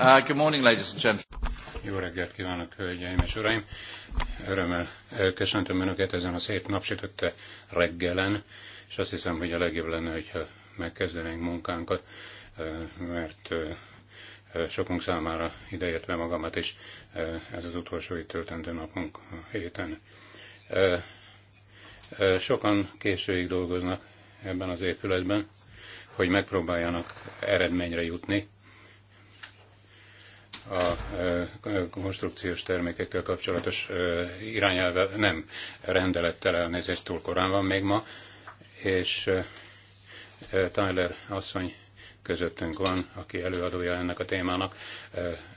Uh, good morning, ladies and gentlemen. Jó reggelt kívánok, hölgyeim és uraim! Örömmel eh, köszöntöm Önöket ezen a szép napsütötte reggelen, és azt hiszem, hogy a legjobb lenne, hogyha megkezdenénk munkánkat, eh, mert eh, sokunk számára ideértve magamat is ez az utolsó itt töltendő napunk a héten. Sokan későig dolgoznak ebben az épületben, hogy megpróbáljanak eredményre jutni, a konstrukciós termékekkel kapcsolatos irányelve nem rendelettel elnézést túl korán van még ma, és Tyler asszony közöttünk van, aki előadója ennek a témának.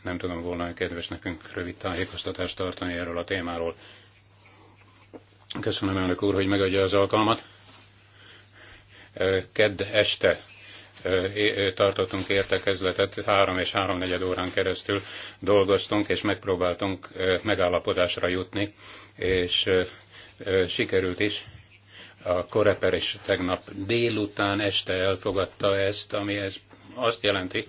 Nem tudom volna kedves nekünk rövid tájékoztatást tartani erről a témáról. Köszönöm elnök úr, hogy megadja az alkalmat. Kedd este tartottunk értekezletet, három és háromnegyed órán keresztül dolgoztunk, és megpróbáltunk megállapodásra jutni, és sikerült is. A Koreper is tegnap délután este elfogadta ezt, ami ez azt jelenti,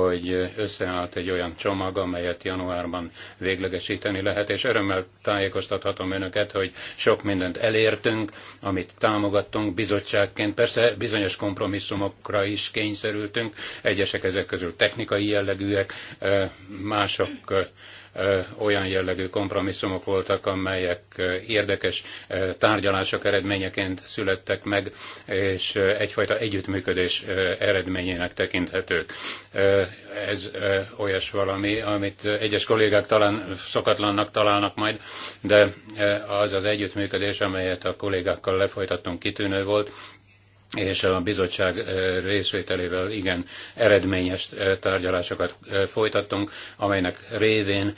hogy összeállt egy olyan csomag, amelyet januárban véglegesíteni lehet, és örömmel tájékoztathatom önöket, hogy sok mindent elértünk, amit támogattunk bizottságként. Persze bizonyos kompromisszumokra is kényszerültünk, egyesek ezek közül technikai jellegűek, eh, mások eh, olyan jellegű kompromisszumok voltak, amelyek érdekes tárgyalások eredményeként születtek meg, és egyfajta együttműködés eredményének tekinthetők. Ez olyas valami, amit egyes kollégák talán szokatlannak találnak majd, de az az együttműködés, amelyet a kollégákkal lefolytattunk, kitűnő volt, és a bizottság eh, részvételével igen eredményes eh, tárgyalásokat eh, folytattunk, amelynek révén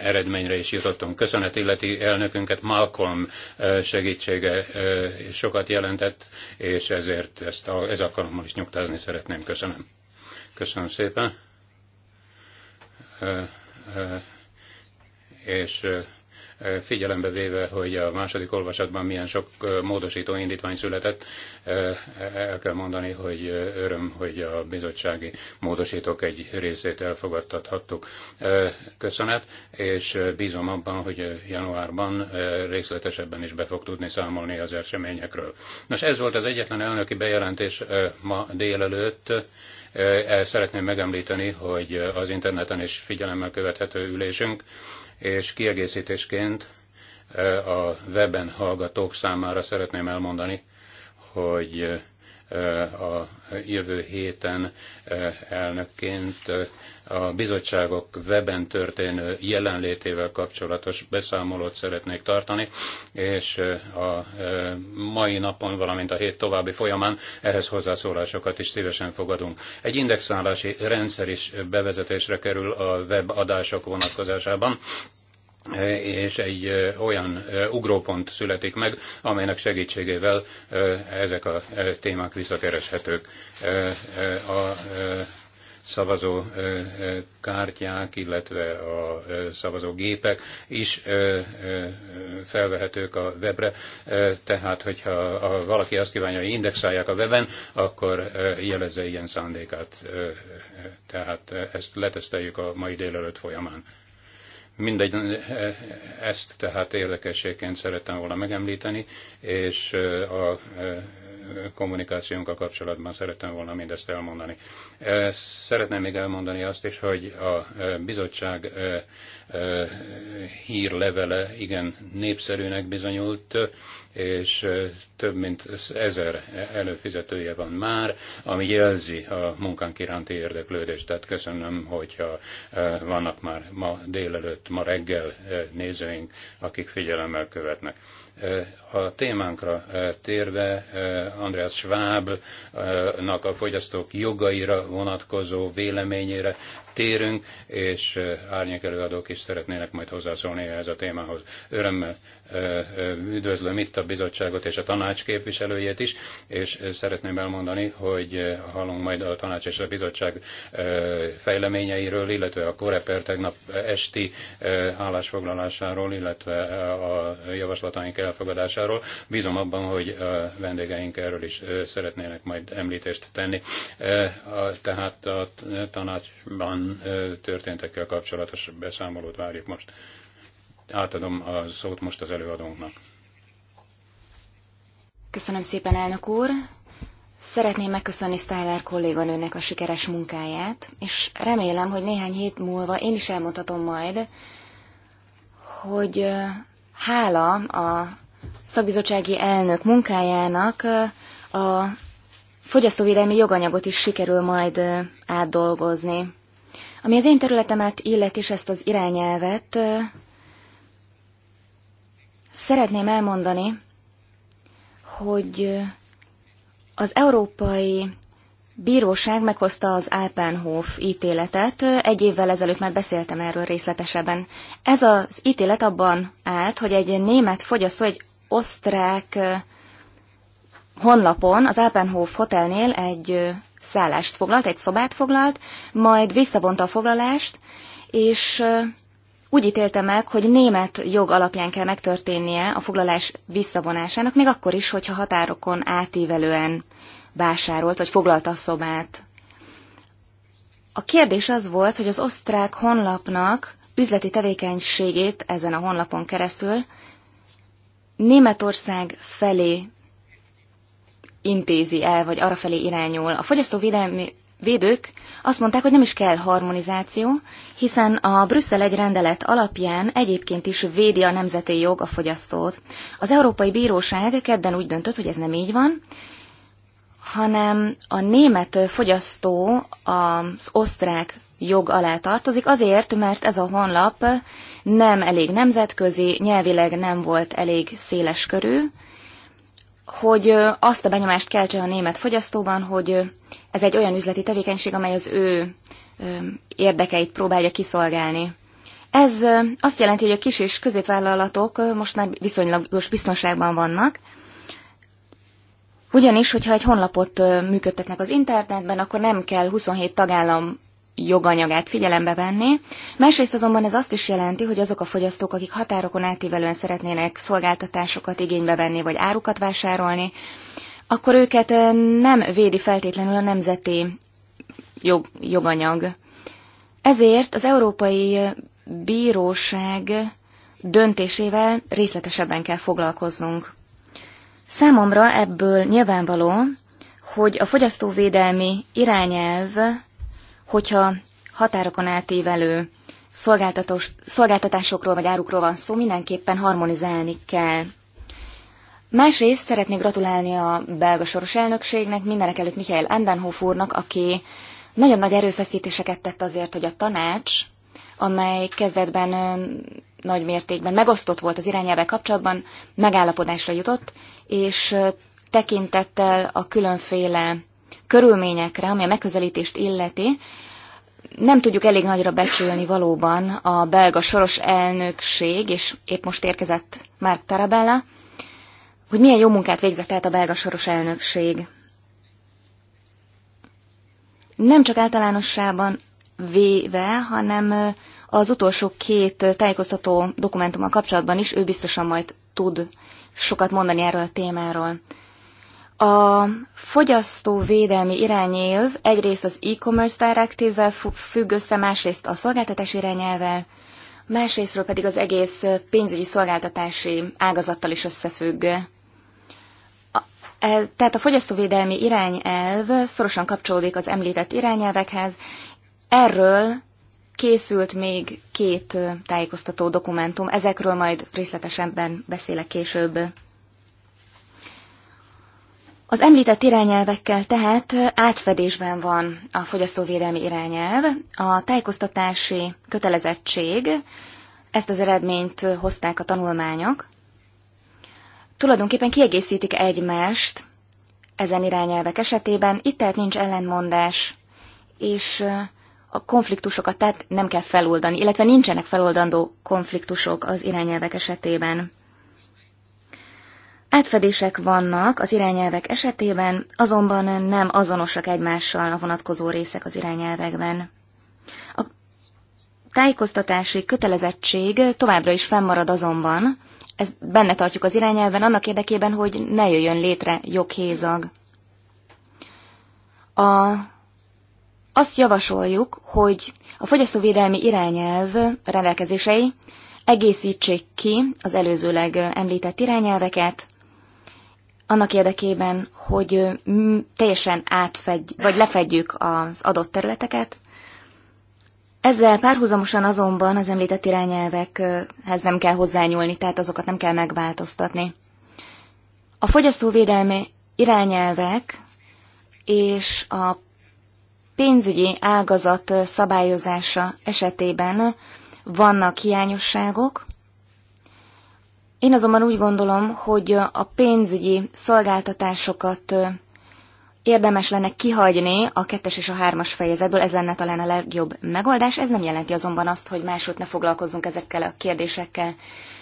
eredményre is jutottunk. Köszönet illeti elnökünket, Malcolm segítsége sokat jelentett, és ezért ezt a, ez alkalommal is nyugtázni szeretném. Köszönöm. Köszönöm szépen. És figyelembe véve, hogy a második olvasatban milyen sok módosító indítvány született, el kell mondani, hogy öröm, hogy a bizottsági módosítók egy részét elfogadtathattuk. Köszönet, és bízom abban, hogy januárban részletesebben is be fog tudni számolni az eseményekről. Nos, ez volt az egyetlen elnöki bejelentés ma délelőtt. El szeretném megemlíteni, hogy az interneten is figyelemmel követhető ülésünk és kiegészítésként a weben hallgatók számára szeretném elmondani, hogy a jövő héten elnökként a bizottságok weben történő jelenlétével kapcsolatos beszámolót szeretnék tartani, és a mai napon, valamint a hét további folyamán ehhez hozzászólásokat is szívesen fogadunk. Egy indexálási rendszer is bevezetésre kerül a webadások vonatkozásában, és egy olyan ugrópont születik meg, amelynek segítségével ezek a témák visszakereshetők. A szavazó kártyák, illetve a szavazó gépek is felvehetők a webre, tehát hogyha valaki azt kívánja, hogy indexálják a weben, akkor jelezze ilyen szándékát. Tehát ezt leteszteljük a mai délelőtt folyamán. Mindegy, e, ezt tehát érdekességként szerettem volna megemlíteni, és e, a e, kommunikációnkkal kapcsolatban szerettem volna mindezt elmondani. Szeretném még elmondani azt is, hogy a bizottság hírlevele igen népszerűnek bizonyult, és több mint ezer előfizetője van már, ami jelzi a munkánk iránti érdeklődést. Tehát köszönöm, hogyha vannak már ma délelőtt, ma reggel nézőink, akik figyelemmel követnek. A témánkra térve Andreas Schwabnak a fogyasztók jogaira vonatkozó véleményére térünk, és árnyék előadók is szeretnének majd hozzászólni ehhez a témához. Örömmel üdvözlöm itt a bizottságot és a tanács képviselőjét is, és szeretném elmondani, hogy hallunk majd a tanács és a bizottság fejleményeiről, illetve a Koreper tegnap esti állásfoglalásáról, illetve a javaslataink elfogadásáról. Bízom abban, hogy a vendégeink erről is szeretnének majd említést tenni. Tehát a tanácsban történtekkel kapcsolatos beszámolót várjuk most átadom a szót most az előadónknak. Köszönöm szépen, elnök úr! Szeretném megköszönni Styler kolléganőnek a sikeres munkáját, és remélem, hogy néhány hét múlva én is elmondhatom majd, hogy hála a szakbizottsági elnök munkájának a fogyasztóvédelmi joganyagot is sikerül majd átdolgozni. Ami az én területemet illeti, és ezt az irányelvet Szeretném elmondani, hogy az Európai Bíróság meghozta az Alpenhof ítéletet. Egy évvel ezelőtt már beszéltem erről részletesebben. Ez az ítélet abban állt, hogy egy német fogyasztó egy osztrák honlapon az Alpenhof hotelnél egy szállást foglalt, egy szobát foglalt, majd visszavonta a foglalást, és úgy ítélte meg, hogy német jog alapján kell megtörténnie a foglalás visszavonásának, még akkor is, hogyha határokon átívelően vásárolt vagy foglalta a szobát. A kérdés az volt, hogy az osztrák honlapnak üzleti tevékenységét ezen a honlapon keresztül Németország felé intézi el, vagy arra felé irányul. A fogyasztóvédelmi védők azt mondták, hogy nem is kell harmonizáció, hiszen a Brüsszel egy rendelet alapján egyébként is védi a nemzeti jog a fogyasztót. Az Európai Bíróság kedden úgy döntött, hogy ez nem így van, hanem a német fogyasztó az osztrák jog alá tartozik, azért, mert ez a honlap nem elég nemzetközi, nyelvileg nem volt elég széles körül, hogy azt a benyomást keltse a német fogyasztóban, hogy ez egy olyan üzleti tevékenység, amely az ő érdekeit próbálja kiszolgálni. Ez azt jelenti, hogy a kis és középvállalatok most már viszonylagos biztonságban vannak, ugyanis, hogyha egy honlapot működtetnek az internetben, akkor nem kell 27 tagállam joganyagát figyelembe venni. Másrészt azonban ez azt is jelenti, hogy azok a fogyasztók, akik határokon átívelően szeretnének szolgáltatásokat igénybe venni, vagy árukat vásárolni, akkor őket nem védi feltétlenül a nemzeti jog, joganyag. Ezért az Európai Bíróság döntésével részletesebben kell foglalkoznunk. Számomra ebből nyilvánvaló, hogy a fogyasztóvédelmi irányelv hogyha határokon átívelő szolgáltatásokról vagy árukról van szó, mindenképpen harmonizálni kell. Másrészt szeretnék gratulálni a belga soros elnökségnek, mindenek előtt Michael Endenhof úrnak, aki nagyon nagy erőfeszítéseket tett azért, hogy a tanács, amely kezdetben nagy mértékben megosztott volt az irányelvek kapcsolatban, megállapodásra jutott, és tekintettel a különféle körülményekre, ami a megközelítést illeti, nem tudjuk elég nagyra becsülni valóban a belga soros elnökség, és épp most érkezett már Tarabella, hogy milyen jó munkát végzett el a belga soros elnökség. Nem csak általánossában véve, hanem az utolsó két tájékoztató dokumentummal kapcsolatban is ő biztosan majd tud sokat mondani erről a témáról. A fogyasztóvédelmi irányelv egyrészt az e-commerce directive-vel függ össze, másrészt a szolgáltatás irányelvvel, másrésztről pedig az egész pénzügyi szolgáltatási ágazattal is összefügg. E, tehát a fogyasztóvédelmi irányelv szorosan kapcsolódik az említett irányelvekhez. Erről készült még két tájékoztató dokumentum, ezekről majd részletesebben beszélek később. Az említett irányelvekkel tehát átfedésben van a fogyasztóvédelmi irányelv, a tájékoztatási kötelezettség, ezt az eredményt hozták a tanulmányok, tulajdonképpen kiegészítik egymást ezen irányelvek esetében, itt tehát nincs ellentmondás, és a konfliktusokat tehát nem kell feloldani, illetve nincsenek feloldandó konfliktusok az irányelvek esetében. Átfedések vannak az irányelvek esetében, azonban nem azonosak egymással a vonatkozó részek az irányelvekben. A tájékoztatási kötelezettség továbbra is fennmarad azonban, ezt benne tartjuk az irányelven annak érdekében, hogy ne jöjjön létre joghézag. A, azt javasoljuk, hogy a fogyasztóvédelmi irányelv rendelkezései egészítsék ki az előzőleg említett irányelveket, annak érdekében, hogy teljesen átfedj, vagy lefedjük az adott területeket. Ezzel párhuzamosan azonban az említett irányelvekhez nem kell hozzányúlni, tehát azokat nem kell megváltoztatni. A fogyasztóvédelmi irányelvek és a pénzügyi ágazat szabályozása esetében vannak hiányosságok, én azonban úgy gondolom, hogy a pénzügyi szolgáltatásokat érdemes lenne kihagyni a kettes és a hármas fejezetből, ez lenne talán a legjobb megoldás, ez nem jelenti azonban azt, hogy máshogy ne foglalkozzunk ezekkel a kérdésekkel.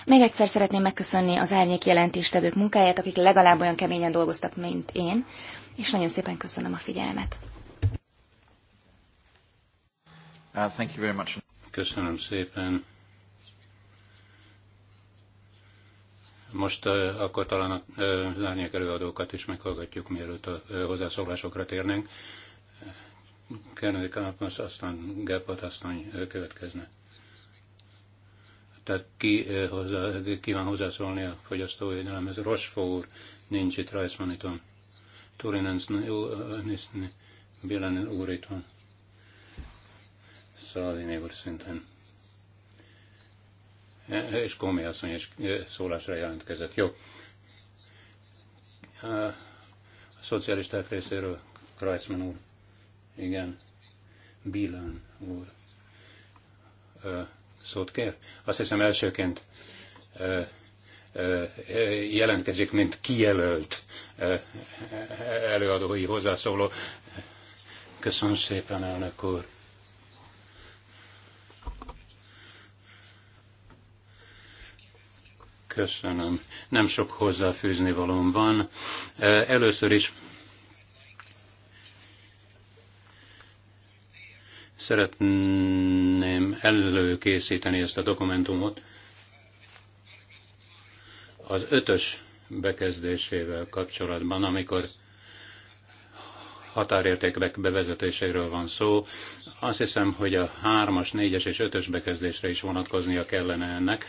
Még egyszer szeretném megköszönni az árnyék jelentéstevők munkáját, akik legalább olyan keményen dolgoztak, mint én, és nagyon szépen köszönöm a figyelmet. Uh, köszönöm szépen. Most akkor talán a lányok előadókat is meghallgatjuk, mielőtt a hozzászólásokra térnénk. Kennedy Kalapmasz, aztán Gepard, aztán következne. Tehát ki hozzá, kíván hozzászólni a ez Rosfó úr, nincs itt van. Turinens, Bilanen úr itt van. Szalini úr szintén és Komi asszony is szólásra jelentkezett. Jó. A szocialisták részéről Kreisman úr. Igen. Bílán úr. Szót kér? Azt hiszem elsőként jelentkezik, mint kijelölt előadói hozzászóló. Köszönöm szépen, elnök úr. Köszönöm. Nem sok hozzáfűzni valóm van. Először is szeretném előkészíteni ezt a dokumentumot az ötös bekezdésével kapcsolatban, amikor határértékek bevezetéséről van szó. Azt hiszem, hogy a hármas, négyes és ötös bekezdésre is vonatkoznia kellene ennek,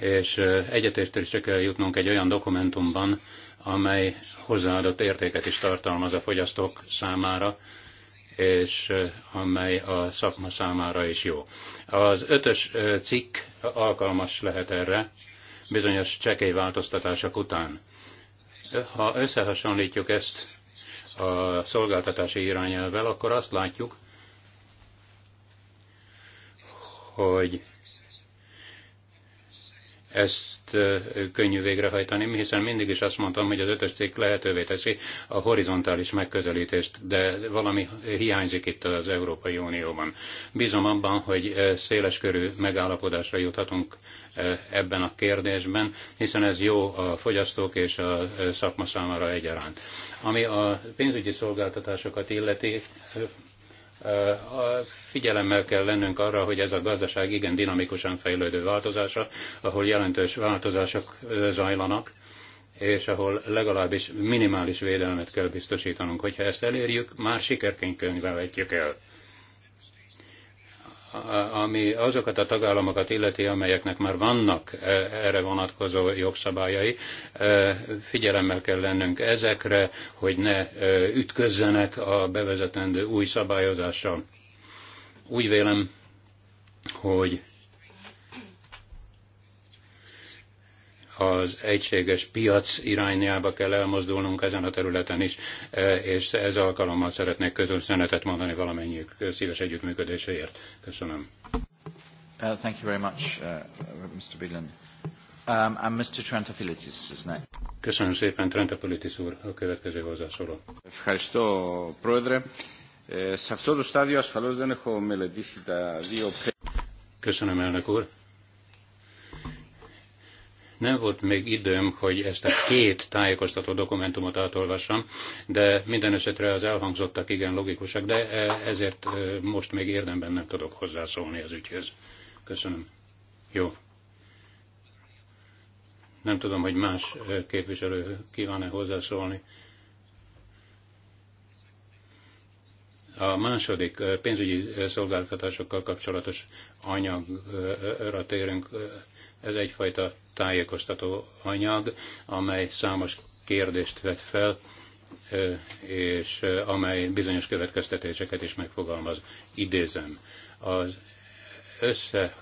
és egyetértésre kell jutnunk egy olyan dokumentumban, amely hozzáadott értéket is tartalmaz a fogyasztók számára, és amely a szakma számára is jó. Az ötös cikk alkalmas lehet erre, bizonyos csekély változtatások után. Ha összehasonlítjuk ezt a szolgáltatási irányelvvel, akkor azt látjuk, hogy ezt könnyű végrehajtani, hiszen mindig is azt mondtam, hogy az ötös cikk lehetővé teszi a horizontális megközelítést, de valami hiányzik itt az Európai Unióban. Bízom abban, hogy széleskörű megállapodásra juthatunk ebben a kérdésben, hiszen ez jó a fogyasztók és a szakma számára egyaránt. Ami a pénzügyi szolgáltatásokat illeti, Figyelemmel kell lennünk arra, hogy ez a gazdaság igen dinamikusan fejlődő változása, ahol jelentős változások zajlanak, és ahol legalábbis minimális védelmet kell biztosítanunk. Hogyha ezt elérjük, már sikerként könyvelhetjük el ami azokat a tagállamokat illeti, amelyeknek már vannak e, erre vonatkozó jogszabályai, e, figyelemmel kell lennünk ezekre, hogy ne e, ütközzenek a bevezetendő új szabályozással. Úgy vélem, hogy az egységes piac irányába kell elmozdulnunk ezen a területen is, e, és ez alkalommal szeretnék közös üzenetet mondani valamennyiük szíves együttműködéséért. Köszönöm. Uh, thank you very much, uh, Mr. Bidlin. Um, and Mr. Trentafilitis is next. Köszönöm szépen, Trentafilitis úr, a következő hozzászóló. Ευχαριστώ, Πρόεδρε. Σε αυτό το στάδιο ασφαλώς δεν έχω μελετήσει τα δύο... Köszönöm, elnök úr. Nem volt még időm, hogy ezt a két tájékoztató dokumentumot átolvassam, de minden esetre az elhangzottak igen logikusak, de e, ezért e, most még érdemben nem tudok hozzászólni az ügyhöz. Köszönöm. Jó. Nem tudom, hogy más e, képviselő kíván-e hozzászólni. A második pénzügyi szolgáltatásokkal kapcsolatos anyagra térünk. Ez egyfajta tájékoztató anyag, amely számos kérdést vet fel, és amely bizonyos következtetéseket is megfogalmaz. Idézem, az össze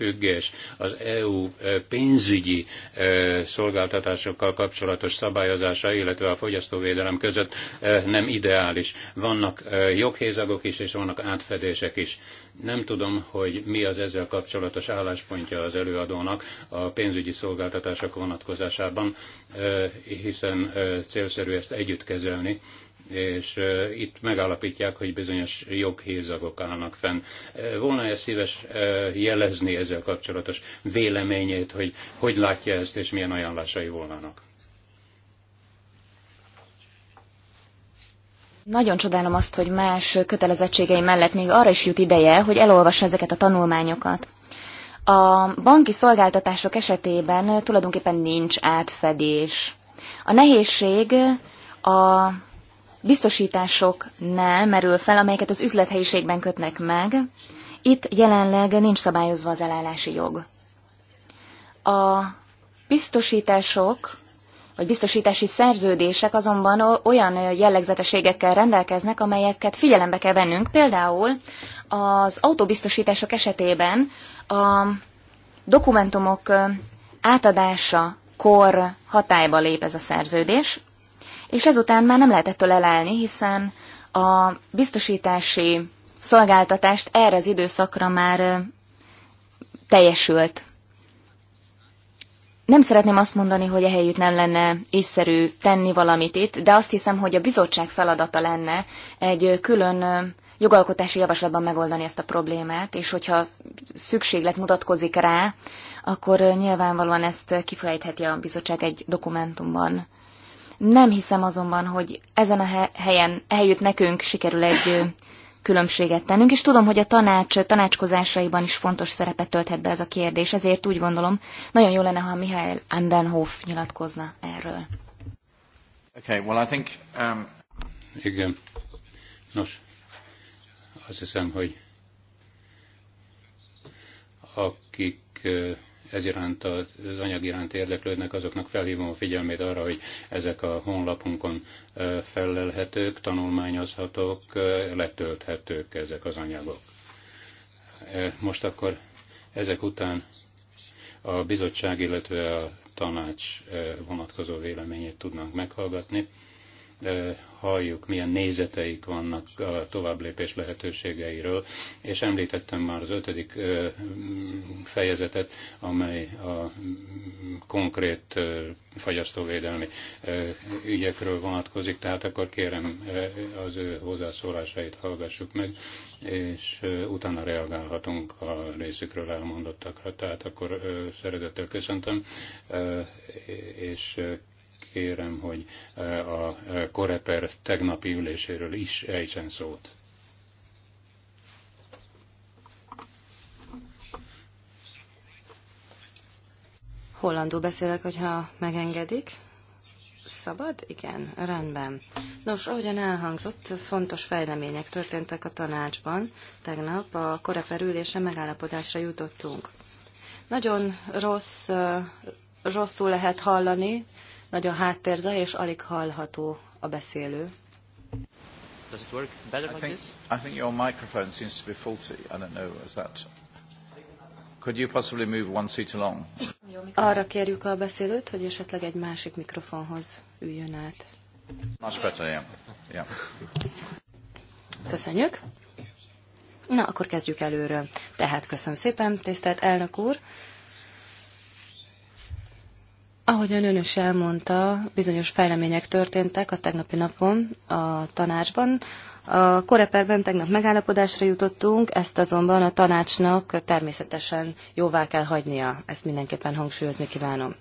összefüggés az EU e, pénzügyi e, szolgáltatásokkal kapcsolatos szabályozása, illetve a fogyasztóvédelem között e, nem ideális. Vannak joghézagok is, és vannak átfedések is. Nem tudom, hogy mi az ezzel kapcsolatos álláspontja az előadónak a pénzügyi szolgáltatások vonatkozásában, hiszen célszerű ezt együtt kezelni és itt megállapítják, hogy bizonyos joghézagok állnak fenn. Volna-e szíves jelezni ezzel kapcsolatos véleményét, hogy hogy látja ezt, és milyen ajánlásai volnának? Nagyon csodálom azt, hogy más kötelezettségei mellett még arra is jut ideje, hogy elolvassa ezeket a tanulmányokat. A banki szolgáltatások esetében tulajdonképpen nincs átfedés. A nehézség a biztosításoknál merül fel, amelyeket az üzlethelyiségben kötnek meg. Itt jelenleg nincs szabályozva az elállási jog. A biztosítások vagy biztosítási szerződések azonban olyan jellegzetességekkel rendelkeznek, amelyeket figyelembe kell vennünk. Például az autóbiztosítások esetében a dokumentumok átadása kor hatályba lép ez a szerződés, és ezután már nem lehet ettől elállni, hiszen a biztosítási szolgáltatást erre az időszakra már teljesült. Nem szeretném azt mondani, hogy ehelyütt nem lenne észszerű tenni valamit itt, de azt hiszem, hogy a bizottság feladata lenne egy külön jogalkotási javaslatban megoldani ezt a problémát, és hogyha szükséglet mutatkozik rá, akkor nyilvánvalóan ezt kifejtheti a bizottság egy dokumentumban. Nem hiszem azonban, hogy ezen a helyen eljött nekünk sikerül egy különbséget tennünk, és tudom, hogy a tanács tanácskozásaiban is fontos szerepet tölthet be ez a kérdés, ezért úgy gondolom, nagyon jó lenne, ha Mihály Andenhoff nyilatkozna erről. Okay, well, I think, um... Igen. Nos, azt hiszem, hogy akik ez iránt az anyag iránt érdeklődnek, azoknak felhívom a figyelmét arra, hogy ezek a honlapunkon felelhetők, tanulmányozhatók, letölthetők ezek az anyagok. Most akkor ezek után a bizottság, illetve a tanács vonatkozó véleményét tudnánk meghallgatni halljuk, milyen nézeteik vannak a továbblépés lehetőségeiről, és említettem már az ötödik fejezetet, amely a konkrét fagyasztóvédelmi ügyekről vonatkozik, tehát akkor kérem az ő hozzászólásait hallgassuk meg, és utána reagálhatunk a részükről elmondottakra. Tehát akkor szeretettel köszöntöm, és kérem, hogy e, a e, Koreper tegnapi üléséről is ejtsen szót. Hollandó beszélek, hogyha megengedik. Szabad? Igen, rendben. Nos, ahogyan elhangzott, fontos fejlemények történtek a tanácsban. Tegnap a koreper ülésen megállapodásra jutottunk. Nagyon rossz, e, rosszul lehet hallani, nagy a háttérzaj, és alig hallható a beszélő. Does it work better I like think, this? I think your microphone seems to be faulty. I don't know, is that... Could you possibly move one seat along? Arra kérjük a beszélőt, hogy esetleg egy másik mikrofonhoz üljön át. Much better, yeah. yeah. Köszönjük. Na, akkor kezdjük előről. Tehát köszönöm szépen, tisztelt elnök úr. Ahogyan ön is elmondta, bizonyos fejlemények történtek a tegnapi napon a tanácsban. A koreperben tegnap megállapodásra jutottunk, ezt azonban a tanácsnak természetesen jóvá kell hagynia. Ezt mindenképpen hangsúlyozni kívánom.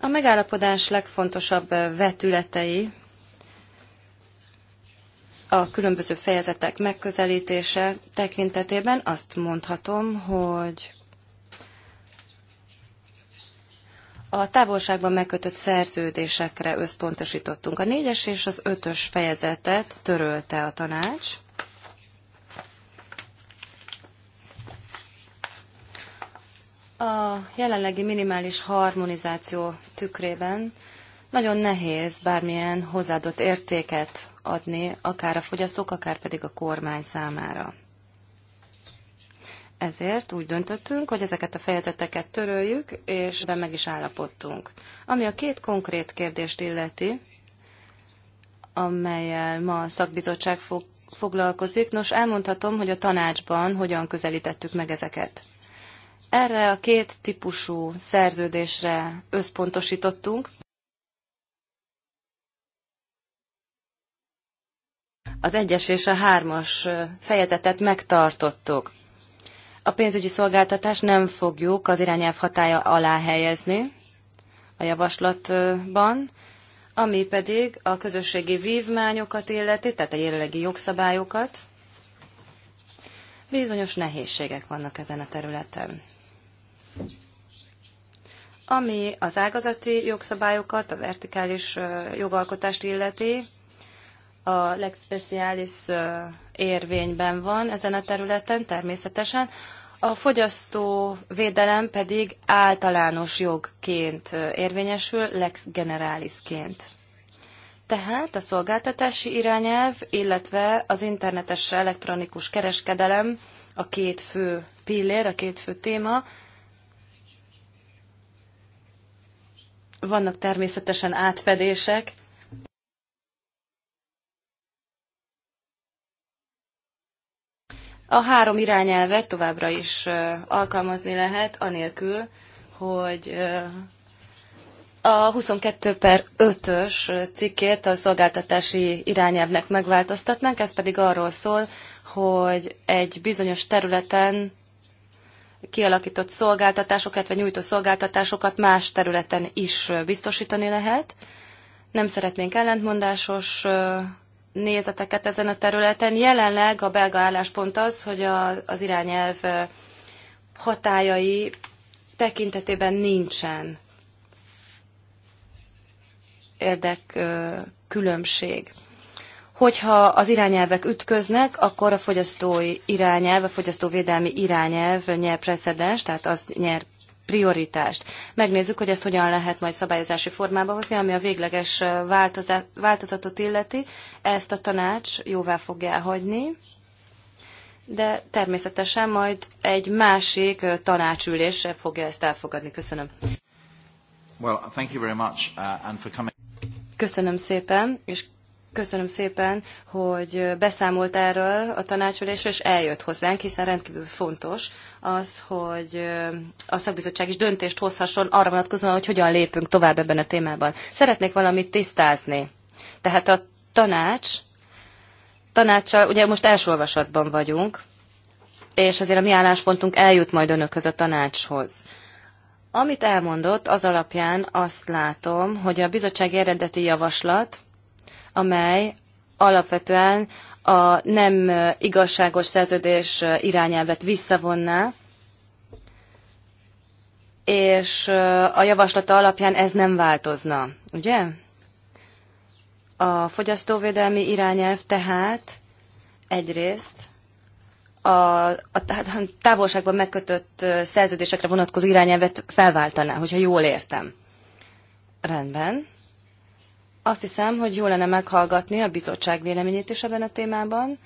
A megállapodás legfontosabb vetületei a különböző fejezetek megközelítése tekintetében azt mondhatom, hogy a távolságban megkötött szerződésekre összpontosítottunk. A négyes és az ötös fejezetet törölte a tanács. A jelenlegi minimális harmonizáció tükrében nagyon nehéz bármilyen hozzáadott értéket adni, akár a fogyasztók, akár pedig a kormány számára. Ezért úgy döntöttünk, hogy ezeket a fejezeteket töröljük, és be meg is állapodtunk. Ami a két konkrét kérdést illeti, amelyel ma a szakbizottság fog, foglalkozik, nos elmondhatom, hogy a tanácsban hogyan közelítettük meg ezeket. Erre a két típusú szerződésre összpontosítottunk. Az egyes és a hármas fejezetet megtartottuk. A pénzügyi szolgáltatás nem fogjuk az irányelv hatája alá helyezni a javaslatban, ami pedig a közösségi vívmányokat illeti, tehát a jelenlegi jogszabályokat. Bizonyos nehézségek vannak ezen a területen. Ami az ágazati jogszabályokat, a vertikális jogalkotást illeti, a legspeciális érvényben van ezen a területen természetesen, a fogyasztó védelem pedig általános jogként érvényesül, lex generalisként. Tehát a szolgáltatási irányelv, illetve az internetes elektronikus kereskedelem a két fő pillér, a két fő téma. Vannak természetesen átfedések, A három irányelvet továbbra is alkalmazni lehet, anélkül, hogy a 22 per 5-ös cikkét a szolgáltatási irányelvnek megváltoztatnánk, ez pedig arról szól, hogy egy bizonyos területen kialakított szolgáltatásokat, vagy nyújtó szolgáltatásokat más területen is biztosítani lehet. Nem szeretnénk ellentmondásos nézeteket ezen a területen. Jelenleg a belga álláspont az, hogy a, az irányelv hatájai tekintetében nincsen érdekkülönbség. Hogyha az irányelvek ütköznek, akkor a fogyasztói irányelv, a fogyasztóvédelmi irányelv nyer precedens, tehát az nyer prioritást. Megnézzük, hogy ezt hogyan lehet majd szabályozási formába hozni, ami a végleges változatot illeti. Ezt a tanács jóvá fogja elhagyni, de természetesen majd egy másik tanácsülés fogja ezt elfogadni. Köszönöm. Well, thank you very much, uh, and for coming. Köszönöm szépen, és Köszönöm szépen, hogy beszámolt erről a tanácsülésre, és eljött hozzánk, hiszen rendkívül fontos az, hogy a szakbizottság is döntést hozhasson arra vonatkozóan, hogy hogyan lépünk tovább ebben a témában. Szeretnék valamit tisztázni. Tehát a tanács, tanácssal, ugye most első olvasatban vagyunk, és azért a mi álláspontunk eljut majd önökhöz a tanácshoz. Amit elmondott, az alapján azt látom, hogy a bizottság eredeti javaslat, amely alapvetően a nem igazságos szerződés irányelvet visszavonná, és a javaslata alapján ez nem változna, ugye? A fogyasztóvédelmi irányelv tehát egyrészt a, a távolságban megkötött szerződésekre vonatkozó irányelvet felváltaná, hogyha jól értem. Rendben. Azt hiszem, hogy jó lenne meghallgatni a bizottság véleményét is ebben a témában,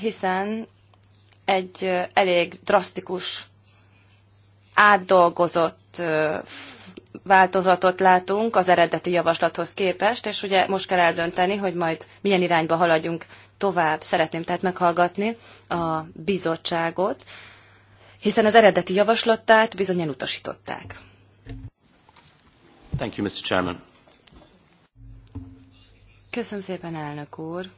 hiszen egy elég drasztikus, átdolgozott változatot látunk az eredeti javaslathoz képest, és ugye most kell eldönteni, hogy majd milyen irányba haladjunk tovább. Szeretném tehát meghallgatni a bizottságot, hiszen az eredeti javaslatát bizonyan utasították. Thank you, Mr. Chairman. Köszönöm szépen, elnök úr.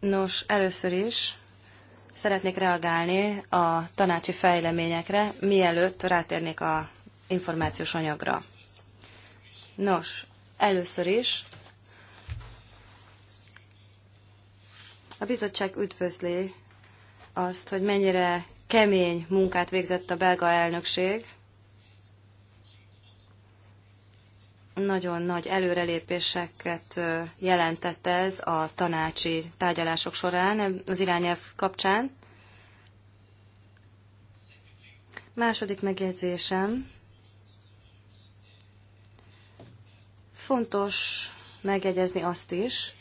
Nos, először is szeretnék reagálni a tanácsi fejleményekre, mielőtt rátérnék a információs anyagra. Nos, először is a bizottság üdvözli azt, hogy mennyire kemény munkát végzett a belga elnökség, nagyon nagy előrelépéseket jelentett ez a tanácsi tárgyalások során az irányelv kapcsán. Második megjegyzésem. Fontos megjegyezni azt is,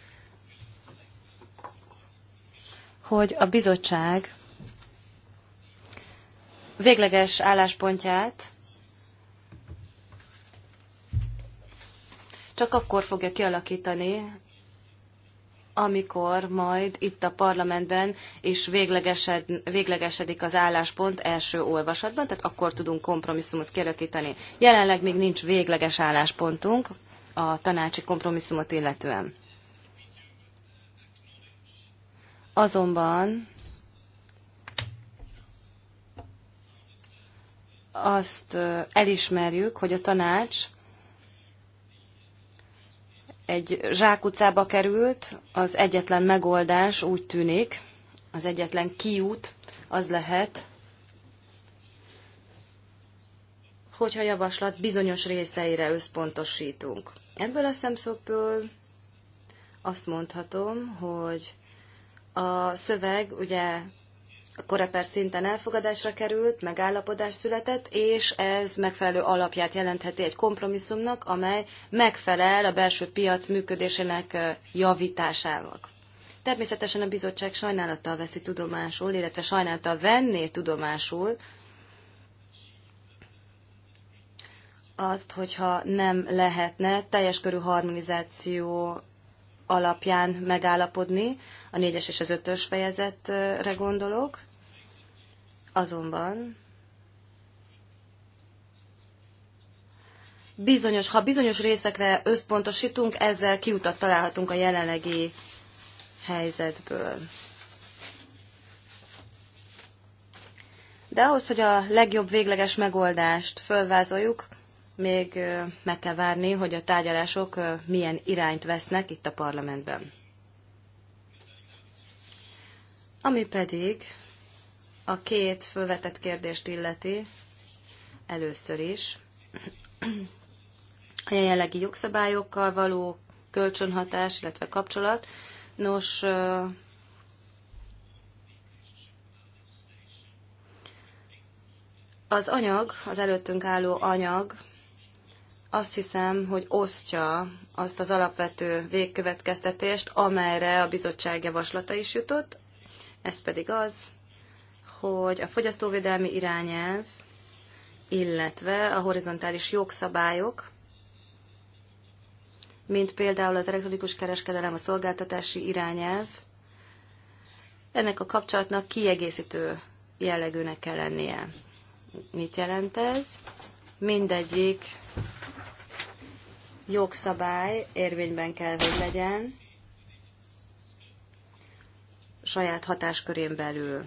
hogy a bizottság végleges álláspontját csak akkor fogja kialakítani, amikor majd itt a parlamentben is véglegesed, véglegesedik az álláspont első olvasatban, tehát akkor tudunk kompromisszumot kialakítani. Jelenleg még nincs végleges álláspontunk a tanácsi kompromisszumot illetően. Azonban azt elismerjük, hogy a tanács egy zsákutcába került, az egyetlen megoldás úgy tűnik, az egyetlen kiút az lehet, hogyha javaslat bizonyos részeire összpontosítunk. Ebből a szemszögből azt mondhatom, hogy a szöveg ugye a koreper szinten elfogadásra került, megállapodás született, és ez megfelelő alapját jelentheti egy kompromisszumnak, amely megfelel a belső piac működésének javításának. Természetesen a bizottság sajnálattal veszi tudomásul, illetve sajnálattal venné tudomásul azt, hogyha nem lehetne teljes körű harmonizáció alapján megállapodni, a négyes és az ötös fejezetre gondolok. Azonban bizonyos, ha bizonyos részekre összpontosítunk, ezzel kiutat találhatunk a jelenlegi helyzetből. De ahhoz, hogy a legjobb végleges megoldást fölvázoljuk, még meg kell várni, hogy a tárgyalások milyen irányt vesznek itt a parlamentben. Ami pedig a két fölvetett kérdést illeti, először is, a jelenlegi jogszabályokkal való kölcsönhatás, illetve kapcsolat. Nos, az anyag, az előttünk álló anyag azt hiszem, hogy osztja azt az alapvető végkövetkeztetést, amelyre a bizottság javaslata is jutott. Ez pedig az, hogy a fogyasztóvédelmi irányelv, illetve a horizontális jogszabályok, mint például az elektronikus kereskedelem, a szolgáltatási irányelv, ennek a kapcsolatnak kiegészítő jellegűnek kell lennie. Mit jelent ez? Mindegyik jogszabály érvényben kell, hogy legyen saját hatáskörén belül.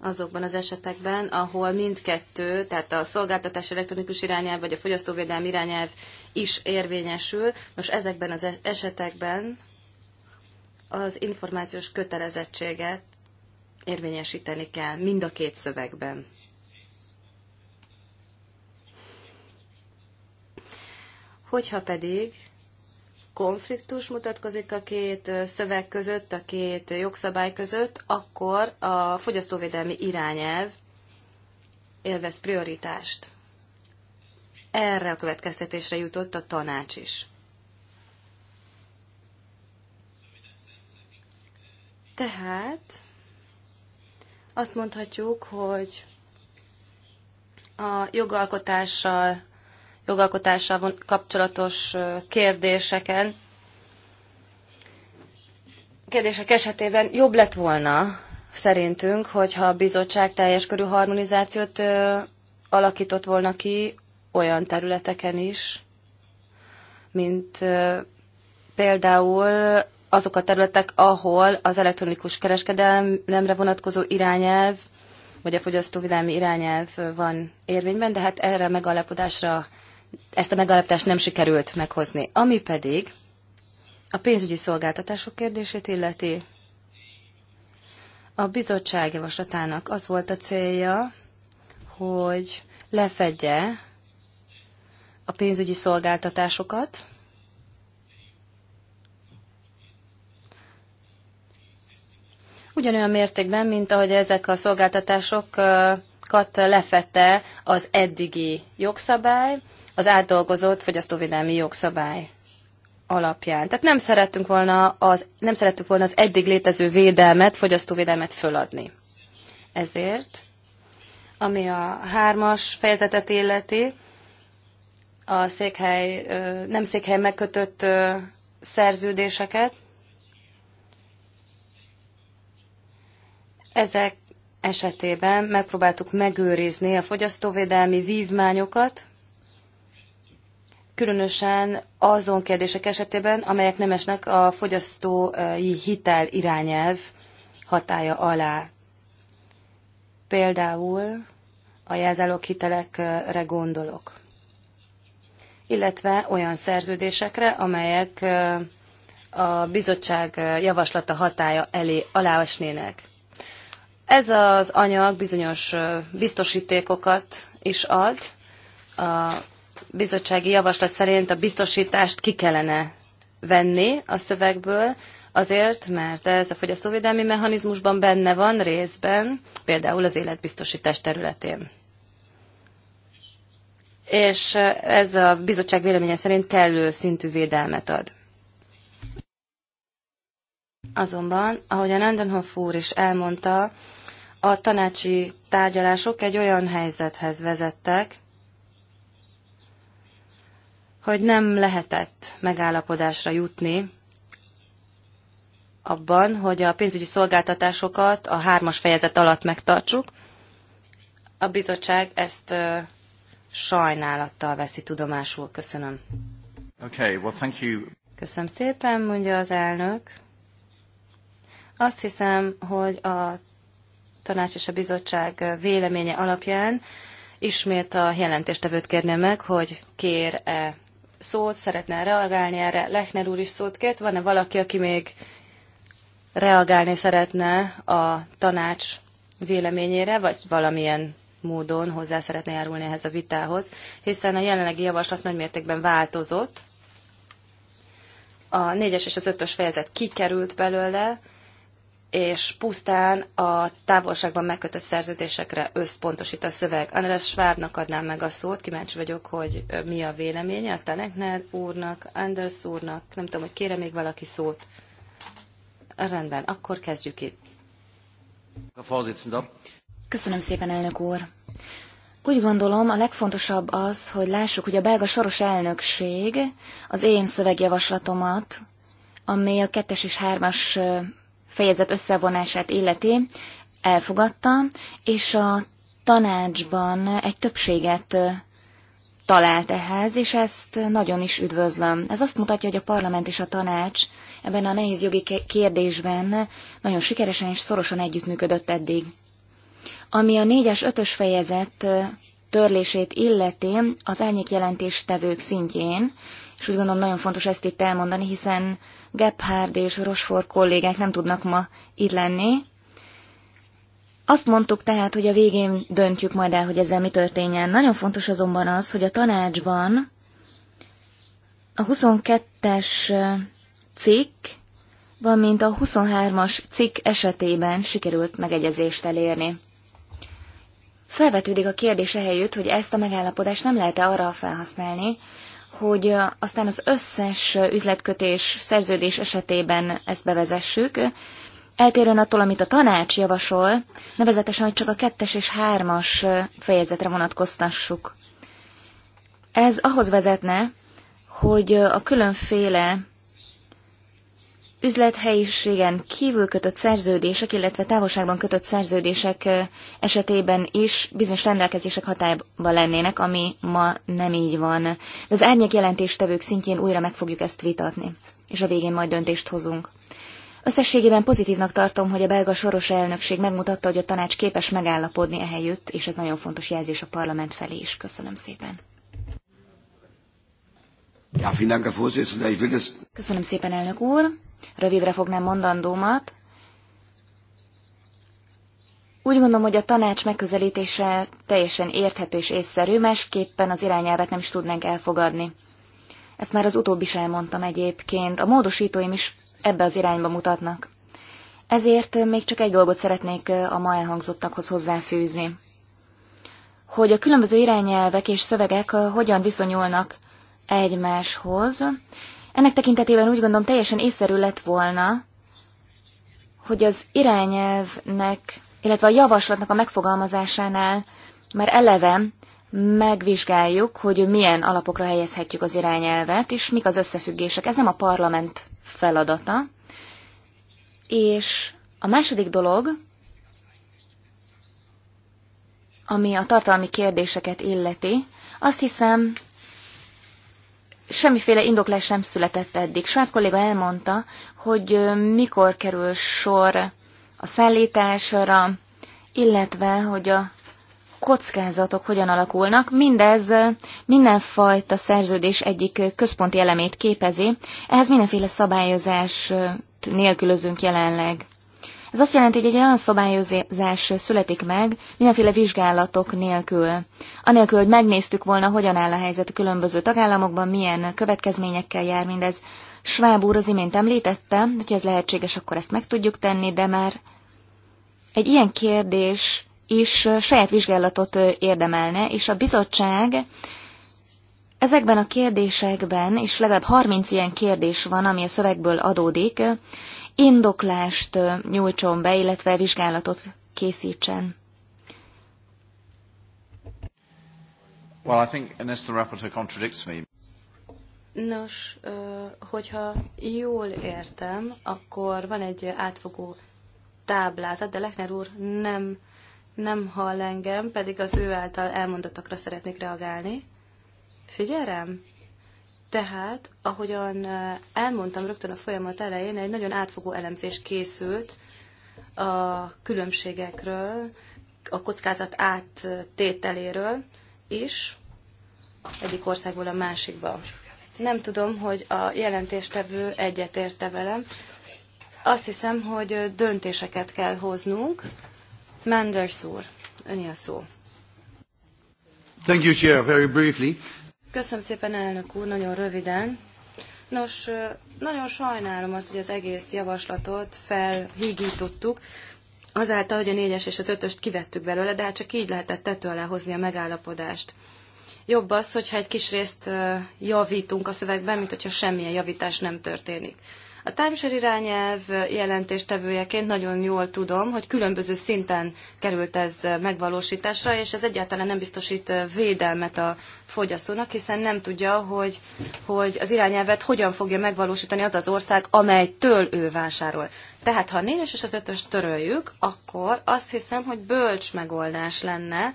azokban az esetekben, ahol mindkettő, tehát a szolgáltatás elektronikus irányelv vagy a fogyasztóvédelmi irányelv is érvényesül. Most ezekben az e- esetekben az információs kötelezettséget érvényesíteni kell mind a két szövegben. Hogyha pedig konfliktus mutatkozik a két szöveg között, a két jogszabály között, akkor a fogyasztóvédelmi irányelv élvez prioritást. Erre a következtetésre jutott a tanács is. Tehát azt mondhatjuk, hogy a jogalkotással jogalkotással kapcsolatos kérdéseken, kérdések esetében jobb lett volna szerintünk, hogyha a bizottság teljes körű harmonizációt ö, alakított volna ki olyan területeken is, mint ö, például azok a területek, ahol az elektronikus kereskedelemre vonatkozó irányelv, vagy a fogyasztóvédelmi irányelv van érvényben, de hát erre megalapodásra ezt a megállapítást nem sikerült meghozni. Ami pedig a pénzügyi szolgáltatások kérdését illeti, a bizottság javaslatának az volt a célja, hogy lefedje a pénzügyi szolgáltatásokat, ugyanolyan mértékben, mint ahogy ezek a szolgáltatásokat lefette az eddigi jogszabály, az átdolgozott fogyasztóvédelmi jogszabály alapján. Tehát nem szerettünk volna az, nem szerettük volna az eddig létező védelmet, fogyasztóvédelmet föladni. Ezért, ami a hármas fejezetet illeti, a székhely, nem székhely megkötött szerződéseket, ezek esetében megpróbáltuk megőrizni a fogyasztóvédelmi vívmányokat, különösen azon kérdések esetében, amelyek nem esnek a fogyasztói hitel irányelv hatája alá. Például a jelzálók hitelekre gondolok, illetve olyan szerződésekre, amelyek a bizottság javaslata hatája elé aláesnének. Ez az anyag bizonyos biztosítékokat is ad a bizottsági javaslat szerint a biztosítást ki kellene venni a szövegből, azért, mert ez a fogyasztóvédelmi mechanizmusban benne van részben, például az életbiztosítás területén. És eh, ez a bizottság véleménye szerint kellő szintű védelmet ad. Azonban, ahogy a Nandenhoff úr is elmondta, a tanácsi tárgyalások egy olyan helyzethez vezettek, hogy nem lehetett megállapodásra jutni abban, hogy a pénzügyi szolgáltatásokat a hármas fejezet alatt megtartsuk. A bizottság ezt sajnálattal veszi tudomásul. Köszönöm. Okay, well, thank you. Köszönöm szépen, mondja az elnök. Azt hiszem, hogy a tanács és a bizottság véleménye alapján ismét a jelentéstevőt kérném meg, hogy kér-e szót, szeretne reagálni erre. Lechner úr is szót kért. Van-e valaki, aki még reagálni szeretne a tanács véleményére, vagy valamilyen módon hozzá szeretne járulni ehhez a vitához, hiszen a jelenlegi javaslat nagymértékben változott. A négyes és az ötös fejezet kikerült belőle, és pusztán a távolságban megkötött szerződésekre összpontosít a szöveg. András Schwabnak adnám meg a szót, kíváncsi vagyok, hogy mi a véleménye, aztán Eckner úrnak, Anders úrnak, nem tudom, hogy kére még valaki szót. Rendben, akkor kezdjük itt. Köszönöm szépen, elnök úr. Úgy gondolom, a legfontosabb az, hogy lássuk, hogy a belga soros elnökség az én szövegjavaslatomat, amely a kettes és hármas fejezet összevonását illeti, elfogadta, és a tanácsban egy többséget talált ehhez, és ezt nagyon is üdvözlöm. Ez azt mutatja, hogy a parlament és a tanács ebben a nehéz jogi kérdésben nagyon sikeresen és szorosan együttműködött eddig. Ami a 4-es, 5-ös fejezet törlését illeti az árnyék jelentéstevők szintjén, és úgy gondolom nagyon fontos ezt itt elmondani, hiszen Gebhard és Rosfor kollégák nem tudnak ma itt lenni. Azt mondtuk tehát, hogy a végén döntjük majd el, hogy ezzel mi történjen. Nagyon fontos azonban az, hogy a tanácsban a 22-es cikk, valamint a 23-as cikk esetében sikerült megegyezést elérni. Felvetődik a kérdés helyütt, hogy ezt a megállapodást nem lehet-e arra felhasználni, hogy aztán az összes üzletkötés szerződés esetében ezt bevezessük, eltérően attól, amit a tanács javasol, nevezetesen, hogy csak a kettes és hármas fejezetre vonatkoztassuk. Ez ahhoz vezetne, hogy a különféle üzlethelyiségen kívül kötött szerződések, illetve távolságban kötött szerződések esetében is bizonyos rendelkezések hatályban lennének, ami ma nem így van. De az árnyék jelentéstevők szintjén újra meg fogjuk ezt vitatni, és a végén majd döntést hozunk. Összességében pozitívnak tartom, hogy a belga soros elnökség megmutatta, hogy a tanács képes megállapodni ehelyütt, és ez nagyon fontos jelzés a parlament felé is. Köszönöm szépen. Köszönöm szépen, elnök úr rövidre fognám mondandómat. Úgy gondolom, hogy a tanács megközelítése teljesen érthető és észszerű, másképpen az irányelvet nem is tudnánk elfogadni. Ezt már az utóbbi is elmondtam egyébként, a módosítóim is ebbe az irányba mutatnak. Ezért még csak egy dolgot szeretnék a ma elhangzottakhoz hozzáfűzni. Hogy a különböző irányelvek és szövegek hogyan viszonyulnak egymáshoz, ennek tekintetében úgy gondolom teljesen észszerű lett volna, hogy az irányelvnek, illetve a javaslatnak a megfogalmazásánál már eleve megvizsgáljuk, hogy milyen alapokra helyezhetjük az irányelvet, és mik az összefüggések. Ez nem a parlament feladata. És a második dolog, ami a tartalmi kérdéseket illeti, azt hiszem, semmiféle indoklás nem született eddig. Schwab kolléga elmondta, hogy mikor kerül sor a szállításra, illetve hogy a kockázatok hogyan alakulnak. Mindez mindenfajta szerződés egyik központi elemét képezi, ehhez mindenféle szabályozást nélkülözünk jelenleg. Ez azt jelenti, hogy egy olyan szabályozás születik meg, mindenféle vizsgálatok nélkül. Anélkül, hogy megnéztük volna, hogyan áll a helyzet a különböző tagállamokban, milyen következményekkel jár mindez. Schwab úr az imént említette, hogy ez lehetséges, akkor ezt meg tudjuk tenni, de már egy ilyen kérdés is saját vizsgálatot érdemelne, és a bizottság Ezekben a kérdésekben, és legalább 30 ilyen kérdés van, ami a szövegből adódik, indoklást nyújtson be, illetve vizsgálatot készítsen. Well, I think unless the rapporteur contradicts me. Nos, hogyha jól értem, akkor van egy átfogó táblázat, de Lechner úr nem, nem hall engem, pedig az ő által elmondottakra szeretnék reagálni. Figyelem? Tehát, ahogyan elmondtam rögtön a folyamat elején, egy nagyon átfogó elemzés készült a különbségekről, a kockázat áttételéről is egyik országból a másikba. Nem tudom, hogy a jelentéstevő egyetérte velem. Azt hiszem, hogy döntéseket kell hoznunk. Menders úr, öni a szó. Thank you, Chair. Very briefly. Köszönöm szépen, elnök úr, nagyon röviden. Nos, nagyon sajnálom azt, hogy az egész javaslatot felhígítottuk, azáltal, hogy a négyes és az ötöst kivettük belőle, de hát csak így lehetett tető alá hozni a megállapodást. Jobb az, hogyha egy kis részt javítunk a szövegben, mint hogyha semmilyen javítás nem történik. A timeshare irányelv jelentéstevőjeként nagyon jól tudom, hogy különböző szinten került ez megvalósításra, és ez egyáltalán nem biztosít védelmet a fogyasztónak, hiszen nem tudja, hogy, hogy az irányelvet hogyan fogja megvalósítani az az ország, től ő vásárol. Tehát ha a négyes és az ötös töröljük, akkor azt hiszem, hogy bölcs megoldás lenne,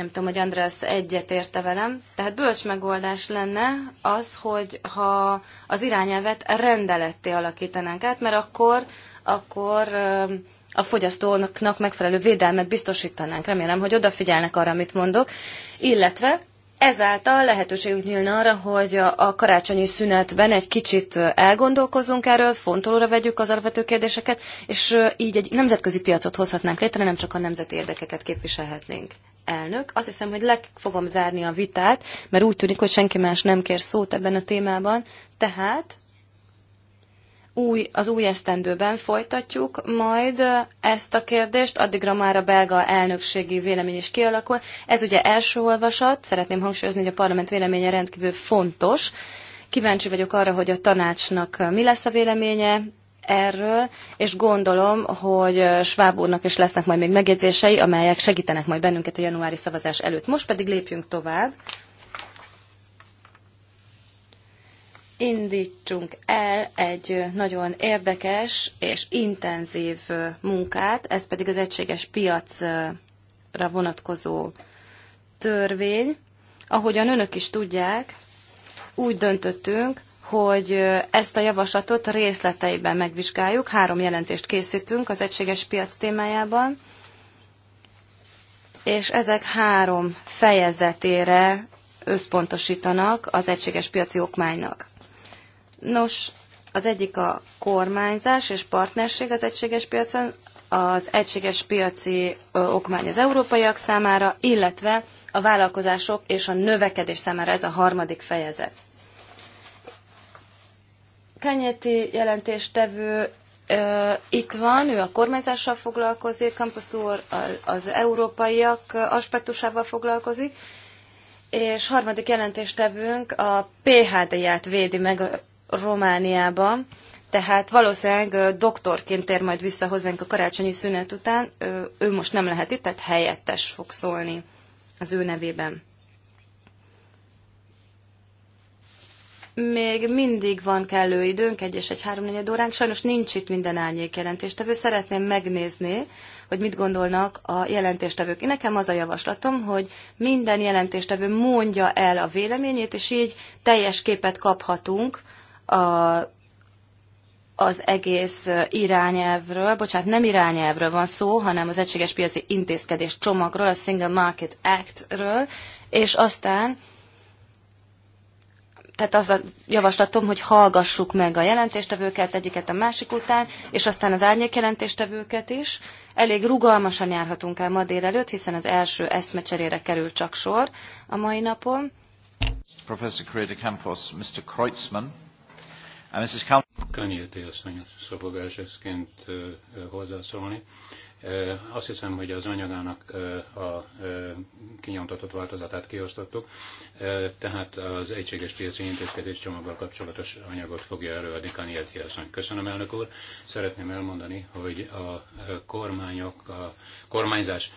nem tudom, hogy András egyet érte velem. Tehát bölcs megoldás lenne az, hogy ha az irányelvet rendeletté alakítanánk át, mert akkor, akkor a fogyasztóknak megfelelő védelmet biztosítanánk. Remélem, hogy odafigyelnek arra, amit mondok. Illetve Ezáltal lehetőségünk nyílna arra, hogy a karácsonyi szünetben egy kicsit elgondolkozzunk erről, fontolóra vegyük az alapvető kérdéseket, és így egy nemzetközi piacot hozhatnánk létre, nem csak a nemzeti érdekeket képviselhetnénk elnök. Azt hiszem, hogy le fogom zárni a vitát, mert úgy tűnik, hogy senki más nem kér szót ebben a témában. Tehát új, az új esztendőben folytatjuk majd ezt a kérdést, addigra már a belga elnökségi vélemény is kialakul. Ez ugye első olvasat, szeretném hangsúlyozni, hogy a parlament véleménye rendkívül fontos. Kíváncsi vagyok arra, hogy a tanácsnak mi lesz a véleménye, erről, és gondolom, hogy Schwab úrnak is lesznek majd még megjegyzései, amelyek segítenek majd bennünket a januári szavazás előtt. Most pedig lépjünk tovább. Indítsunk el egy nagyon érdekes és intenzív munkát, ez pedig az egységes piacra vonatkozó törvény. Ahogyan önök is tudják, úgy döntöttünk, hogy ezt a javaslatot részleteiben megvizsgáljuk. Három jelentést készítünk az egységes piac témájában, és ezek három fejezetére összpontosítanak az egységes piaci okmánynak. Nos, az egyik a kormányzás és partnerség az egységes piacon, az egységes piaci okmány az európaiak számára, illetve a vállalkozások és a növekedés számára ez a harmadik fejezet. Kenyeti jelentéstevő itt van, ő a kormányzással foglalkozik, Campus úr az európaiak aspektusával foglalkozik, és harmadik jelentéstevőnk a PHD-ját védi meg Romániában, tehát valószínűleg doktorként tér majd vissza hozzánk a karácsonyi szünet után, ő most nem lehet itt, tehát helyettes fog szólni az ő nevében. még mindig van kellő időnk, egy és egy háromnegyed óránk. Sajnos nincs itt minden árnyék jelentéstevő. Szeretném megnézni, hogy mit gondolnak a jelentéstevők. Én nekem az a javaslatom, hogy minden jelentéstevő mondja el a véleményét, és így teljes képet kaphatunk a, az egész irányelvről, bocsánat, nem irányelvről van szó, hanem az egységes piaci intézkedés csomagról, a Single Market Act-ről, és aztán tehát az a javaslatom, hogy hallgassuk meg a jelentéstevőket egyiket a másik után, és aztán az árnyék jelentéstevőket is. Elég rugalmasan járhatunk el ma délelőtt, hiszen az első eszmecserére kerül csak sor a mai napon. Professor Correa Campos, Mr. Kreutzmann, and uh, Mrs. Cal- Kanyéti asszony szobogásként uh, hozzászólni. Azt hiszem, hogy az anyagának a kinyomtatott változatát kiosztottuk, tehát az egységes piaci intézkedés csomaggal kapcsolatos anyagot fogja előadni Kanieti asszony. Köszönöm, elnök úr. Szeretném elmondani, hogy a kormányok a kormányzás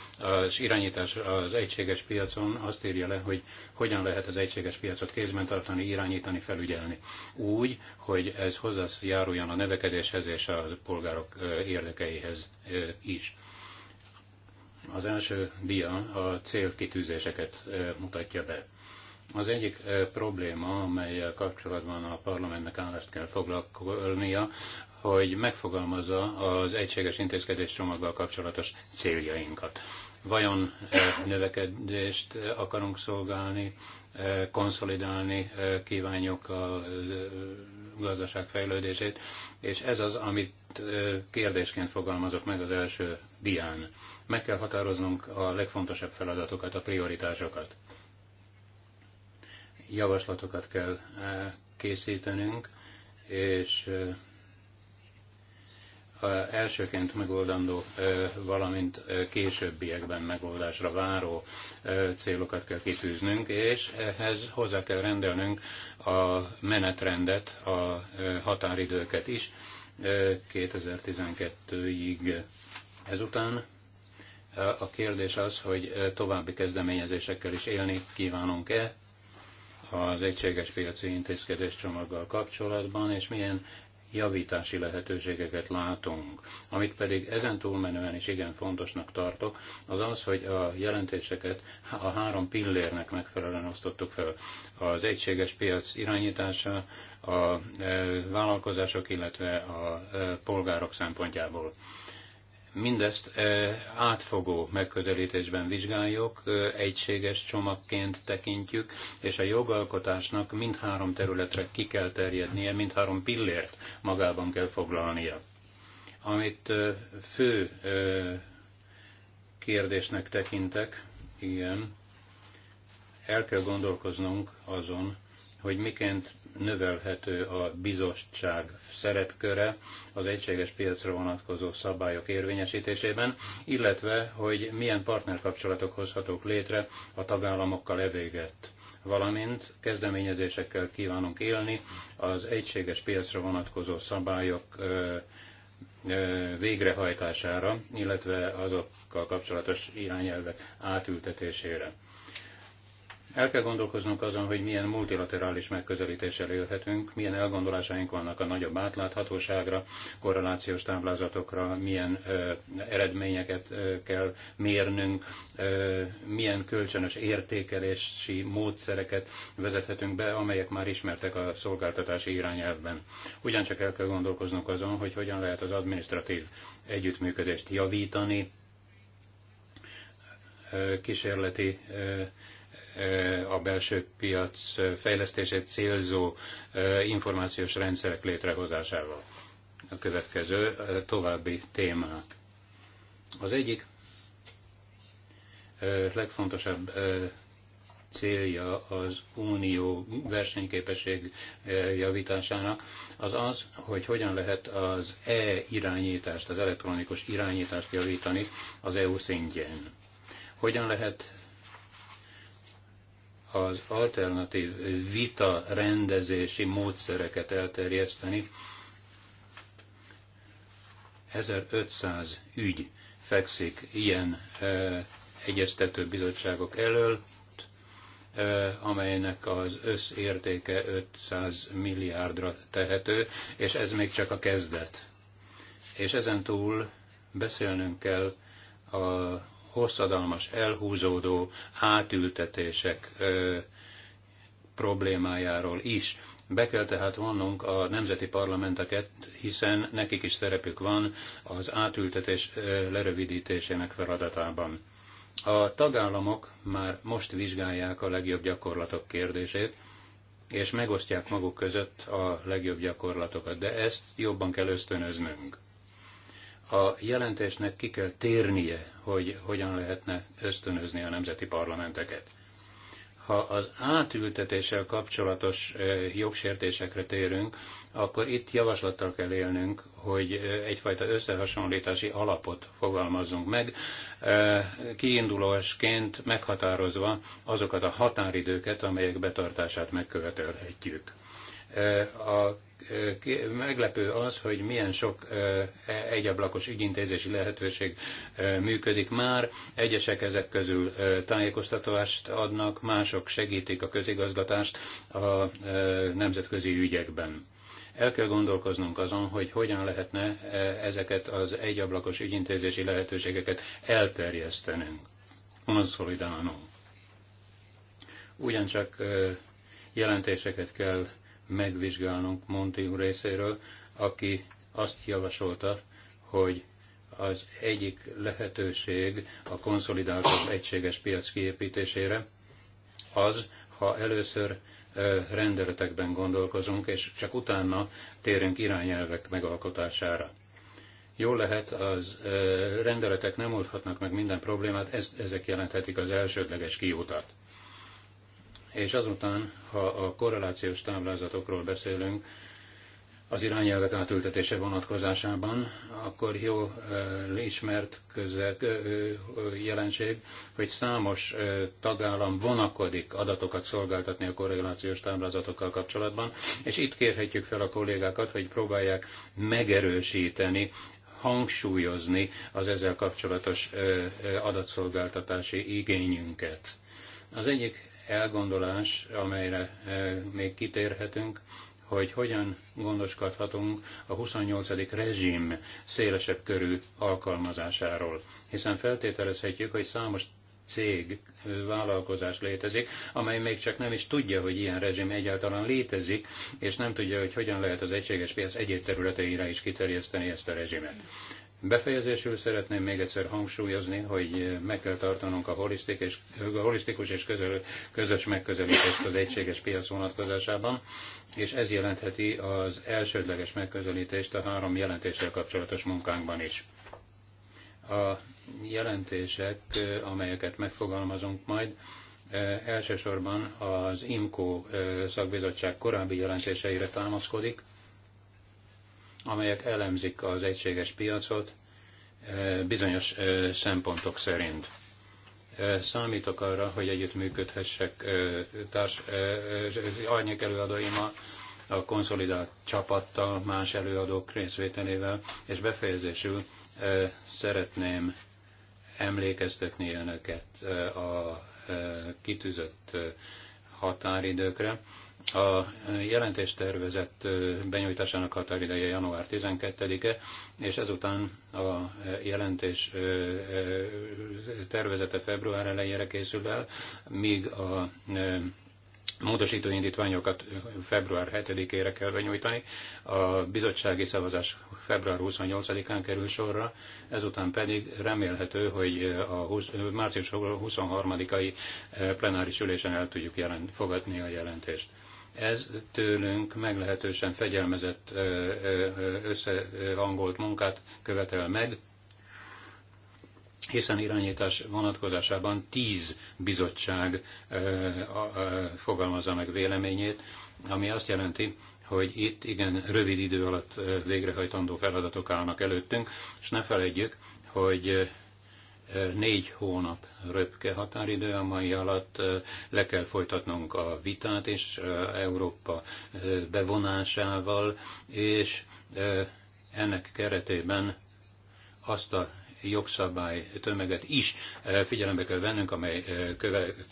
és irányítás az egységes piacon azt írja le, hogy hogyan lehet az egységes piacot kézben tartani, irányítani, felügyelni. Úgy, hogy ez hozzájáruljon a növekedéshez és a polgárok érdekeihez is. Az első dia a célkitűzéseket mutatja be. Az egyik probléma, amelyel kapcsolatban a parlamentnek állást kell foglalkoznia, hogy megfogalmazza az egységes intézkedés csomaggal kapcsolatos céljainkat. Vajon eh, növekedést eh, akarunk szolgálni, eh, konszolidálni kívánjuk a gazdaság fejlődését, és ez az, amit kérdésként fogalmazok meg az első dián. Meg kell határoznunk a legfontosabb feladatokat, a prioritásokat. Javaslatokat kell készítenünk, és elsőként megoldandó, valamint későbbiekben megoldásra váró célokat kell kitűznünk, és ehhez hozzá kell rendelnünk a menetrendet, a határidőket is 2012-ig. Ezután a kérdés az, hogy további kezdeményezésekkel is élni kívánunk-e az egységes piaci intézkedés csomaggal kapcsolatban, és milyen javítási lehetőségeket látunk. Amit pedig ezen túlmenően is igen fontosnak tartok, az az, hogy a jelentéseket a három pillérnek megfelelően osztottuk fel. Az egységes piac irányítása, a e, vállalkozások, illetve a e, polgárok szempontjából Mindezt átfogó megközelítésben vizsgáljuk, egységes csomagként tekintjük, és a jogalkotásnak mindhárom területre ki kell terjednie, mindhárom pillért magában kell foglalnia. Amit fő kérdésnek tekintek, igen, el kell gondolkoznunk azon, hogy miként növelhető a bizottság szerepköre az egységes piacra vonatkozó szabályok érvényesítésében, illetve hogy milyen partnerkapcsolatok hozhatók létre a tagállamokkal evégett valamint kezdeményezésekkel kívánunk élni az egységes piacra vonatkozó szabályok végrehajtására, illetve azokkal kapcsolatos irányelvek átültetésére. El kell gondolkoznunk azon, hogy milyen multilaterális megközelítéssel élhetünk, milyen elgondolásaink vannak a nagyobb átláthatóságra, korrelációs táblázatokra, milyen ö, eredményeket ö, kell mérnünk, ö, milyen kölcsönös értékelési módszereket vezethetünk be, amelyek már ismertek a szolgáltatási irányelvben. Ugyancsak el kell gondolkoznunk azon, hogy hogyan lehet az administratív együttműködést javítani, kísérleti a belső piac fejlesztését célzó információs rendszerek létrehozásával. A következő további témák. Az egyik legfontosabb célja az unió versenyképesség javításának az az, hogy hogyan lehet az e-irányítást, az elektronikus irányítást javítani az EU szintjén. Hogyan lehet az alternatív vita rendezési módszereket elterjeszteni. 1500 ügy fekszik ilyen e, egyeztető bizottságok elől, amelynek az összértéke 500 milliárdra tehető, és ez még csak a kezdet. És ezen túl beszélnünk kell a hosszadalmas, elhúzódó átültetések ö, problémájáról is. Be kell tehát vonnunk a nemzeti parlamenteket, hiszen nekik is szerepük van az átültetés lerövidítésének feladatában. A tagállamok már most vizsgálják a legjobb gyakorlatok kérdését, és megosztják maguk között a legjobb gyakorlatokat, de ezt jobban kell ösztönöznünk. A jelentésnek ki kell térnie, hogy hogyan lehetne ösztönözni a nemzeti parlamenteket. Ha az átültetéssel kapcsolatos eh, jogsértésekre térünk, akkor itt javaslattal kell élnünk, hogy eh, egyfajta összehasonlítási alapot fogalmazzunk meg, eh, kiindulósként meghatározva azokat a határidőket, amelyek betartását megkövetelhetjük. A meglepő az, hogy milyen sok e, egyablakos ügyintézési lehetőség működik már. Egyesek ezek közül tájékoztatást adnak, mások segítik a közigazgatást a nemzetközi ügyekben. El kell gondolkoznunk azon, hogy hogyan lehetne ezeket az egyablakos ügyintézési lehetőségeket elterjesztenünk, konszolidálnunk. Ugyancsak jelentéseket kell megvizsgálnunk Monti úr részéről, aki azt javasolta, hogy az egyik lehetőség a konszolidáltabb egységes piac kiépítésére az, ha először rendeletekben gondolkozunk, és csak utána térünk irányelvek megalkotására. Jó lehet, az rendeletek nem oldhatnak meg minden problémát, ez, ezek jelenthetik az elsődleges kiutat és azután, ha a korrelációs táblázatokról beszélünk, az irányelvek átültetése vonatkozásában, akkor jó ismert közeg, jelenség, hogy számos tagállam vonakodik adatokat szolgáltatni a korrelációs táblázatokkal kapcsolatban, és itt kérhetjük fel a kollégákat, hogy próbálják megerősíteni hangsúlyozni az ezzel kapcsolatos adatszolgáltatási igényünket. Az egyik elgondolás, amelyre eh, még kitérhetünk, hogy hogyan gondoskodhatunk a 28. rezsim szélesebb körű alkalmazásáról. Hiszen feltételezhetjük, hogy számos cég, eh, vállalkozás létezik, amely még csak nem is tudja, hogy ilyen rezsim egyáltalán létezik, és nem tudja, hogy hogyan lehet az egységes piac egyéb területeire is kiterjeszteni ezt a rezsimet. Befejezésül szeretném még egyszer hangsúlyozni, hogy meg kell tartanunk a holisztikus, és közös megközelítést az egységes piac vonatkozásában, és ez jelentheti az elsődleges megközelítést a három jelentéssel kapcsolatos munkánkban is. A jelentések, amelyeket megfogalmazunk majd, elsősorban az IMCO szakbizottság korábbi jelentéseire támaszkodik, amelyek elemzik az egységes piacot eh, bizonyos eh, szempontok szerint. Eh, számítok arra, hogy együtt működhessek előadóimmal, a konszolidált csapattal, más előadók részvételével, és befejezésül szeretném emlékeztetni önöket a kitűzött határidőkre. A jelentéstervezet benyújtásának határideje január 12-e, és ezután a jelentés tervezete február elejére készül el, míg a módosító indítványokat február 7-ére kell benyújtani, a bizottsági szavazás február 28-án kerül sorra, ezután pedig remélhető, hogy a 20, március 23-ai plenáris ülésen el tudjuk jelent, fogadni a jelentést. Ez tőlünk meglehetősen fegyelmezett, összehangolt munkát követel meg, hiszen irányítás vonatkozásában tíz bizottság fogalmazza meg véleményét, ami azt jelenti, hogy itt igen rövid idő alatt végrehajtandó feladatok állnak előttünk, és ne felejtjük, hogy négy hónap röpke határidő, amely alatt le kell folytatnunk a vitát és Európa bevonásával, és ennek keretében azt a jogszabály tömeget is figyelembe kell vennünk, amely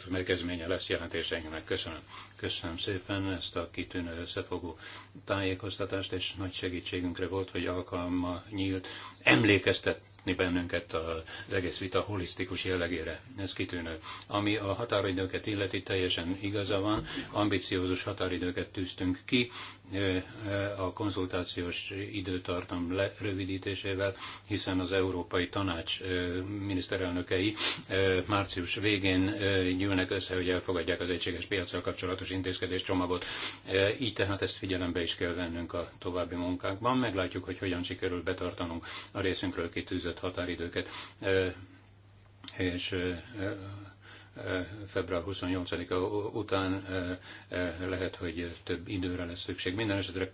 következménye lesz jelentéseinknek. Köszönöm. Köszönöm szépen ezt a kitűnő összefogó tájékoztatást, és nagy segítségünkre volt, hogy alkalma nyílt emlékeztet emlékeztetni bennünket az egész vita holisztikus jellegére. Ez kitűnő. Ami a határidőket illeti, teljesen igaza van, ambiciózus határidőket tűztünk ki, a konzultációs időtartam lerövidítésével, hiszen az Európai Tanács miniszterelnökei március végén gyűlnek össze, hogy elfogadják az egységes piacsal kapcsolatos intézkedés csomagot. Így tehát ezt figyelembe is kell vennünk a további munkánkban. Meglátjuk, hogy hogyan sikerül betartanunk a részünkről kitűzött határidőket és február 28-a után lehet, hogy több időre lesz szükség. Minden esetre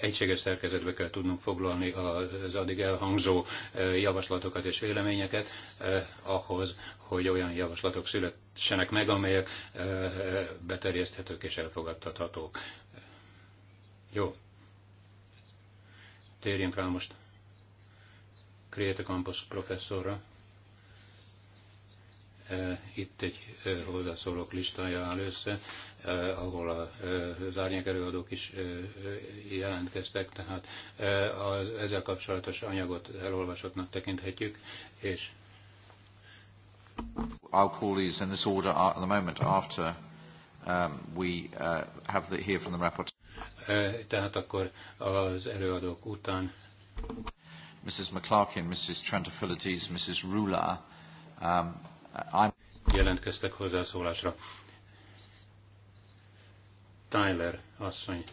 egységes szerkezetbe kell tudnunk foglalni az addig elhangzó javaslatokat és véleményeket ahhoz, hogy olyan javaslatok szülessenek meg, amelyek beterjeszthetők és elfogadtathatók. Jó. Térjünk rá most Creative Campus professzorra itt egy hozzászólók listája áll össze, ahol az árnyék előadók is jelentkeztek, tehát az ezzel kapcsolatos anyagot elolvasottnak tekinthetjük, és I'll call these in this order uh, at the moment after um, we uh, have the, hear from the rapporteur. Tehát akkor az előadók után Mrs. McClarkin, Mrs. Trantafilides, Mrs. Rula, um, Jelentkeztek hozzászólásra. Tyler asszony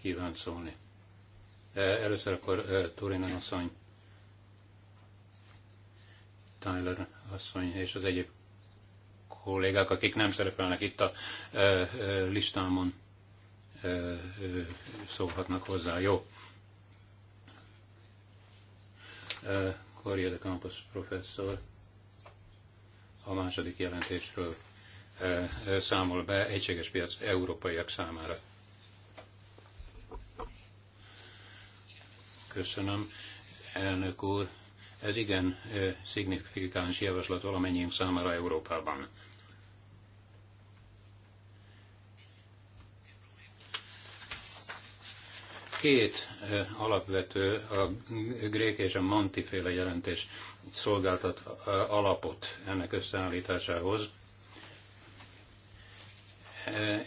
kíván szólni. E, először akkor e, Turinen asszony, Tyler asszony és az egyéb kollégák, akik nem szerepelnek itt a e, listámon szólhatnak hozzá. Jó. Corriere de Campos professzor a második jelentésről eh, eh, számol be egységes piac európaiak számára. Köszönöm, elnök úr. Ez igen eh, szignifikáns javaslat valamennyiünk számára Európában. két alapvető, a grék és a mantiféle jelentés szolgáltat alapot ennek összeállításához,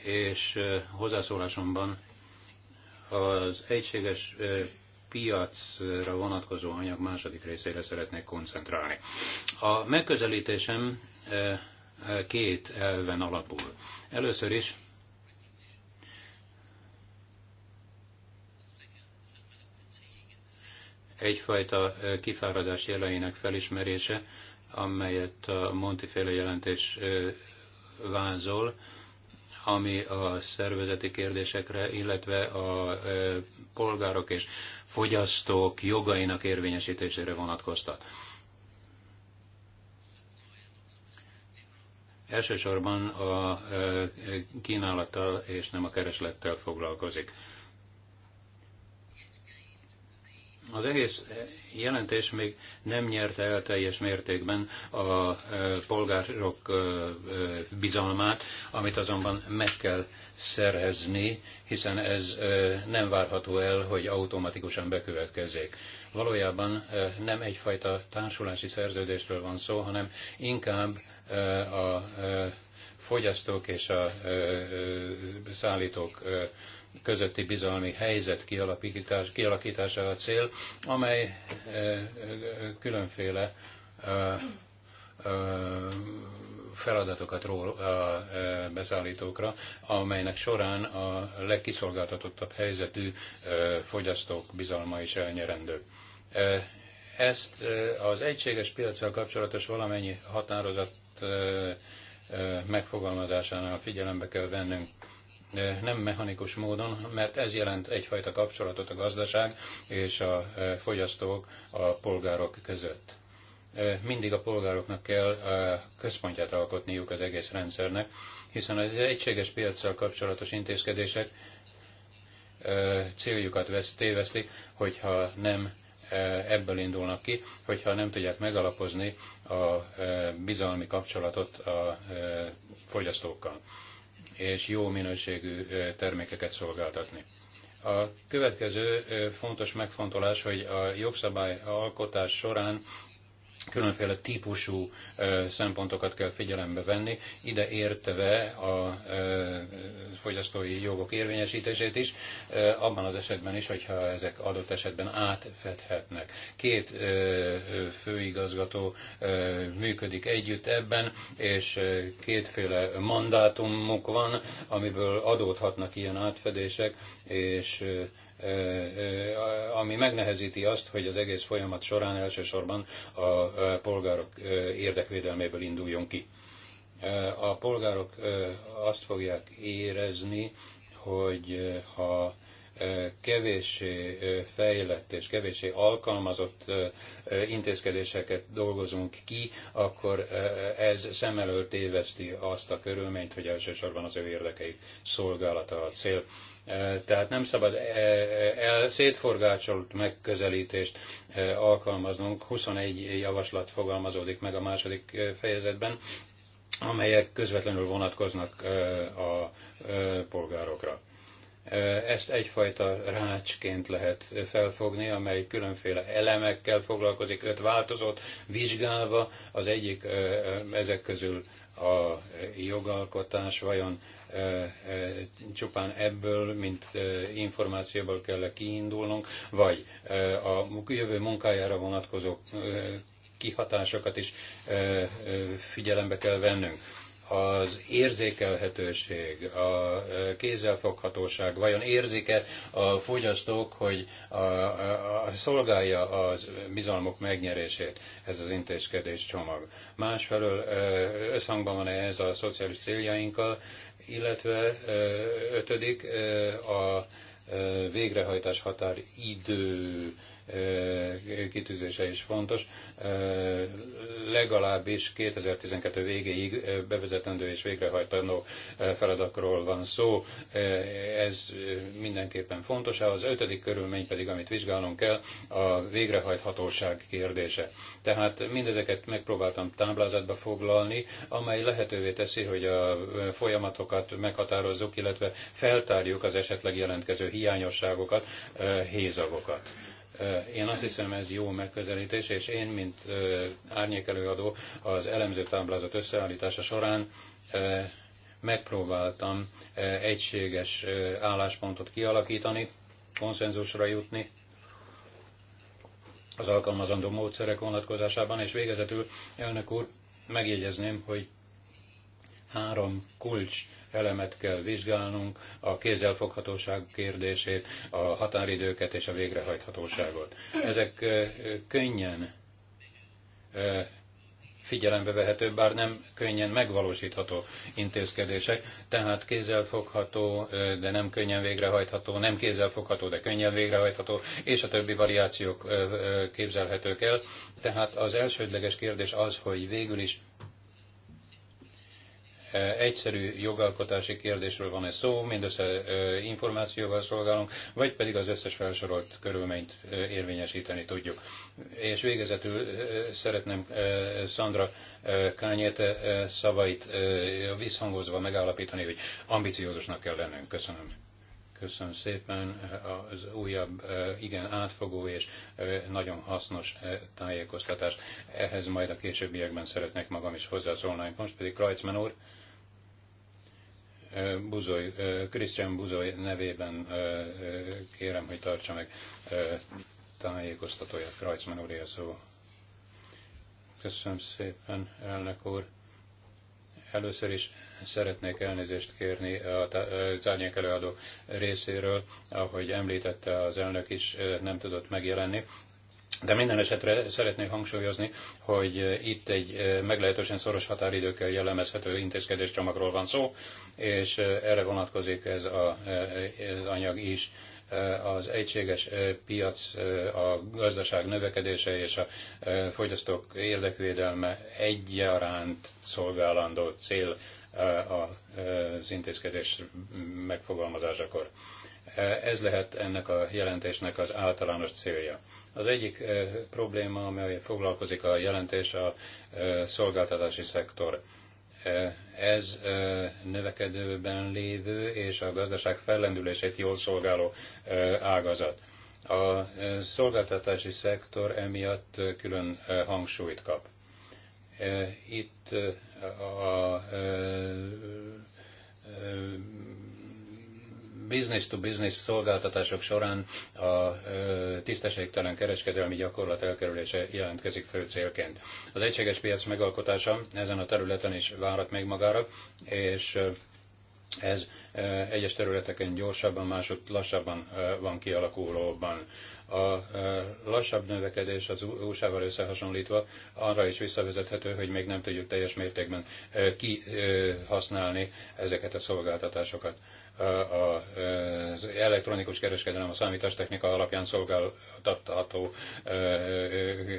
és hozzászólásomban az egységes piacra vonatkozó anyag második részére szeretnék koncentrálni. A megközelítésem két elven alapul. Először is egyfajta kifáradás jeleinek felismerése, amelyet a Montiféle jelentés vázol, ami a szervezeti kérdésekre, illetve a polgárok és fogyasztók jogainak érvényesítésére vonatkoztat. Elsősorban a kínálattal és nem a kereslettel foglalkozik. Az egész jelentés még nem nyerte el teljes mértékben a e, polgárok e, e, bizalmát, amit azonban meg kell szerezni, hiszen ez nem várható el, hogy automatikusan bekövetkezzék. Valójában nem egyfajta társulási szerződésről van szó, hanem inkább a fogyasztók és a szállítók közötti bizalmi helyzet kialakítás, kialakítása a cél, amely eh, eh, különféle eh, feladatokat ról a beszállítókra, amelynek során a legkiszolgáltatottabb helyzetű fogyasztók bizalma is elnyerendő. Ezt az egységes piacsal kapcsolatos valamennyi határozat megfogalmazásánál figyelembe kell vennünk nem mechanikus módon, mert ez jelent egyfajta kapcsolatot a gazdaság és a fogyasztók, a polgárok között. Mindig a polgároknak kell a központját alkotniuk az egész rendszernek, hiszen az egységes piacsal kapcsolatos intézkedések céljukat tévesztik, hogyha nem ebből indulnak ki, hogyha nem tudják megalapozni a bizalmi kapcsolatot a fogyasztókkal és jó minőségű termékeket szolgáltatni. A következő fontos megfontolás, hogy a jogszabály alkotás során különféle típusú szempontokat kell figyelembe venni, ide értve a fogyasztói jogok érvényesítését is, abban az esetben is, hogyha ezek adott esetben átfedhetnek. Két főigazgató működik együtt ebben, és kétféle mandátumuk van, amiből adódhatnak ilyen átfedések, és ami megnehezíti azt, hogy az egész folyamat során elsősorban a polgárok érdekvédelméből induljon ki. A polgárok azt fogják érezni, hogy ha kevéssé fejlett és kevéssé alkalmazott intézkedéseket dolgozunk ki, akkor ez szem előtt téveszti azt a körülményt, hogy elsősorban az ő érdekeik szolgálata a cél. Tehát nem szabad el szétforgácsolt megközelítést alkalmaznunk. 21 javaslat fogalmazódik meg a második fejezetben, amelyek közvetlenül vonatkoznak a polgárokra. Ezt egyfajta rácsként lehet felfogni, amely különféle elemekkel foglalkozik, öt változót vizsgálva. Az egyik ezek közül a jogalkotás vajon csupán ebből, mint információból kell kiindulnunk, vagy a jövő munkájára vonatkozó kihatásokat is figyelembe kell vennünk az érzékelhetőség, a kézzelfoghatóság, vajon érzik-e a fogyasztók, hogy a, a, a szolgálja az bizalmok megnyerését ez az intézkedés csomag. Másfelől összhangban van -e ez a szociális céljainkkal, illetve ötödik a végrehajtás határ idő kitűzése is fontos. Legalábbis 2012 végéig bevezetendő és végrehajtandó feladatokról van szó. Ez mindenképpen fontos. Az ötödik körülmény pedig, amit vizsgálnunk kell, a végrehajthatóság kérdése. Tehát mindezeket megpróbáltam táblázatba foglalni, amely lehetővé teszi, hogy a folyamatokat meghatározzuk, illetve feltárjuk az esetleg jelentkező hiányosságokat, hézagokat. Én azt hiszem, ez jó megközelítés, és én, mint árnyékelőadó az elemző táblázat összeállítása során megpróbáltam egységes álláspontot kialakítani, konszenzusra jutni az alkalmazandó módszerek vonatkozásában, és végezetül, elnök úr, megjegyezném, hogy három kulcs elemet kell vizsgálnunk, a kézzelfoghatóság kérdését, a határidőket és a végrehajthatóságot. Ezek könnyen figyelembe vehető, bár nem könnyen megvalósítható intézkedések, tehát kézzelfogható, de nem könnyen végrehajtható, nem kézzelfogható, de könnyen végrehajtható, és a többi variációk képzelhetők el. Tehát az elsődleges kérdés az, hogy végül is Eh, egyszerű jogalkotási kérdésről van-e szó, mindössze eh, információval szolgálunk, vagy pedig az összes felsorolt körülményt eh, érvényesíteni tudjuk. És végezetül szeretném Szandra Kányéte szavait visszhangozva megállapítani, hogy ambiciózusnak kell lennünk. Köszönöm. Köszönöm szépen az újabb, igen átfogó és nagyon hasznos tájékoztatást. Ehhez majd a későbbiekben szeretnék magam is hozzászólni. Most pedig Krajcman úr. Buzoly, Krisztián Buzoly nevében kérem, hogy tartsa meg tájékoztatóját. Krajcman úr szó. Köszönöm szépen, elnök úr. Először is szeretnék elnézést kérni az árnyék előadó részéről, ahogy említette az elnök is, nem tudott megjelenni, de minden esetre szeretnék hangsúlyozni, hogy eh, itt egy eh, meglehetősen szoros határidőkkel jellemezhető intézkedéscsomagról van szó, és eh, erre vonatkozik ez a, az anyag is. Az egységes piac, a gazdaság növekedése és a fogyasztók érdekvédelme egyaránt szolgálandó cél az intézkedés megfogalmazásakor. Ez lehet ennek a jelentésnek az általános célja az egyik probléma, amely foglalkozik a jelentés, a szolgáltatási szektor. Ez növekedőben lévő és a gazdaság fellendülését jól szolgáló ágazat. A szolgáltatási szektor emiatt külön hangsúlyt kap. Itt a business-to-business szolgáltatások során a tisztességtelen kereskedelmi gyakorlat elkerülése jelentkezik fő célként. Az egységes piac megalkotása ezen a területen is várat még magára, és ez egyes területeken gyorsabban, másod lassabban van kialakulóban. A lassabb növekedés az USA-val összehasonlítva arra is visszavezethető, hogy még nem tudjuk teljes mértékben kihasználni ezeket a szolgáltatásokat az elektronikus kereskedelem a számítástechnika alapján szolgáltatható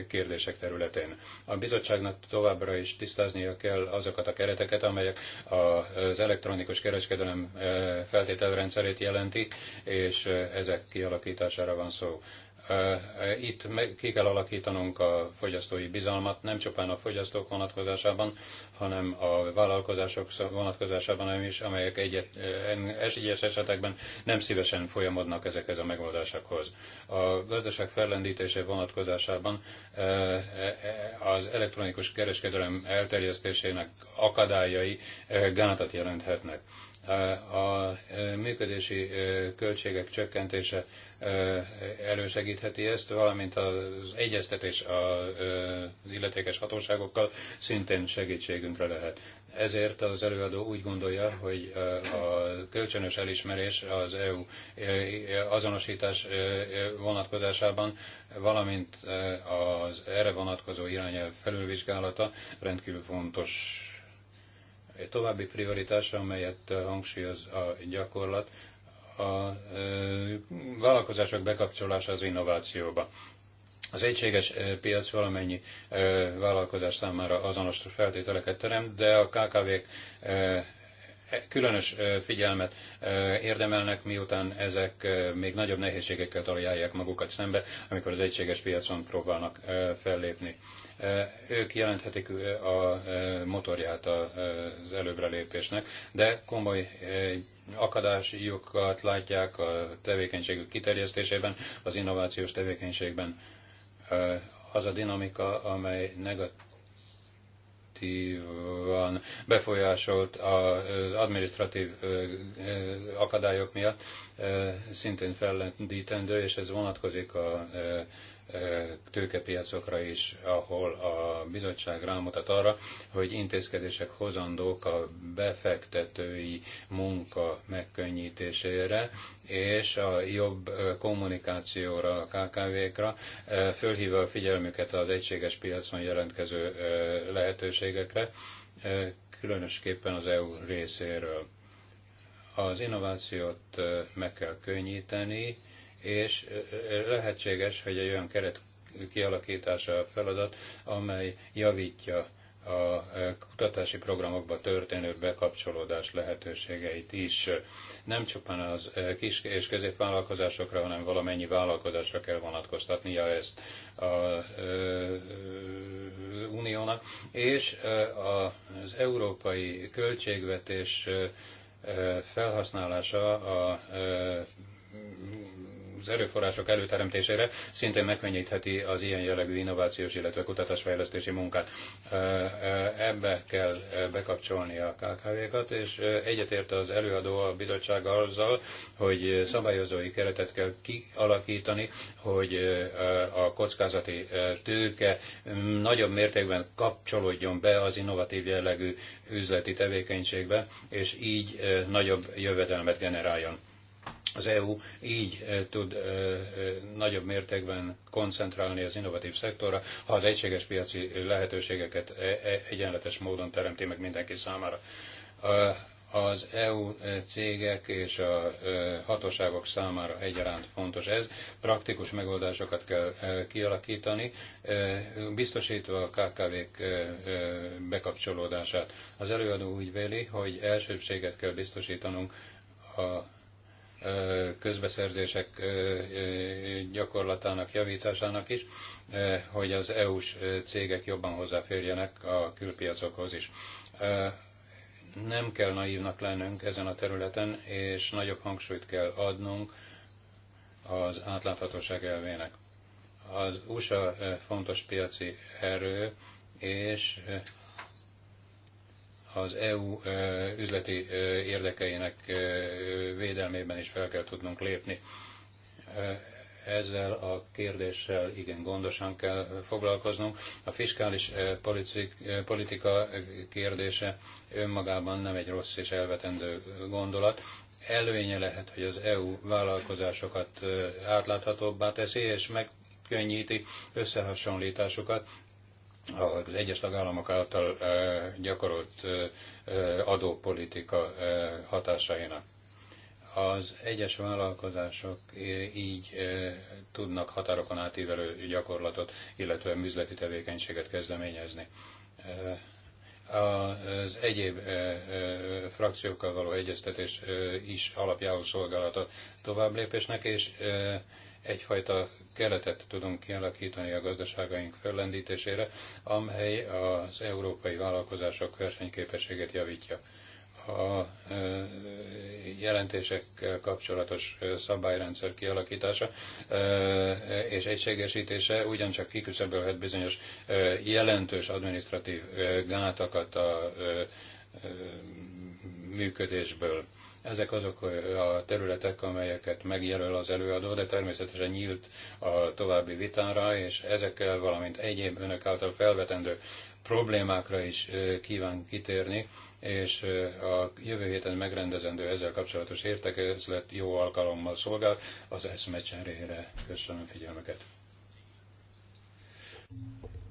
kérdések területén. A bizottságnak továbbra is tisztáznia kell azokat a kereteket, amelyek az elektronikus kereskedelem feltételrendszerét jelentik, és ezek kialakítására van szó itt ki kell alakítanunk a fogyasztói bizalmat, nem csupán a fogyasztók vonatkozásában, hanem a vállalkozások vonatkozásában is, amelyek egyet, egyes esetekben nem szívesen folyamodnak ezekhez a megoldásokhoz. A gazdaság fellendítése vonatkozásában e, e, az elektronikus kereskedelem elterjesztésének akadályai gátat jelenthetnek. A e, működési e, költségek csökkentése e, elősegítheti ezt, valamint az egyeztetés az illetékes hatóságokkal szintén segítségünkre lehet. Ezért az előadó úgy gondolja, hogy a kölcsönös elismerés az EU azonosítás vonatkozásában, valamint az erre vonatkozó irányelv felülvizsgálata rendkívül fontos további prioritása, amelyet hangsúlyoz a gyakorlat, a vállalkozások bekapcsolása az innovációba. Az egységes piac valamennyi vállalkozás számára azonos feltételeket teremt, de a KKV-k e, különös figyelmet érdemelnek, miután ezek még nagyobb nehézségekkel találják magukat szembe, amikor az egységes piacon próbálnak fellépni. Ők jelenthetik a motorját az előbrelépésnek, de komoly akadályokat látják a tevékenységük kiterjesztésében, az innovációs tevékenységben. Az a dinamika, amely negatív negatívan befolyásolt az administratív akadályok miatt, szintén fellendítendő, és ez vonatkozik a tőkepiacokra is, ahol a bizottság rámutat arra, hogy intézkedések hozandók a befektetői munka megkönnyítésére, és a jobb kommunikációra, a KKV-kra, fölhívva a figyelmüket az egységes piacon jelentkező lehetőségekre, különösképpen az EU részéről. Az innovációt meg kell könnyíteni, és lehetséges, hogy egy olyan keret kialakítása a feladat, amely javítja a kutatási programokba történő bekapcsolódás lehetőségeit is. Nem csupán az kis és középvállalkozásokra, hanem valamennyi vállalkozásra kell vonatkoztatnia ezt az uniónak, és az európai költségvetés felhasználása a az erőforrások előteremtésére szintén megkönnyítheti az ilyen jellegű innovációs, illetve kutatásfejlesztési munkát. Ebbe kell bekapcsolni a KKV-kat, és egyetért az előadó a bizottság azzal, hogy szabályozói keretet kell kialakítani, hogy a kockázati tőke nagyobb mértékben kapcsolódjon be az innovatív jellegű üzleti tevékenységbe, és így nagyobb jövedelmet generáljon az EU így eh, tud eh, eh, nagyobb mértékben koncentrálni az innovatív szektorra, ha az egységes piaci lehetőségeket egyenletes módon teremti meg mindenki számára. Az EU cégek és a hatóságok számára egyaránt fontos ez. Praktikus megoldásokat kell kialakítani, biztosítva a KKV-k bekapcsolódását. Az előadó úgy véli, hogy elsőbséget kell biztosítanunk a közbeszerzések gyakorlatának javításának is, hogy az EU-s cégek jobban hozzáférjenek a külpiacokhoz is. Nem kell naívnak lennünk ezen a területen, és nagyobb hangsúlyt kell adnunk az átláthatóság elvének. Az USA fontos piaci erő, és az EU üzleti érdekeinek védelmében is fel kell tudnunk lépni. Ezzel a kérdéssel igen gondosan kell foglalkoznunk. A fiskális politika kérdése önmagában nem egy rossz és elvetendő gondolat, előnye lehet, hogy az EU vállalkozásokat átláthatóbbá teszi, és megkönnyíti összehasonlításukat az egyes tagállamok által gyakorolt adópolitika hatásainak. Az egyes vállalkozások így tudnak határokon átívelő gyakorlatot, illetve műzleti tevékenységet kezdeményezni. Az egyéb frakciókkal való egyeztetés is alapjául szolgálhat a továbblépésnek, és egyfajta keretet tudunk kialakítani a gazdaságaink föllendítésére, amely az európai vállalkozások versenyképességét javítja. A e, jelentések kapcsolatos szabályrendszer kialakítása e, és egységesítése ugyancsak kiküszöbölhet bizonyos e, jelentős administratív gátakat a működésből ezek azok a területek, amelyeket megjelöl az előadó, de természetesen nyílt a további vitára, és ezekkel, valamint egyéb önök által felvetendő problémákra is kíván kitérni, és a jövő héten megrendezendő ezzel kapcsolatos értekezlet jó alkalommal szolgál az eszmecserére. Köszönöm figyelmeket!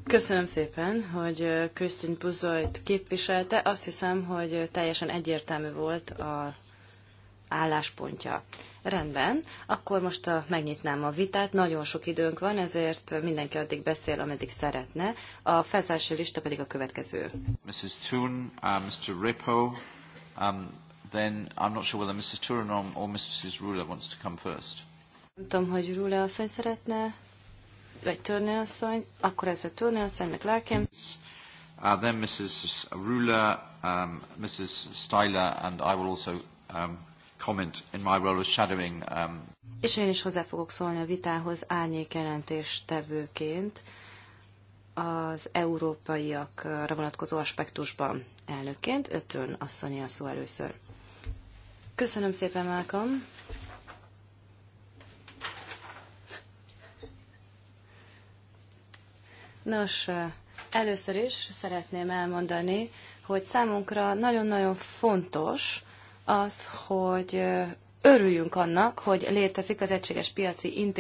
Köszönöm szépen, hogy Krisztin Buzoyt képviselte. Azt hiszem, hogy teljesen egyértelmű volt a álláspontja. Rendben, akkor most a, megnyitnám a vitát. Nagyon sok időnk van, ezért mindenki addig beszél, ameddig szeretne. A felszállási lista pedig a következő. Mrs. Toon, uh, Mr. Ripo, um, then I'm not sure whether Mrs. Toon or, or Mrs. Ruler wants to come first. Nem tudom, hogy Ruler asszony szeretne, vagy Turner asszony, akkor ez a Turner asszony, meg Larkin. Uh, then Mrs. Ruler, um, Mrs. Styler, and I will also um, comment in my role as shadowing. Um... És én is hozzá fogok szólni a vitához árnyék tevőként az európaiakra vonatkozó aspektusban elnökként. Ötön asszonyi a szó először. Köszönöm szépen, Malcolm. Nos, először is szeretném elmondani, hogy számunkra nagyon-nagyon fontos, az, hogy örüljünk annak, hogy létezik az egységes piaci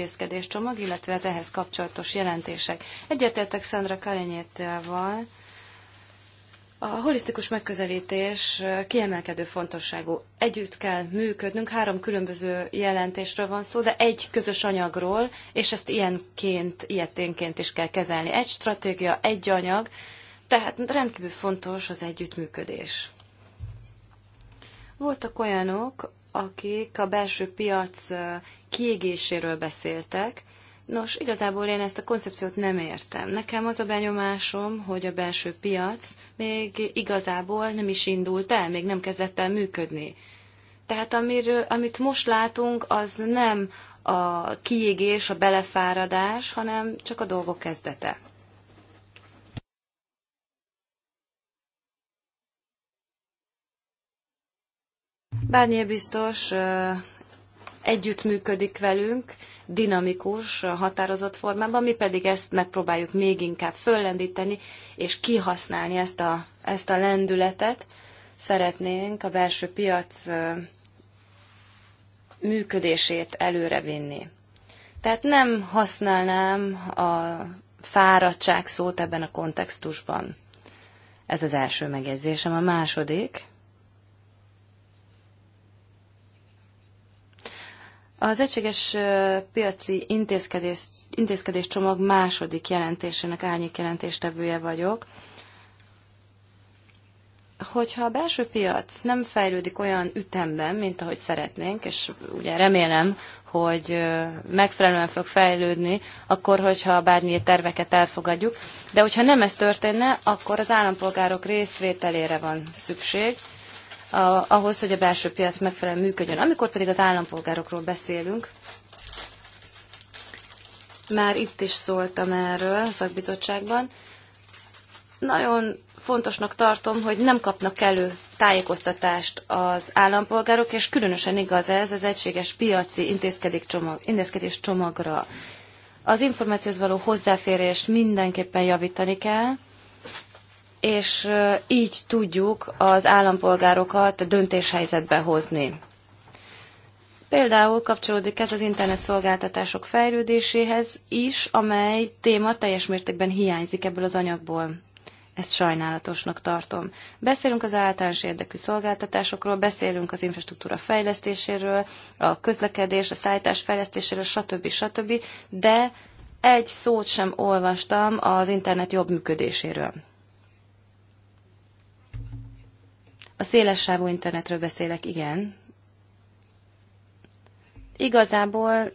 csomag, illetve az ehhez kapcsolatos jelentések. Egyetértek Szandra Kalenyétával, a holisztikus megközelítés kiemelkedő fontosságú. Együtt kell működnünk, három különböző jelentésről van szó, de egy közös anyagról, és ezt ilyenként, ilyeténként is kell kezelni. Egy stratégia, egy anyag, tehát rendkívül fontos az együttműködés. Voltak olyanok, akik a belső piac kiégéséről beszéltek. Nos, igazából én ezt a koncepciót nem értem. Nekem az a benyomásom, hogy a belső piac még igazából nem is indult el, még nem kezdett el működni. Tehát amiről, amit most látunk, az nem a kiégés, a belefáradás, hanem csak a dolgok kezdete. Bárnyi biztos együttműködik velünk, dinamikus, határozott formában, mi pedig ezt megpróbáljuk még inkább föllendíteni, és kihasználni ezt a, ezt a lendületet. Szeretnénk a belső piac működését előrevinni. Tehát nem használnám a fáradtság szót ebben a kontextusban. Ez az első megjegyzésem. A második, Az egységes piaci intézkedés, intézkedés csomag második jelentésének árnyék jelentéstevője vagyok. Hogyha a belső piac nem fejlődik olyan ütemben, mint ahogy szeretnénk, és ugye remélem, hogy megfelelően fog fejlődni, akkor, hogyha bármilyen terveket elfogadjuk. De hogyha nem ez történne, akkor az állampolgárok részvételére van szükség, a, ahhoz, hogy a belső piac megfelelően működjön. Amikor pedig az állampolgárokról beszélünk, már itt is szóltam erről a szakbizottságban, nagyon fontosnak tartom, hogy nem kapnak elő tájékoztatást az állampolgárok, és különösen igaz ez az egységes piaci csomag, intézkedés csomagra. Az információhoz való hozzáférést mindenképpen javítani kell, és így tudjuk az állampolgárokat döntéshelyzetbe hozni. Például kapcsolódik ez az internet szolgáltatások fejlődéséhez is, amely téma teljes mértékben hiányzik ebből az anyagból. Ezt sajnálatosnak tartom. Beszélünk az általános érdekű szolgáltatásokról, beszélünk az infrastruktúra fejlesztéséről, a közlekedés, a szállítás fejlesztéséről, stb. stb. De egy szót sem olvastam az internet jobb működéséről. A széles sávú internetről beszélek, igen. Igazából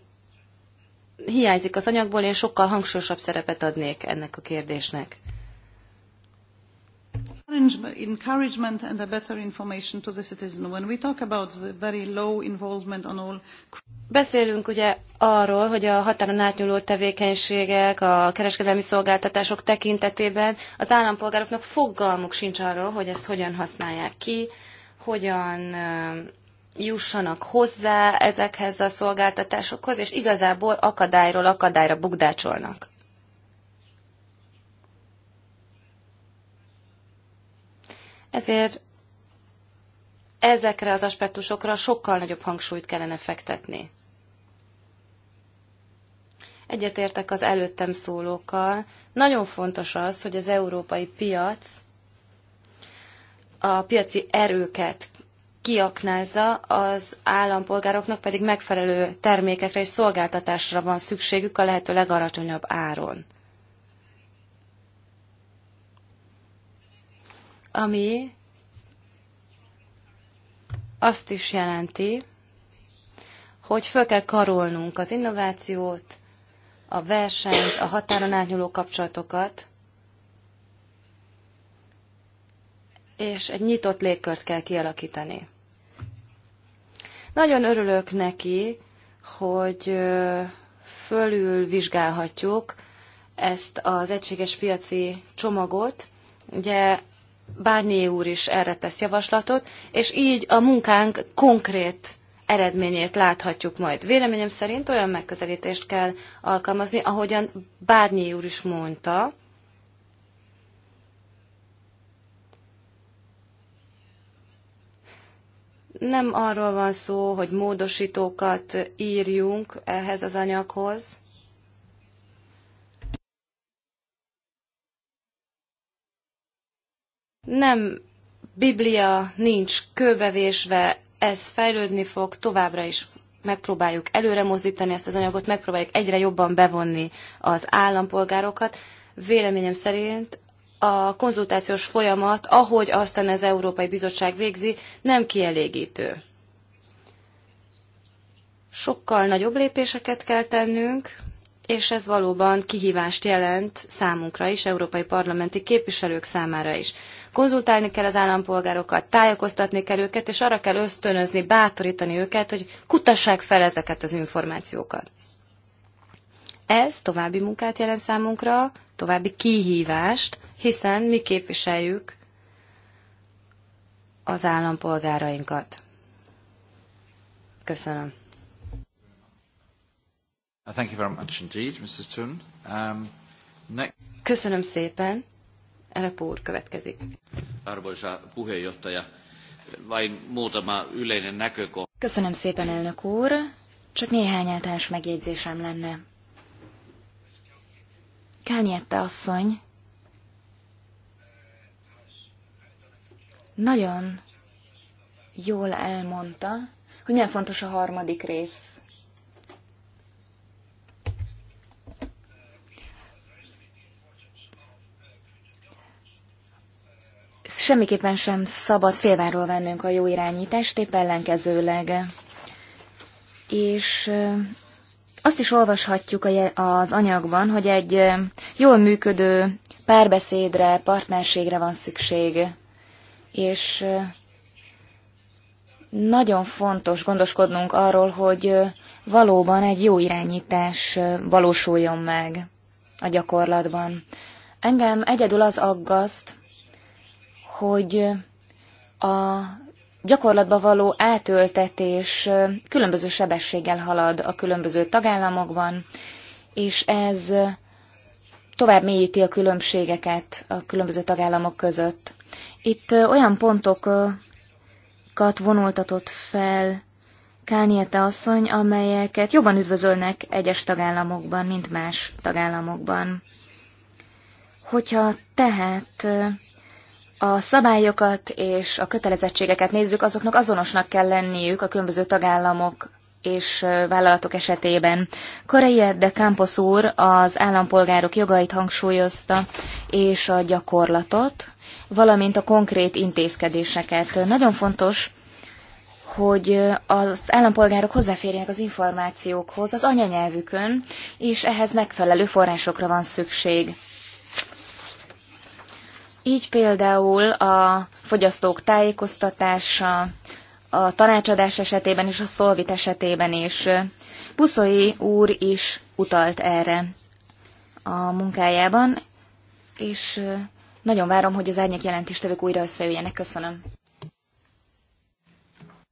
hiányzik az anyagból, én sokkal hangsúlyosabb szerepet adnék ennek a kérdésnek encouragement and a better information to the citizen. When we talk about the very low involvement on all... Beszélünk ugye arról, hogy a határon átnyúló tevékenységek, a kereskedelmi szolgáltatások tekintetében az állampolgároknak fogalmuk sincs arról, hogy ezt hogyan használják ki, hogyan jussanak hozzá ezekhez a szolgáltatásokhoz, és igazából akadályról akadályra bugdácsolnak. Ezért ezekre az aspektusokra sokkal nagyobb hangsúlyt kellene fektetni. Egyetértek az előttem szólókkal. Nagyon fontos az, hogy az európai piac a piaci erőket kiaknázza, az állampolgároknak pedig megfelelő termékekre és szolgáltatásra van szükségük a lehető legalacsonyabb áron. ami azt is jelenti, hogy föl kell karolnunk az innovációt, a versenyt, a határon átnyúló kapcsolatokat, és egy nyitott légkört kell kialakítani. Nagyon örülök neki, hogy fölül vizsgálhatjuk ezt az egységes piaci csomagot. Ugye Bárnyé úr is erre tesz javaslatot, és így a munkánk konkrét eredményét láthatjuk majd. Véleményem szerint olyan megközelítést kell alkalmazni, ahogyan Bárnyé úr is mondta, nem arról van szó, hogy módosítókat írjunk ehhez az anyaghoz, Nem Biblia nincs kőbevésve, ez fejlődni fog, továbbra is megpróbáljuk előre mozdítani ezt az anyagot, megpróbáljuk egyre jobban bevonni az állampolgárokat. Véleményem szerint a konzultációs folyamat, ahogy aztán az Európai Bizottság végzi, nem kielégítő. Sokkal nagyobb lépéseket kell tennünk, és ez valóban kihívást jelent számunkra is, európai parlamenti képviselők számára is konzultálni kell az állampolgárokat, tájékoztatni kell őket, és arra kell ösztönözni, bátorítani őket, hogy kutassák fel ezeket az információkat. Ez további munkát jelent számunkra, további kihívást, hiszen mi képviseljük az állampolgárainkat. Köszönöm. Thank you very much indeed, Mrs. Tun. Um, next... Köszönöm szépen. Repo úr következik. Arvoisa puheenjohtaja, vain muutama yleinen näkökohta. Köszönöm szépen, elnök úr. Csak néhány általános megjegyzésem lenne. Kányette asszony nagyon jól elmondta, hogy milyen fontos a harmadik rész Semmiképpen sem szabad félváról vennünk a jó irányítást, épp ellenkezőleg. És azt is olvashatjuk az anyagban, hogy egy jól működő párbeszédre, partnerségre van szükség, és nagyon fontos gondoskodnunk arról, hogy valóban egy jó irányítás valósuljon meg a gyakorlatban. Engem egyedül az aggaszt, hogy a gyakorlatba való átöltetés különböző sebességgel halad a különböző tagállamokban, és ez tovább mélyíti a különbségeket a különböző tagállamok között. Itt olyan pontokat vonultatott fel Kániete asszony, amelyeket jobban üdvözölnek egyes tagállamokban, mint más tagállamokban. Hogyha tehát a szabályokat és a kötelezettségeket nézzük, azoknak azonosnak kell lenniük a különböző tagállamok és vállalatok esetében. Korea de Campos úr az állampolgárok jogait hangsúlyozta, és a gyakorlatot, valamint a konkrét intézkedéseket. Nagyon fontos, hogy az állampolgárok hozzáférjenek az információkhoz az anyanyelvükön, és ehhez megfelelő forrásokra van szükség. Így például a fogyasztók tájékoztatása, a tanácsadás esetében és a szolvit esetében is. Puszói úr is utalt erre a munkájában, és nagyon várom, hogy az árnyék jelentéstevők újra összejöjjenek. Köszönöm.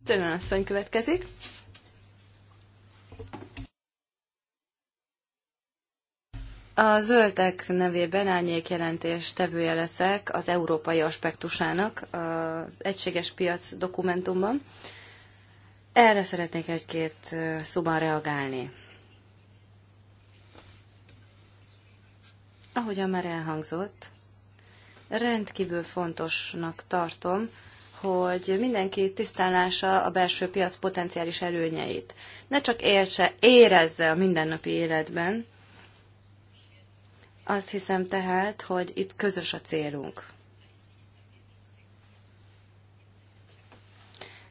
Tőlen asszony következik. A zöldek nevében árnyék jelentés tevője leszek az európai aspektusának az egységes piac dokumentumban. Erre szeretnék egy-két szóban reagálni. Ahogyan már elhangzott, rendkívül fontosnak tartom, hogy mindenki tisztánlása a belső piac potenciális előnyeit. Ne csak érse érezze a mindennapi életben, azt hiszem tehát, hogy itt közös a célunk.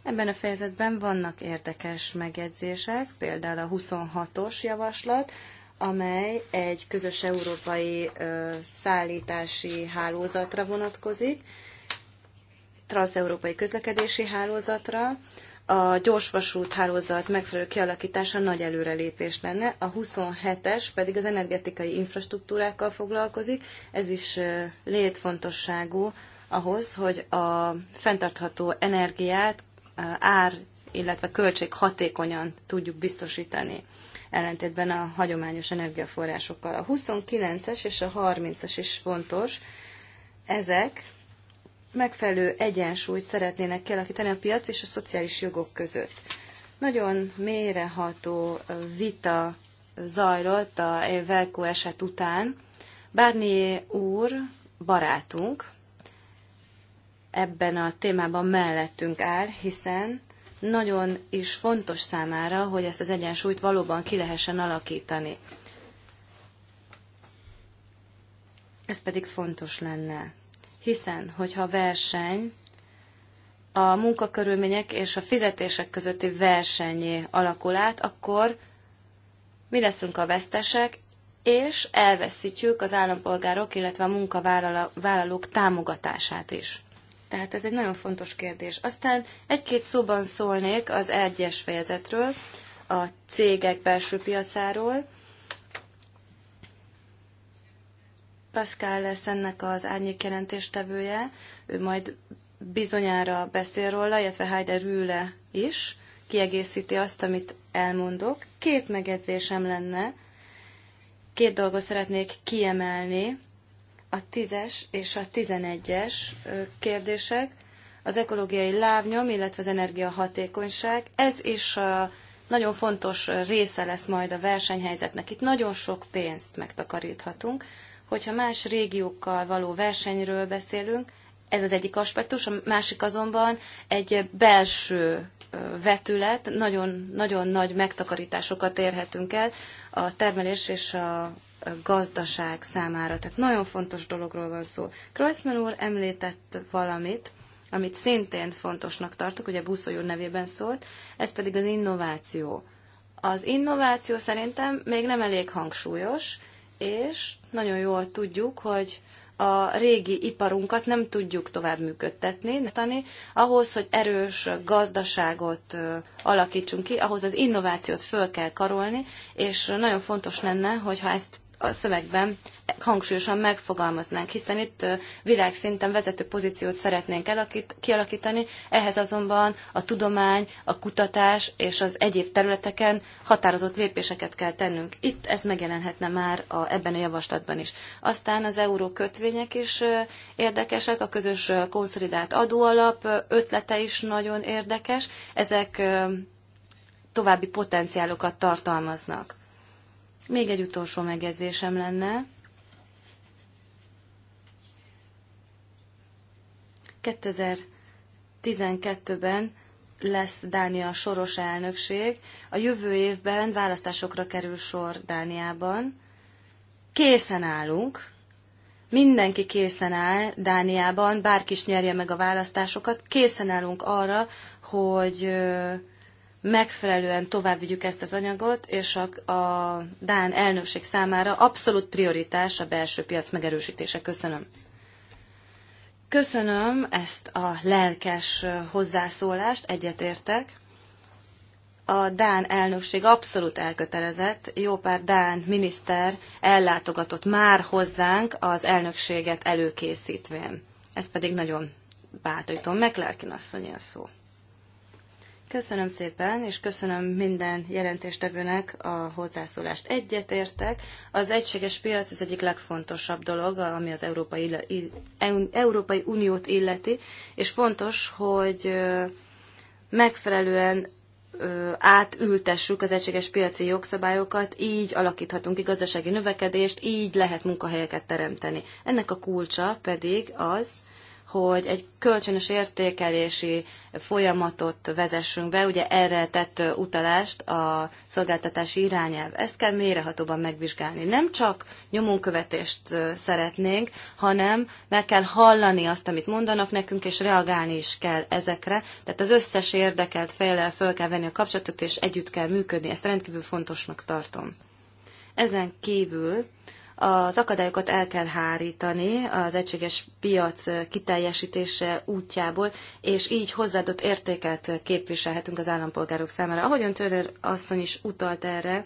Ebben a fejezetben vannak érdekes megjegyzések, például a 26-os javaslat, amely egy közös európai ö, szállítási hálózatra vonatkozik, transeurópai közlekedési hálózatra, a gyorsvasút hálózat megfelelő kialakítása nagy előrelépés lenne, a 27-es pedig az energetikai infrastruktúrákkal foglalkozik, ez is létfontosságú ahhoz, hogy a fenntartható energiát ár, illetve költség hatékonyan tudjuk biztosítani ellentétben a hagyományos energiaforrásokkal. A 29-es és a 30-es is fontos. Ezek megfelelő egyensúlyt szeretnének kialakítani a piac és a szociális jogok között. Nagyon mélyreható vita zajlott a Velko eset után. Bárnié úr, barátunk, ebben a témában mellettünk áll, hiszen nagyon is fontos számára, hogy ezt az egyensúlyt valóban ki lehessen alakítani. Ez pedig fontos lenne hiszen hogyha verseny a munkakörülmények és a fizetések közötti versenyé alakul át, akkor mi leszünk a vesztesek, és elveszítjük az állampolgárok, illetve a munkavállalók támogatását is. Tehát ez egy nagyon fontos kérdés. Aztán egy-két szóban szólnék az egyes fejezetről, a cégek belső piacáról. Pascal lesz ennek az árnyék jelentéstevője, ő majd bizonyára beszél róla, illetve Heide Rühle is kiegészíti azt, amit elmondok. Két megjegyzésem lenne, két dolgot szeretnék kiemelni, a tízes és a tizenegyes kérdések, az ekológiai lábnyom, illetve az energiahatékonyság. Ez is a nagyon fontos része lesz majd a versenyhelyzetnek. Itt nagyon sok pénzt megtakaríthatunk. Hogyha más régiókkal való versenyről beszélünk, ez az egyik aspektus, a másik azonban egy belső vetület, nagyon, nagyon nagy megtakarításokat érhetünk el a termelés és a gazdaság számára. Tehát nagyon fontos dologról van szó. Kreuzmann úr említett valamit, amit szintén fontosnak tartok, ugye Buszoly úr nevében szólt, ez pedig az innováció. Az innováció szerintem még nem elég hangsúlyos, és nagyon jól tudjuk, hogy a régi iparunkat nem tudjuk tovább működtetni. Ahhoz, hogy erős gazdaságot alakítsunk ki, ahhoz az innovációt föl kell karolni, és nagyon fontos lenne, hogyha ezt a szövegben hangsúlyosan megfogalmaznánk, hiszen itt világszinten vezető pozíciót szeretnénk elakít, kialakítani, ehhez azonban a tudomány, a kutatás és az egyéb területeken határozott lépéseket kell tennünk. Itt ez megjelenhetne már a, ebben a javaslatban is. Aztán az euró kötvények is érdekesek, a közös konszolidált adóalap ötlete is nagyon érdekes. Ezek további potenciálokat tartalmaznak. Még egy utolsó megjegyzésem lenne. 2012-ben lesz Dánia soros elnökség. A jövő évben választásokra kerül sor Dániában. Készen állunk. Mindenki készen áll Dániában, bárki is nyerje meg a választásokat. Készen állunk arra, hogy megfelelően tovább vigyük ezt az anyagot, és a, a Dán elnökség számára abszolút prioritás a belső piac megerősítése. Köszönöm. Köszönöm ezt a lelkes hozzászólást, egyetértek. A Dán elnökség abszolút elkötelezett, jó pár Dán miniszter ellátogatott már hozzánk az elnökséget előkészítvén. Ez pedig nagyon bátorítom. McLarkin asszony a szó. Köszönöm szépen, és köszönöm minden jelentéstevőnek a hozzászólást. Egyetértek, az egységes piac az egyik legfontosabb dolog, ami az Európai, Európai Uniót illeti, és fontos, hogy megfelelően átültessük az egységes piaci jogszabályokat, így alakíthatunk ki gazdasági növekedést, így lehet munkahelyeket teremteni. Ennek a kulcsa pedig az, hogy egy kölcsönös értékelési folyamatot vezessünk be, ugye erre tett utalást a szolgáltatási irányelv. Ezt kell mérehatóban megvizsgálni. Nem csak nyomonkövetést szeretnénk, hanem meg kell hallani azt, amit mondanak nekünk, és reagálni is kell ezekre. Tehát az összes érdekelt fejlel föl kell venni a kapcsolatot, és együtt kell működni. Ezt rendkívül fontosnak tartom. Ezen kívül az akadályokat el kell hárítani az egységes piac kiteljesítése útjából, és így hozzáadott értéket képviselhetünk az állampolgárok számára. Ahogyan Törner asszony is utalt erre,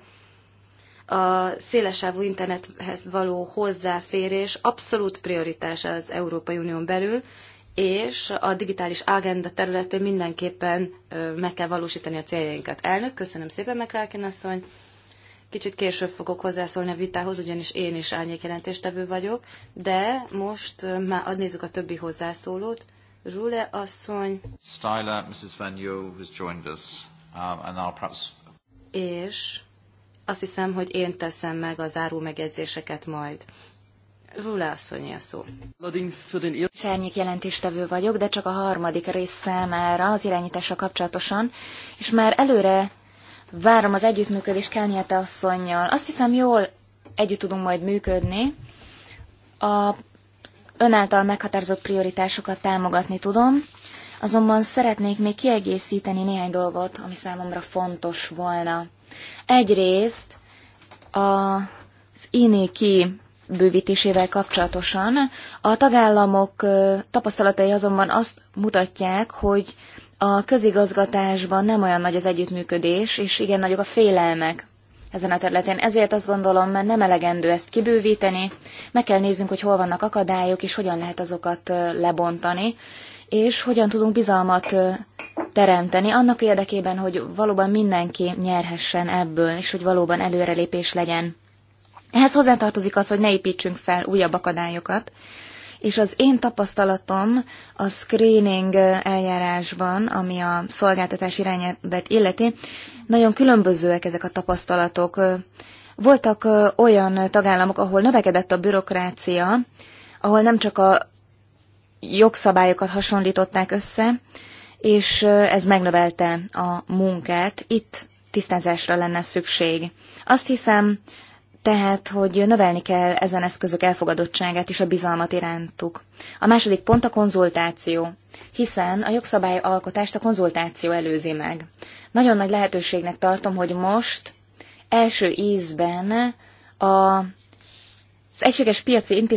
a szélesávú internethez való hozzáférés abszolút prioritás az Európai Unión belül, és a digitális agenda területén mindenképpen meg kell valósítani a céljainkat. Elnök, köszönöm szépen, McLarkin asszony. Kicsit később fogok hozzászólni a vitához, ugyanis én is árnyékjelentéstevő vagyok, de most már adnézzük a többi hozzászólót. Zsule asszony. Styler, Mrs. Van Yu, has joined us, um, and I'll perhaps... És azt hiszem, hogy én teszem meg az záró megjegyzéseket majd. Rula asszony a szó. Sárnyék jelentéstevő vagyok, de csak a harmadik rész számára az irányítása kapcsolatosan, és már előre Várom az együttműködést Kányáta asszonynal. Azt hiszem, jól együtt tudunk majd működni. A önáltal meghatározott prioritásokat támogatni tudom, azonban szeretnék még kiegészíteni néhány dolgot, ami számomra fontos volna. Egyrészt az INI-ki bővítésével kapcsolatosan. A tagállamok tapasztalatai azonban azt mutatják, hogy a közigazgatásban nem olyan nagy az együttműködés, és igen nagyok a félelmek ezen a területen. Ezért azt gondolom, mert nem elegendő ezt kibővíteni, meg kell néznünk, hogy hol vannak akadályok, és hogyan lehet azokat lebontani, és hogyan tudunk bizalmat teremteni, annak érdekében, hogy valóban mindenki nyerhessen ebből, és hogy valóban előrelépés legyen. Ehhez hozzátartozik az, hogy ne építsünk fel újabb akadályokat, és az én tapasztalatom a screening eljárásban, ami a szolgáltatás irányelvet illeti, nagyon különbözőek ezek a tapasztalatok. Voltak olyan tagállamok, ahol növekedett a bürokrácia, ahol nem csak a jogszabályokat hasonlították össze, és ez megnövelte a munkát. Itt tisztázásra lenne szükség. Azt hiszem, tehát, hogy növelni kell ezen eszközök elfogadottságát és a bizalmat irántuk. A második pont a konzultáció, hiszen a jogszabály alkotást a konzultáció előzi meg. Nagyon nagy lehetőségnek tartom, hogy most első ízben a az egységes piaci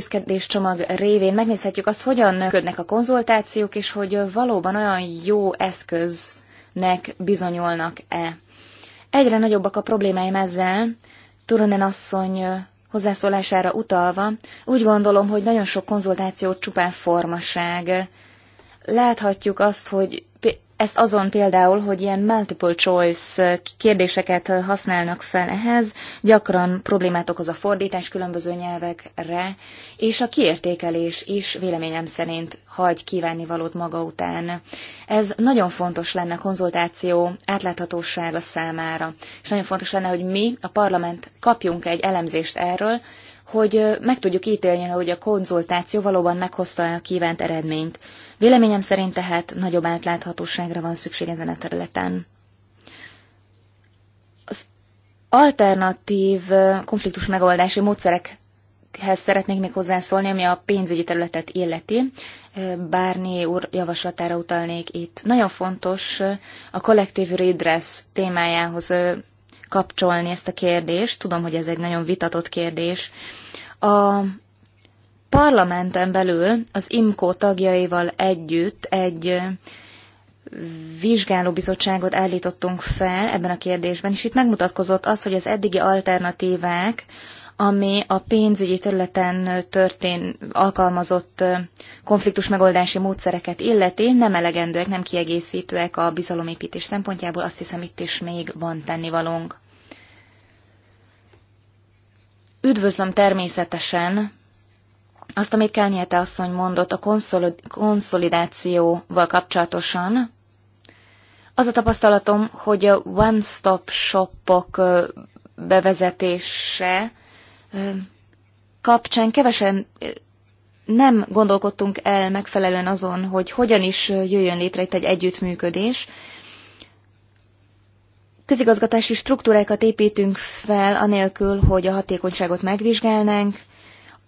csomag révén megnézhetjük azt, hogyan működnek a konzultációk, és hogy valóban olyan jó eszköznek bizonyulnak-e. Egyre nagyobbak a problémáim ezzel, Turunen asszony hozzászólására utalva, úgy gondolom, hogy nagyon sok konzultáció csupán formaság. Láthatjuk azt, hogy ezt azon például, hogy ilyen multiple choice kérdéseket használnak fel ehhez, gyakran problémát okoz a fordítás különböző nyelvekre, és a kiértékelés is véleményem szerint hagy kívánni valót maga után. Ez nagyon fontos lenne a konzultáció átláthatósága számára, és nagyon fontos lenne, hogy mi, a parlament kapjunk egy elemzést erről, hogy meg tudjuk ítélni, hogy a konzultáció valóban meghozta a kívánt eredményt. Véleményem szerint tehát nagyobb átláthatóságra van szükség ezen a területen. Az alternatív konfliktus megoldási módszerekhez szeretnék még hozzászólni, ami a pénzügyi területet illeti. Bárni úr javaslatára utalnék itt. Nagyon fontos a kollektív redress témájához kapcsolni ezt a kérdést. Tudom, hogy ez egy nagyon vitatott kérdés. A parlamenten belül az IMKO tagjaival együtt egy vizsgálóbizottságot állítottunk fel ebben a kérdésben, és itt megmutatkozott az, hogy az eddigi alternatívák, ami a pénzügyi területen történ, alkalmazott konfliktus megoldási módszereket illeti, nem elegendőek, nem kiegészítőek a bizalomépítés szempontjából, azt hiszem itt is még van tennivalónk. Üdvözlöm természetesen azt, amit Kányéte asszony mondott a konszolidációval kapcsolatosan, az a tapasztalatom, hogy a one-stop shopok bevezetése kapcsán kevesen nem gondolkodtunk el megfelelően azon, hogy hogyan is jöjjön létre itt egy együttműködés. Közigazgatási struktúrákat építünk fel, anélkül, hogy a hatékonyságot megvizsgálnánk,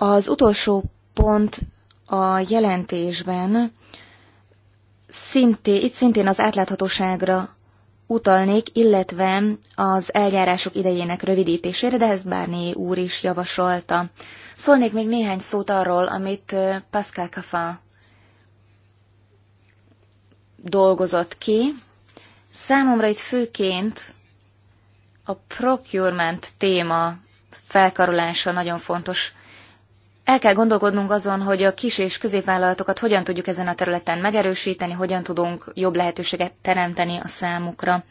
az utolsó pont a jelentésben szintén, itt szintén az átláthatóságra utalnék, illetve az eljárások idejének rövidítésére, de ezt Bárné úr is javasolta. Szólnék még néhány szót arról, amit Pascal Kafa dolgozott ki. Számomra itt főként a procurement téma felkarolása nagyon fontos el kell gondolkodnunk azon, hogy a kis és középvállalatokat hogyan tudjuk ezen a területen megerősíteni, hogyan tudunk jobb lehetőséget teremteni a számukra.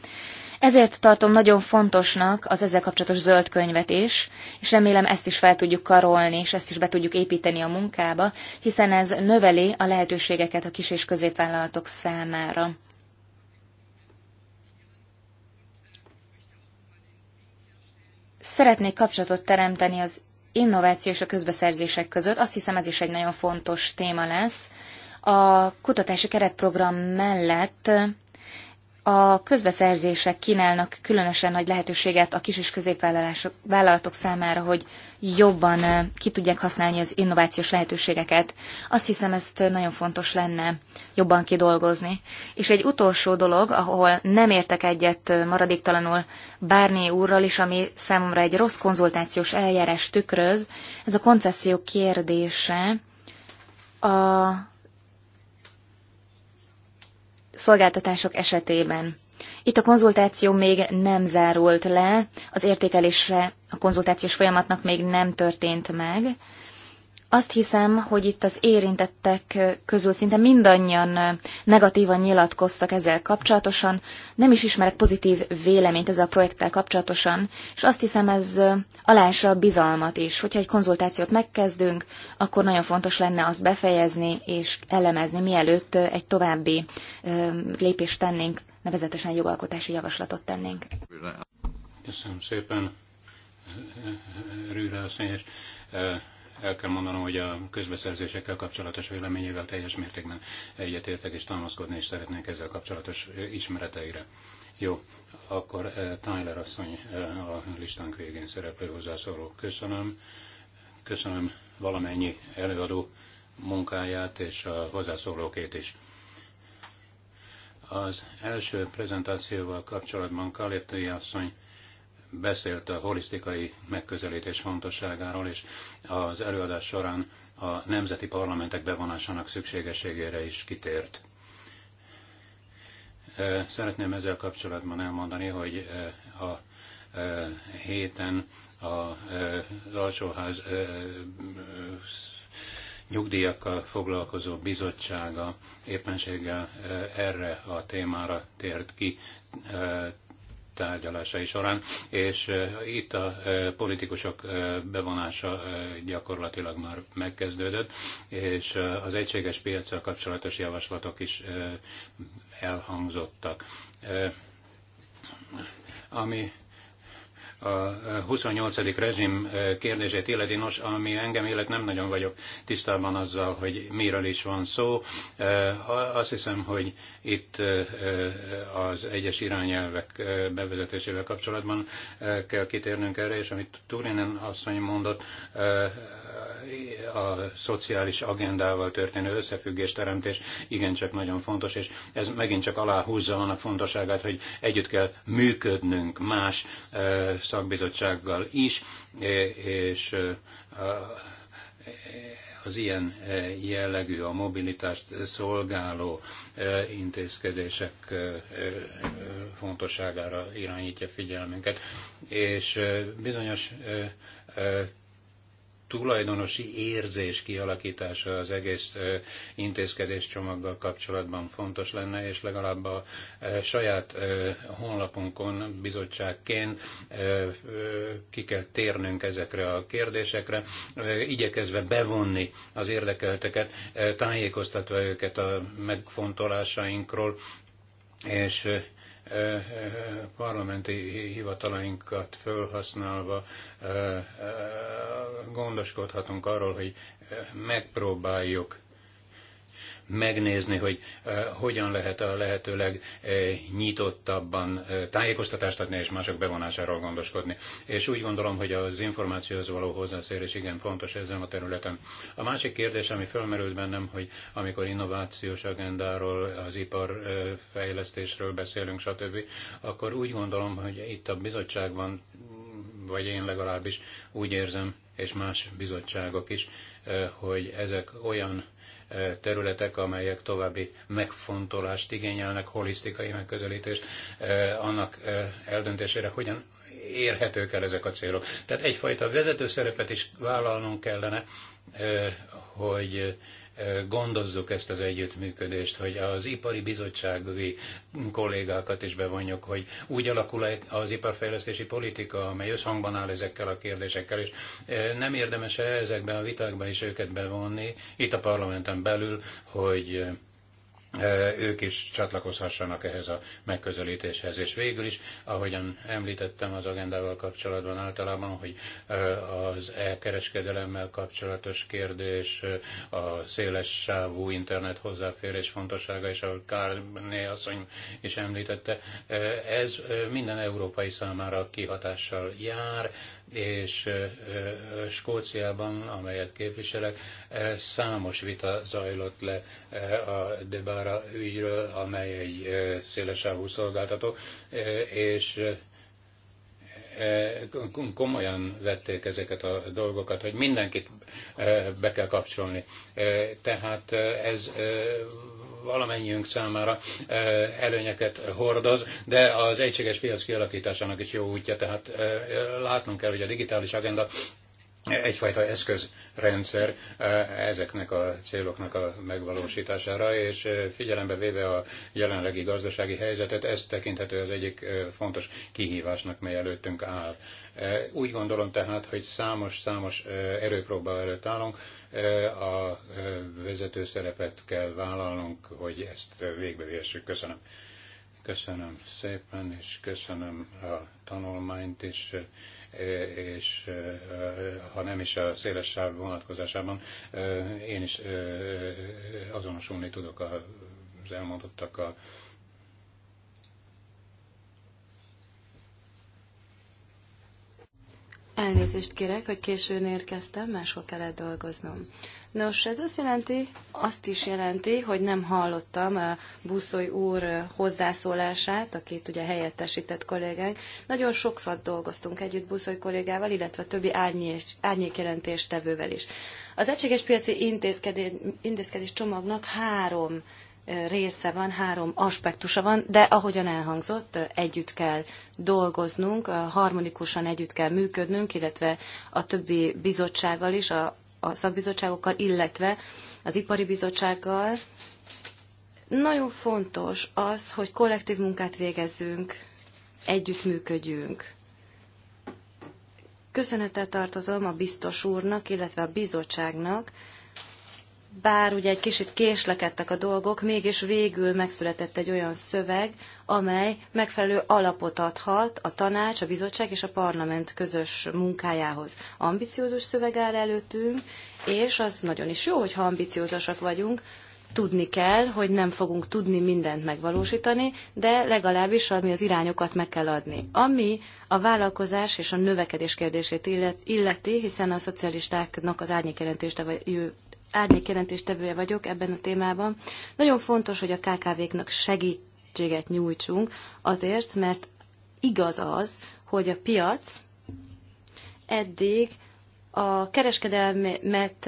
Ezért tartom nagyon fontosnak az ezzel kapcsolatos zöld könyvet is, és remélem ezt is fel tudjuk karolni, és ezt is be tudjuk építeni a munkába, hiszen ez növeli a lehetőségeket a kis és középvállalatok számára. Szeretnék kapcsolatot teremteni az innováció és a közbeszerzések között. Azt hiszem ez is egy nagyon fontos téma lesz. A kutatási keretprogram mellett a közbeszerzések kínálnak különösen nagy lehetőséget a kis és középvállalatok számára, hogy jobban ki tudják használni az innovációs lehetőségeket. Azt hiszem, ezt nagyon fontos lenne jobban kidolgozni. És egy utolsó dolog, ahol nem értek egyet maradéktalanul Bárné úrral is, ami számomra egy rossz konzultációs eljárás tükröz, ez a koncesszió kérdése a szolgáltatások esetében. Itt a konzultáció még nem zárult le, az értékelésre a konzultációs folyamatnak még nem történt meg, azt hiszem, hogy itt az érintettek közül szinte mindannyian negatívan nyilatkoztak ezzel kapcsolatosan, nem is ismerek pozitív véleményt ezzel a projekttel kapcsolatosan, és azt hiszem ez alása a bizalmat is. Hogyha egy konzultációt megkezdünk, akkor nagyon fontos lenne azt befejezni és elemezni, mielőtt egy további lépést tennénk, nevezetesen jogalkotási javaslatot tennénk. Köszönöm szépen, Rűre, el kell mondanom, hogy a közbeszerzésekkel kapcsolatos véleményével teljes mértékben egyetértek, és támaszkodni is szeretnék ezzel kapcsolatos ismereteire. Jó, akkor eh, Tyler asszony eh, a listánk végén szereplő hozzászóló. Köszönöm. Köszönöm valamennyi előadó munkáját és a hozzászólókét is. Az első prezentációval kapcsolatban Kaletti asszony beszélt a holisztikai megközelítés fontosságáról, és az előadás során a nemzeti parlamentek bevonásának szükségességére is kitért. Szeretném ezzel kapcsolatban elmondani, hogy a héten az alsóház nyugdíjakkal foglalkozó bizottsága éppenséggel erre a témára tért ki tárgyalásai során, és itt a politikusok bevonása gyakorlatilag már megkezdődött, és az egységes piacsal kapcsolatos javaslatok is elhangzottak. Ami a 28. rezsim e, kérdését illeti, nos, ami engem illet, nem nagyon vagyok tisztában azzal, hogy miről is van szó. E, azt hiszem, hogy itt e, az egyes irányelvek bevezetésével kapcsolatban kell kitérnünk erre, és amit Turinen asszony mondott, a szociális agendával történő teremtés igencsak nagyon fontos, és ez megint csak aláhúzza annak fontosságát, hogy együtt kell működnünk más e, szakbizottsággal is, e, és e, az ilyen jellegű, a mobilitást szolgáló intézkedések fontosságára irányítja figyelmünket. És bizonyos tulajdonosi érzés kialakítása az egész intézkedés csomaggal kapcsolatban fontos lenne, és legalább a saját honlapunkon bizottságként ki kell térnünk ezekre a kérdésekre, igyekezve bevonni az érdekelteket, tájékoztatva őket a megfontolásainkról, és parlamenti hivatalainkat felhasználva gondoskodhatunk arról, hogy megpróbáljuk megnézni, hogy hogyan lehet a lehetőleg nyitottabban tájékoztatást adni és mások bevonásáról gondoskodni. És úgy gondolom, hogy az információhoz való hozzászérés igen fontos ezen a területen. A másik kérdés, ami felmerült bennem, hogy amikor innovációs agendáról, az iparfejlesztésről beszélünk, stb., akkor úgy gondolom, hogy itt a bizottságban, vagy én legalábbis úgy érzem, és más bizottságok is, hogy ezek olyan területek, amelyek további megfontolást igényelnek, holisztikai megközelítést, eh, annak eh, eldöntésére, hogyan érhetők el ezek a célok. Tehát egyfajta vezető szerepet is vállalnunk kellene, eh, hogy gondozzuk ezt az együttműködést, hogy az ipari bizottsági kollégákat is bevonjuk, hogy úgy alakul az iparfejlesztési politika, amely összhangban áll ezekkel a kérdésekkel, és nem érdemes -e ezekben a vitákban is őket bevonni, itt a parlamenten belül, hogy ők is csatlakozhassanak ehhez a megközelítéshez. És végül is, ahogyan említettem az agendával kapcsolatban általában, hogy az e-kereskedelemmel kapcsolatos kérdés, a széles sávú internet hozzáférés fontossága, és ahogy Kárné asszony is említette, ez minden európai számára kihatással jár, és Skóciában, amelyet képviselek, számos vita zajlott le a Debara ügyről, amely egy szélesávú szolgáltató, és komolyan vették ezeket a dolgokat, hogy mindenkit be kell kapcsolni. Tehát ez valamennyiünk számára előnyeket hordoz, de az egységes piac kialakításának is jó útja, tehát látnunk kell, hogy a digitális agenda egyfajta eszközrendszer eh, ezeknek a céloknak a megvalósítására, és eh, figyelembe véve a jelenlegi gazdasági helyzetet, ez tekinthető az egyik eh, fontos kihívásnak, mely előttünk áll. Úgy gondolom tehát, hogy számos-számos erőpróba előtt állunk, a vezető szerepet kell vállalnunk, hogy ezt végbevihessük. Köszönöm. Köszönöm szépen, és köszönöm a tanulmányt, és és ha nem is a széles sáv vonatkozásában, én is azonosulni tudok az elmondottakkal. Elnézést kérek, hogy későn érkeztem, máshol kellett dolgoznom. Nos, ez azt jelenti, azt is jelenti, hogy nem hallottam a eh, Buszoly úr eh, hozzászólását, akit ugye helyettesített kollégánk. Nagyon sokszor dolgoztunk együtt Buszoly kollégával, illetve többi árnyékjelentéstevővel is. Az egységes piaci intézkedés, intézkedés csomagnak három része van, három aspektusa van, de ahogyan elhangzott, együtt kell dolgoznunk, harmonikusan együtt kell működnünk, illetve a többi bizottsággal is, a, a szakbizottságokkal, illetve az ipari bizottsággal. Nagyon fontos az, hogy kollektív munkát végezzünk, együttműködjünk. Köszönettel tartozom a biztos úrnak, illetve a bizottságnak, bár ugye egy kicsit késlekedtek a dolgok, mégis végül megszületett egy olyan szöveg, amely megfelelő alapot adhat a tanács, a bizottság és a parlament közös munkájához. Ambiciózus szöveg áll előttünk, és az nagyon is jó, hogyha ambiciózusak vagyunk, tudni kell, hogy nem fogunk tudni mindent megvalósítani, de legalábbis ami az irányokat meg kell adni. Ami a vállalkozás és a növekedés kérdését illeti, hiszen a szocialistáknak az árnyékjelentést árnyék jelentéstevője vagyok ebben a témában. Nagyon fontos, hogy a KKV-knak segítséget nyújtsunk, azért, mert igaz az, hogy a piac eddig a kereskedelmet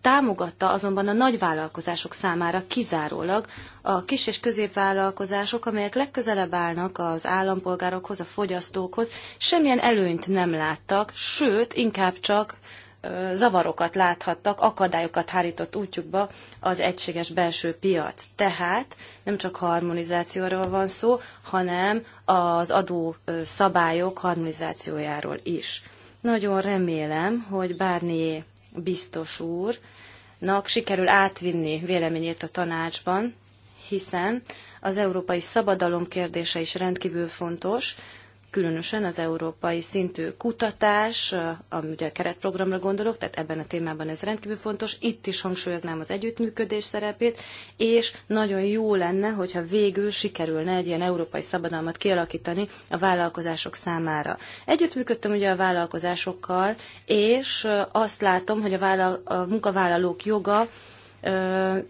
támogatta azonban a nagyvállalkozások számára kizárólag a kis és középvállalkozások, amelyek legközelebb állnak az állampolgárokhoz, a fogyasztókhoz, semmilyen előnyt nem láttak, sőt, inkább csak zavarokat láthattak, akadályokat hárított útjukba az egységes belső piac. Tehát nem csak harmonizációról van szó, hanem az adó szabályok harmonizációjáról is. Nagyon remélem, hogy bárni biztos úrnak sikerül átvinni véleményét a tanácsban, hiszen az európai szabadalom kérdése is rendkívül fontos, különösen az európai szintű kutatás, amit ugye a keretprogramra gondolok, tehát ebben a témában ez rendkívül fontos, itt is hangsúlyoznám az együttműködés szerepét, és nagyon jó lenne, hogyha végül sikerülne egy ilyen európai szabadalmat kialakítani a vállalkozások számára. Együttműködtem ugye a vállalkozásokkal, és azt látom, hogy a, vállal, a munkavállalók joga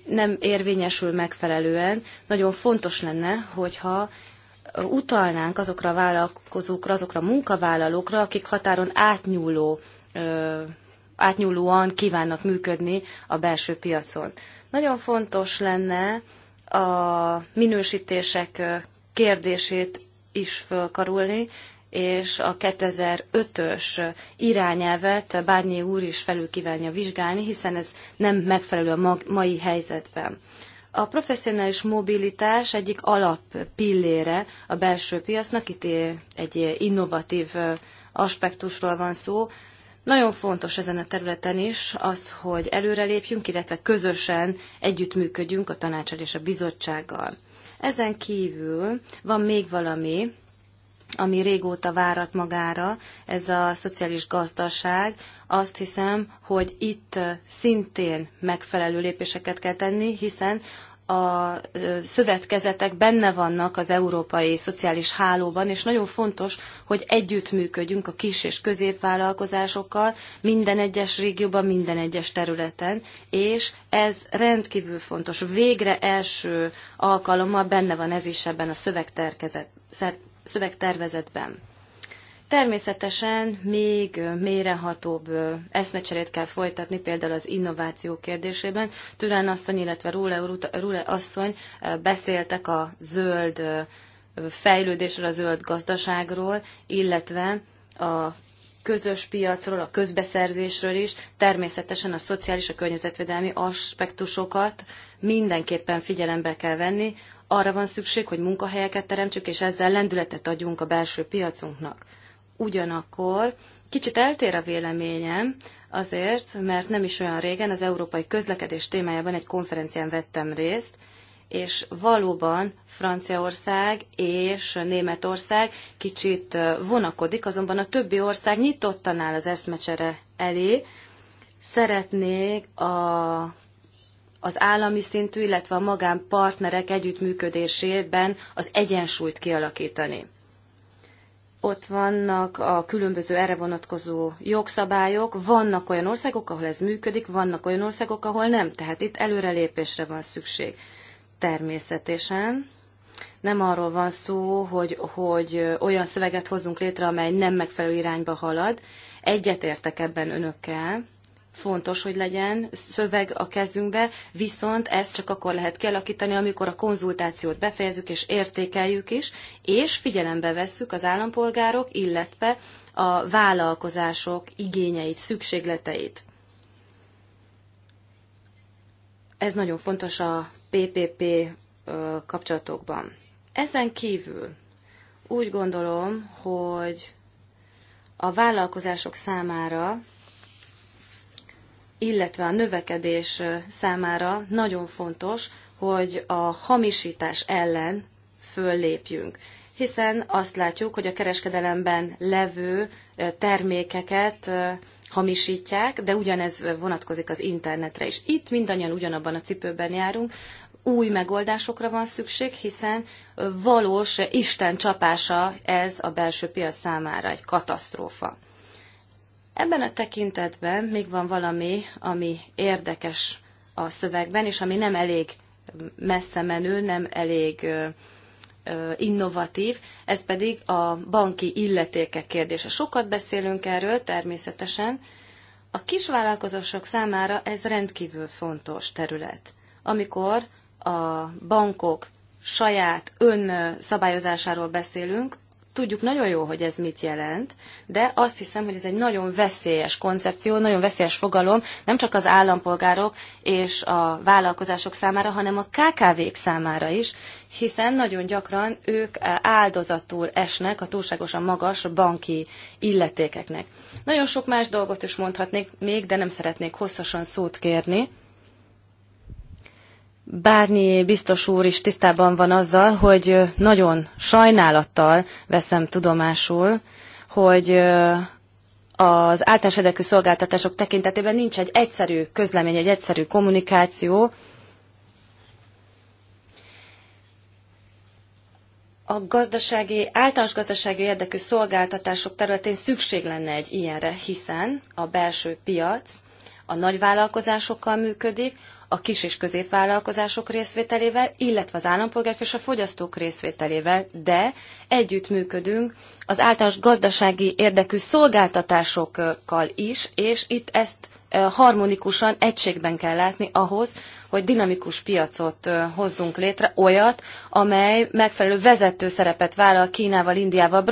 nem érvényesül megfelelően. Nagyon fontos lenne, hogyha utalnánk azokra a vállalkozókra, azokra a munkavállalókra, akik határon átnyúló, átnyúlóan kívánnak működni a belső piacon. Nagyon fontos lenne a minősítések kérdését is fölkarulni, és a 2005-ös irányelvet Bárnyé úr is felül kívánja vizsgálni, hiszen ez nem megfelelő a mai helyzetben. A professzionális mobilitás egyik alap pillére a belső piacnak, itt egy innovatív aspektusról van szó. Nagyon fontos ezen a területen is az, hogy előrelépjünk, illetve közösen együttműködjünk a tanácsal és a bizottsággal. Ezen kívül van még valami, ami régóta várat magára, ez a szociális gazdaság, azt hiszem, hogy itt szintén megfelelő lépéseket kell tenni, hiszen a szövetkezetek benne vannak az európai szociális hálóban, és nagyon fontos, hogy együttműködjünk a kis és középvállalkozásokkal minden egyes régióban, minden egyes területen, és ez rendkívül fontos. Végre első alkalommal benne van ez is ebben a szövegterkezetben szövegtervezetben. Természetesen még mélyrehatóbb eszmecserét kell folytatni, például az innováció kérdésében. Türán asszony, illetve Rúle asszony beszéltek a zöld fejlődésről, a zöld gazdaságról, illetve a közös piacról, a közbeszerzésről is, természetesen a szociális, a környezetvédelmi aspektusokat mindenképpen figyelembe kell venni, arra van szükség, hogy munkahelyeket teremtsük, és ezzel lendületet adjunk a belső piacunknak. Ugyanakkor kicsit eltér a véleményem, azért, mert nem is olyan régen az európai közlekedés témájában egy konferencián vettem részt, és valóban Franciaország és Németország kicsit vonakodik, azonban a többi ország nyitottan áll az eszmecsere elé. Szeretnék a az állami szintű, illetve a magánpartnerek együttműködésében az egyensúlyt kialakítani. Ott vannak a különböző erre vonatkozó jogszabályok, vannak olyan országok, ahol ez működik, vannak olyan országok, ahol nem, tehát itt előrelépésre van szükség. Természetesen nem arról van szó, hogy, hogy olyan szöveget hozzunk létre, amely nem megfelelő irányba halad. Egyetértek ebben önökkel, fontos, hogy legyen szöveg a kezünkbe, viszont ezt csak akkor lehet kialakítani, amikor a konzultációt befejezzük és értékeljük is, és figyelembe vesszük az állampolgárok, illetve a vállalkozások igényeit, szükségleteit. Ez nagyon fontos a PPP kapcsolatokban. Ezen kívül úgy gondolom, hogy a vállalkozások számára illetve a növekedés számára nagyon fontos, hogy a hamisítás ellen föllépjünk. Hiszen azt látjuk, hogy a kereskedelemben levő termékeket hamisítják, de ugyanez vonatkozik az internetre is. Itt mindannyian ugyanabban a cipőben járunk, új megoldásokra van szükség, hiszen valós Isten csapása ez a belső piac számára egy katasztrófa. Ebben a tekintetben még van valami, ami érdekes a szövegben, és ami nem elég messze menő, nem elég innovatív, ez pedig a banki illetékek kérdése. Sokat beszélünk erről természetesen. A kisvállalkozások számára ez rendkívül fontos terület. Amikor a bankok saját önszabályozásáról beszélünk, tudjuk nagyon jó, hogy ez mit jelent, de azt hiszem, hogy ez egy nagyon veszélyes koncepció, nagyon veszélyes fogalom, nem csak az állampolgárok és a vállalkozások számára, hanem a KKV-k számára is, hiszen nagyon gyakran ők áldozatul esnek a túlságosan magas banki illetékeknek. Nagyon sok más dolgot is mondhatnék még, de nem szeretnék hosszasan szót kérni. Bárnyi biztos úr is tisztában van azzal, hogy nagyon sajnálattal veszem tudomásul, hogy az általános érdekű szolgáltatások tekintetében nincs egy egyszerű közlemény, egy egyszerű kommunikáció. A gazdasági, általános gazdasági érdekű szolgáltatások területén szükség lenne egy ilyenre, hiszen a belső piac a nagyvállalkozásokkal működik, a kis és középvállalkozások részvételével, illetve az állampolgárok és a fogyasztók részvételével, de együttműködünk az általános gazdasági érdekű szolgáltatásokkal is, és itt ezt harmonikusan, egységben kell látni ahhoz, hogy dinamikus piacot hozzunk létre, olyat, amely megfelelő vezető szerepet vállal Kínával, Indiával,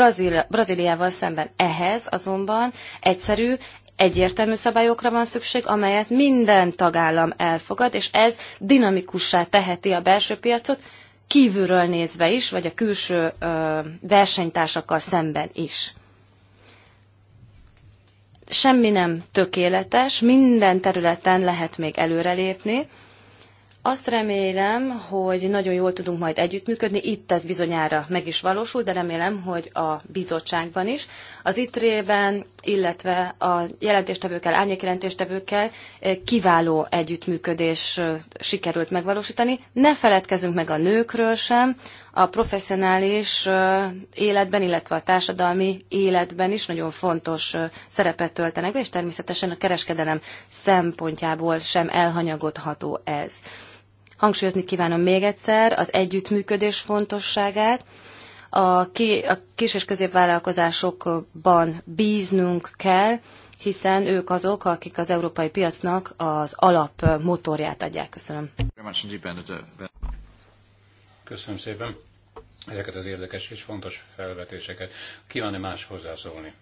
Brazíliával szemben. Ehhez azonban egyszerű, egyértelmű szabályokra van szükség, amelyet minden tagállam elfogad, és ez dinamikussá teheti a belső piacot, kívülről nézve is, vagy a külső versenytársakkal szemben is. Semmi nem tökéletes, minden területen lehet még előrelépni, azt remélem, hogy nagyon jól tudunk majd együttműködni. Itt ez bizonyára meg is valósul, de remélem, hogy a bizottságban is. Az ITRE-ben, illetve a jelentéstevőkkel, árnyékjelentéstevőkkel eh, kiváló együttműködés eh, sikerült megvalósítani. Ne feledkezzünk meg a nőkről sem, a professzionális eh, életben, illetve a társadalmi életben is nagyon fontos szerepet töltenek be, és természetesen a kereskedelem szempontjából sem elhanyagodható ez. Hangsúlyozni kívánom még egyszer az együttműködés fontosságát, a, ki, a kis és középvállalkozásokban bíznunk kell, hiszen ők azok, akik az európai piacnak az alap motorját adják. Köszönöm. Köszönöm szépen ezeket az érdekes és fontos felvetéseket. Kíván-e más hozzászólni?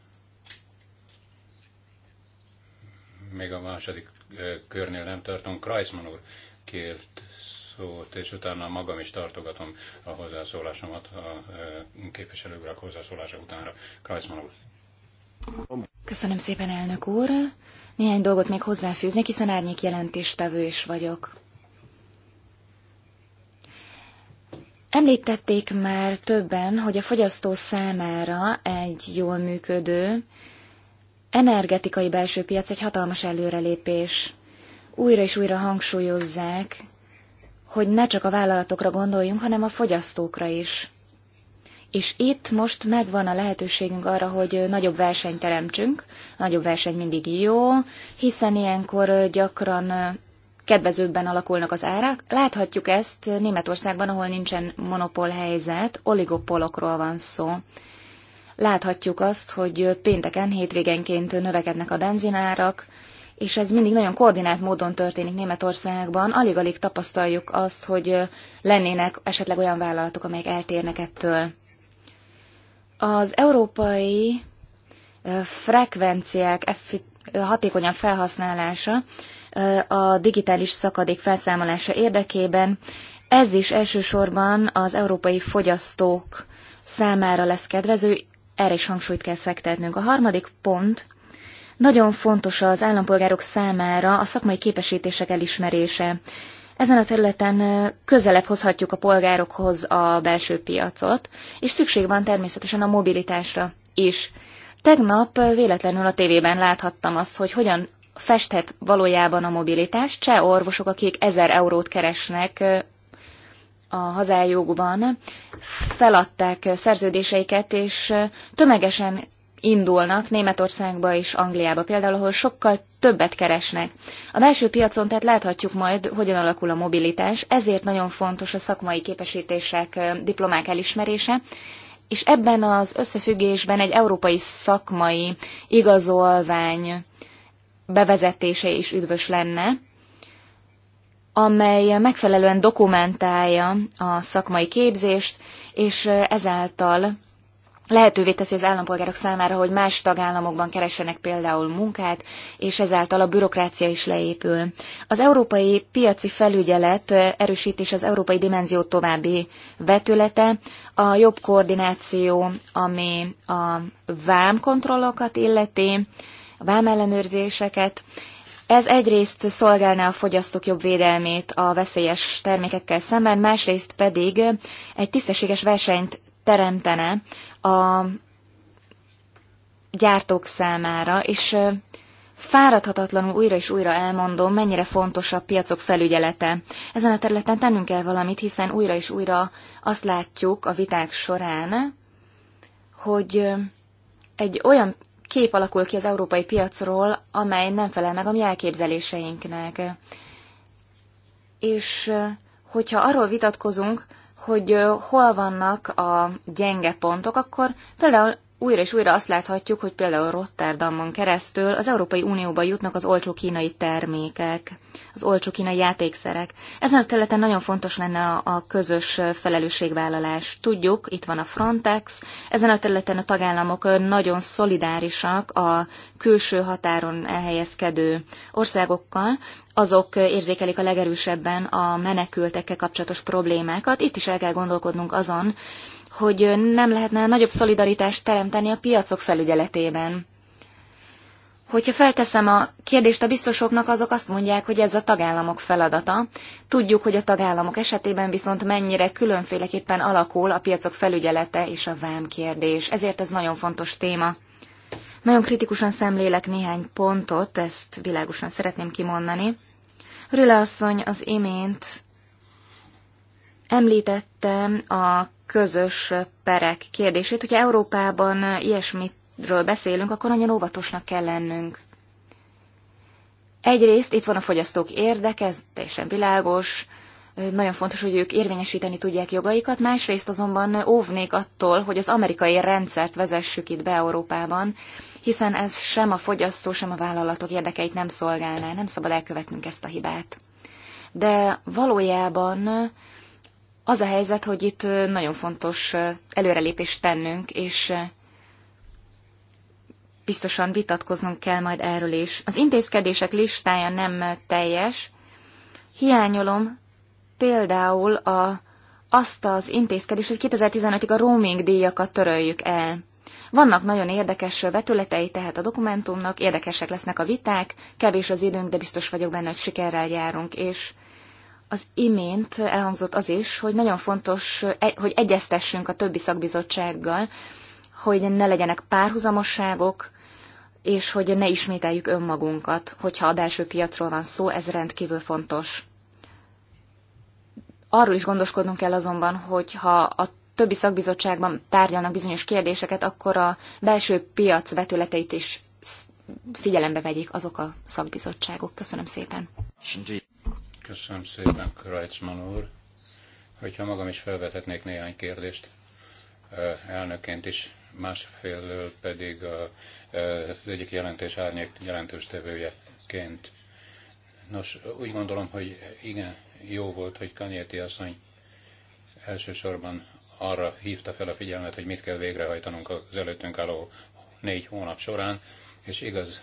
Még a második eh, körnél nem tartunk. Kreisman úr, kért szót, és utána magam is tartogatom a hozzászólásomat a képviselő urak hozzászólása utánra. Krajcman úr. Köszönöm szépen, elnök úr. Néhány dolgot még hozzáfűznék, hiszen árnyék jelentéstevő is vagyok. Említették már többen, hogy a fogyasztó számára egy jól működő energetikai belső piac egy hatalmas előrelépés újra és újra hangsúlyozzák, hogy ne csak a vállalatokra gondoljunk, hanem a fogyasztókra is. És itt most megvan a lehetőségünk arra, hogy nagyobb versenyt teremtsünk. Nagyobb verseny mindig jó, hiszen ilyenkor gyakran kedvezőbben alakulnak az árak. Láthatjuk ezt Németországban, ahol nincsen monopól helyzet, oligopolokról van szó. Láthatjuk azt, hogy pénteken, hétvégenként növekednek a benzinárak, és ez mindig nagyon koordinált módon történik Németországban. Alig-alig tapasztaljuk azt, hogy lennének esetleg olyan vállalatok, amelyek eltérnek ettől. Az európai frekvenciák hatékonyabb felhasználása a digitális szakadék felszámolása érdekében, ez is elsősorban az európai fogyasztók számára lesz kedvező, erre is hangsúlyt kell fektetnünk. A harmadik pont nagyon fontos az állampolgárok számára a szakmai képesítések elismerése. Ezen a területen közelebb hozhatjuk a polgárokhoz a belső piacot, és szükség van természetesen a mobilitásra is. Tegnap véletlenül a tévében láthattam azt, hogy hogyan festhet valójában a mobilitás. Cseh orvosok, akik ezer eurót keresnek a hazájukban, feladták szerződéseiket, és tömegesen indulnak Németországba és Angliába például, ahol sokkal többet keresnek. A belső piacon tehát láthatjuk majd, hogyan alakul a mobilitás, ezért nagyon fontos a szakmai képesítések, diplomák elismerése, és ebben az összefüggésben egy európai szakmai igazolvány bevezetése is üdvös lenne, amely megfelelően dokumentálja a szakmai képzést, és ezáltal lehetővé teszi az állampolgárok számára, hogy más tagállamokban keressenek például munkát, és ezáltal a bürokrácia is leépül. Az európai piaci felügyelet erősítés az európai dimenzió további vetülete, a jobb koordináció, ami a vámkontrollokat illeti, a vámellenőrzéseket, ez egyrészt szolgálná a fogyasztók jobb védelmét a veszélyes termékekkel szemben, másrészt pedig egy tisztességes versenyt teremtene a gyártók számára, és fáradhatatlanul újra és újra elmondom, mennyire fontos a piacok felügyelete. Ezen a területen tennünk kell valamit, hiszen újra és újra azt látjuk a viták során, hogy egy olyan kép alakul ki az európai piacról, amely nem felel meg a mi elképzeléseinknek. És hogyha arról vitatkozunk, hogy hol vannak a gyenge pontok, akkor például újra és újra azt láthatjuk, hogy például Rotterdamon keresztül az Európai Unióba jutnak az olcsó kínai termékek, az olcsó kínai játékszerek. Ezen a területen nagyon fontos lenne a, a közös felelősségvállalás. Tudjuk, itt van a Frontex, ezen a területen a tagállamok nagyon szolidárisak a külső határon elhelyezkedő országokkal, azok érzékelik a legerősebben a menekültekkel kapcsolatos problémákat. Itt is el kell gondolkodnunk azon, hogy nem lehetne nagyobb szolidaritást teremteni a piacok felügyeletében. Hogyha felteszem a kérdést a biztosoknak, azok azt mondják, hogy ez a tagállamok feladata. Tudjuk, hogy a tagállamok esetében viszont mennyire különféleképpen alakul a piacok felügyelete és a vám kérdés. Ezért ez nagyon fontos téma. Nagyon kritikusan szemlélek néhány pontot, ezt világosan szeretném kimondani. Rüle asszony az imént említette a közös perek kérdését. Hogyha Európában ilyesmitről beszélünk, akkor nagyon óvatosnak kell lennünk. Egyrészt itt van a fogyasztók érdeke, ez teljesen világos, nagyon fontos, hogy ők érvényesíteni tudják jogaikat, másrészt azonban óvnék attól, hogy az amerikai rendszert vezessük itt be Európában, hiszen ez sem a fogyasztó, sem a vállalatok érdekeit nem szolgálná, nem szabad elkövetnünk ezt a hibát. De valójában az a helyzet, hogy itt nagyon fontos előrelépést tennünk, és biztosan vitatkoznunk kell majd erről is. Az intézkedések listája nem teljes. Hiányolom például a, azt az intézkedést, hogy 2015-ig a roaming díjakat töröljük el. Vannak nagyon érdekes vetületei tehát a dokumentumnak, érdekesek lesznek a viták, kevés az időnk, de biztos vagyok benne, hogy sikerrel járunk, és az imént elhangzott az is, hogy nagyon fontos, e- hogy egyeztessünk a többi szakbizottsággal, hogy ne legyenek párhuzamosságok, és hogy ne ismételjük önmagunkat, hogyha a belső piacról van szó, ez rendkívül fontos. Arról is gondoskodnunk kell azonban, hogyha a többi szakbizottságban tárgyalnak bizonyos kérdéseket, akkor a belső piac vetületeit is figyelembe vegyék azok a szakbizottságok. Köszönöm szépen. Köszönöm szépen, Krajcman úr. Hogyha magam is felvethetnék néhány kérdést, elnökként is, másfélől pedig az egyik jelentés árnyék jelentős tevőjeként. Nos, úgy gondolom, hogy igen, jó volt, hogy Kanyéti asszony elsősorban arra hívta fel a figyelmet, hogy mit kell végrehajtanunk az előttünk álló négy hónap során, és igaz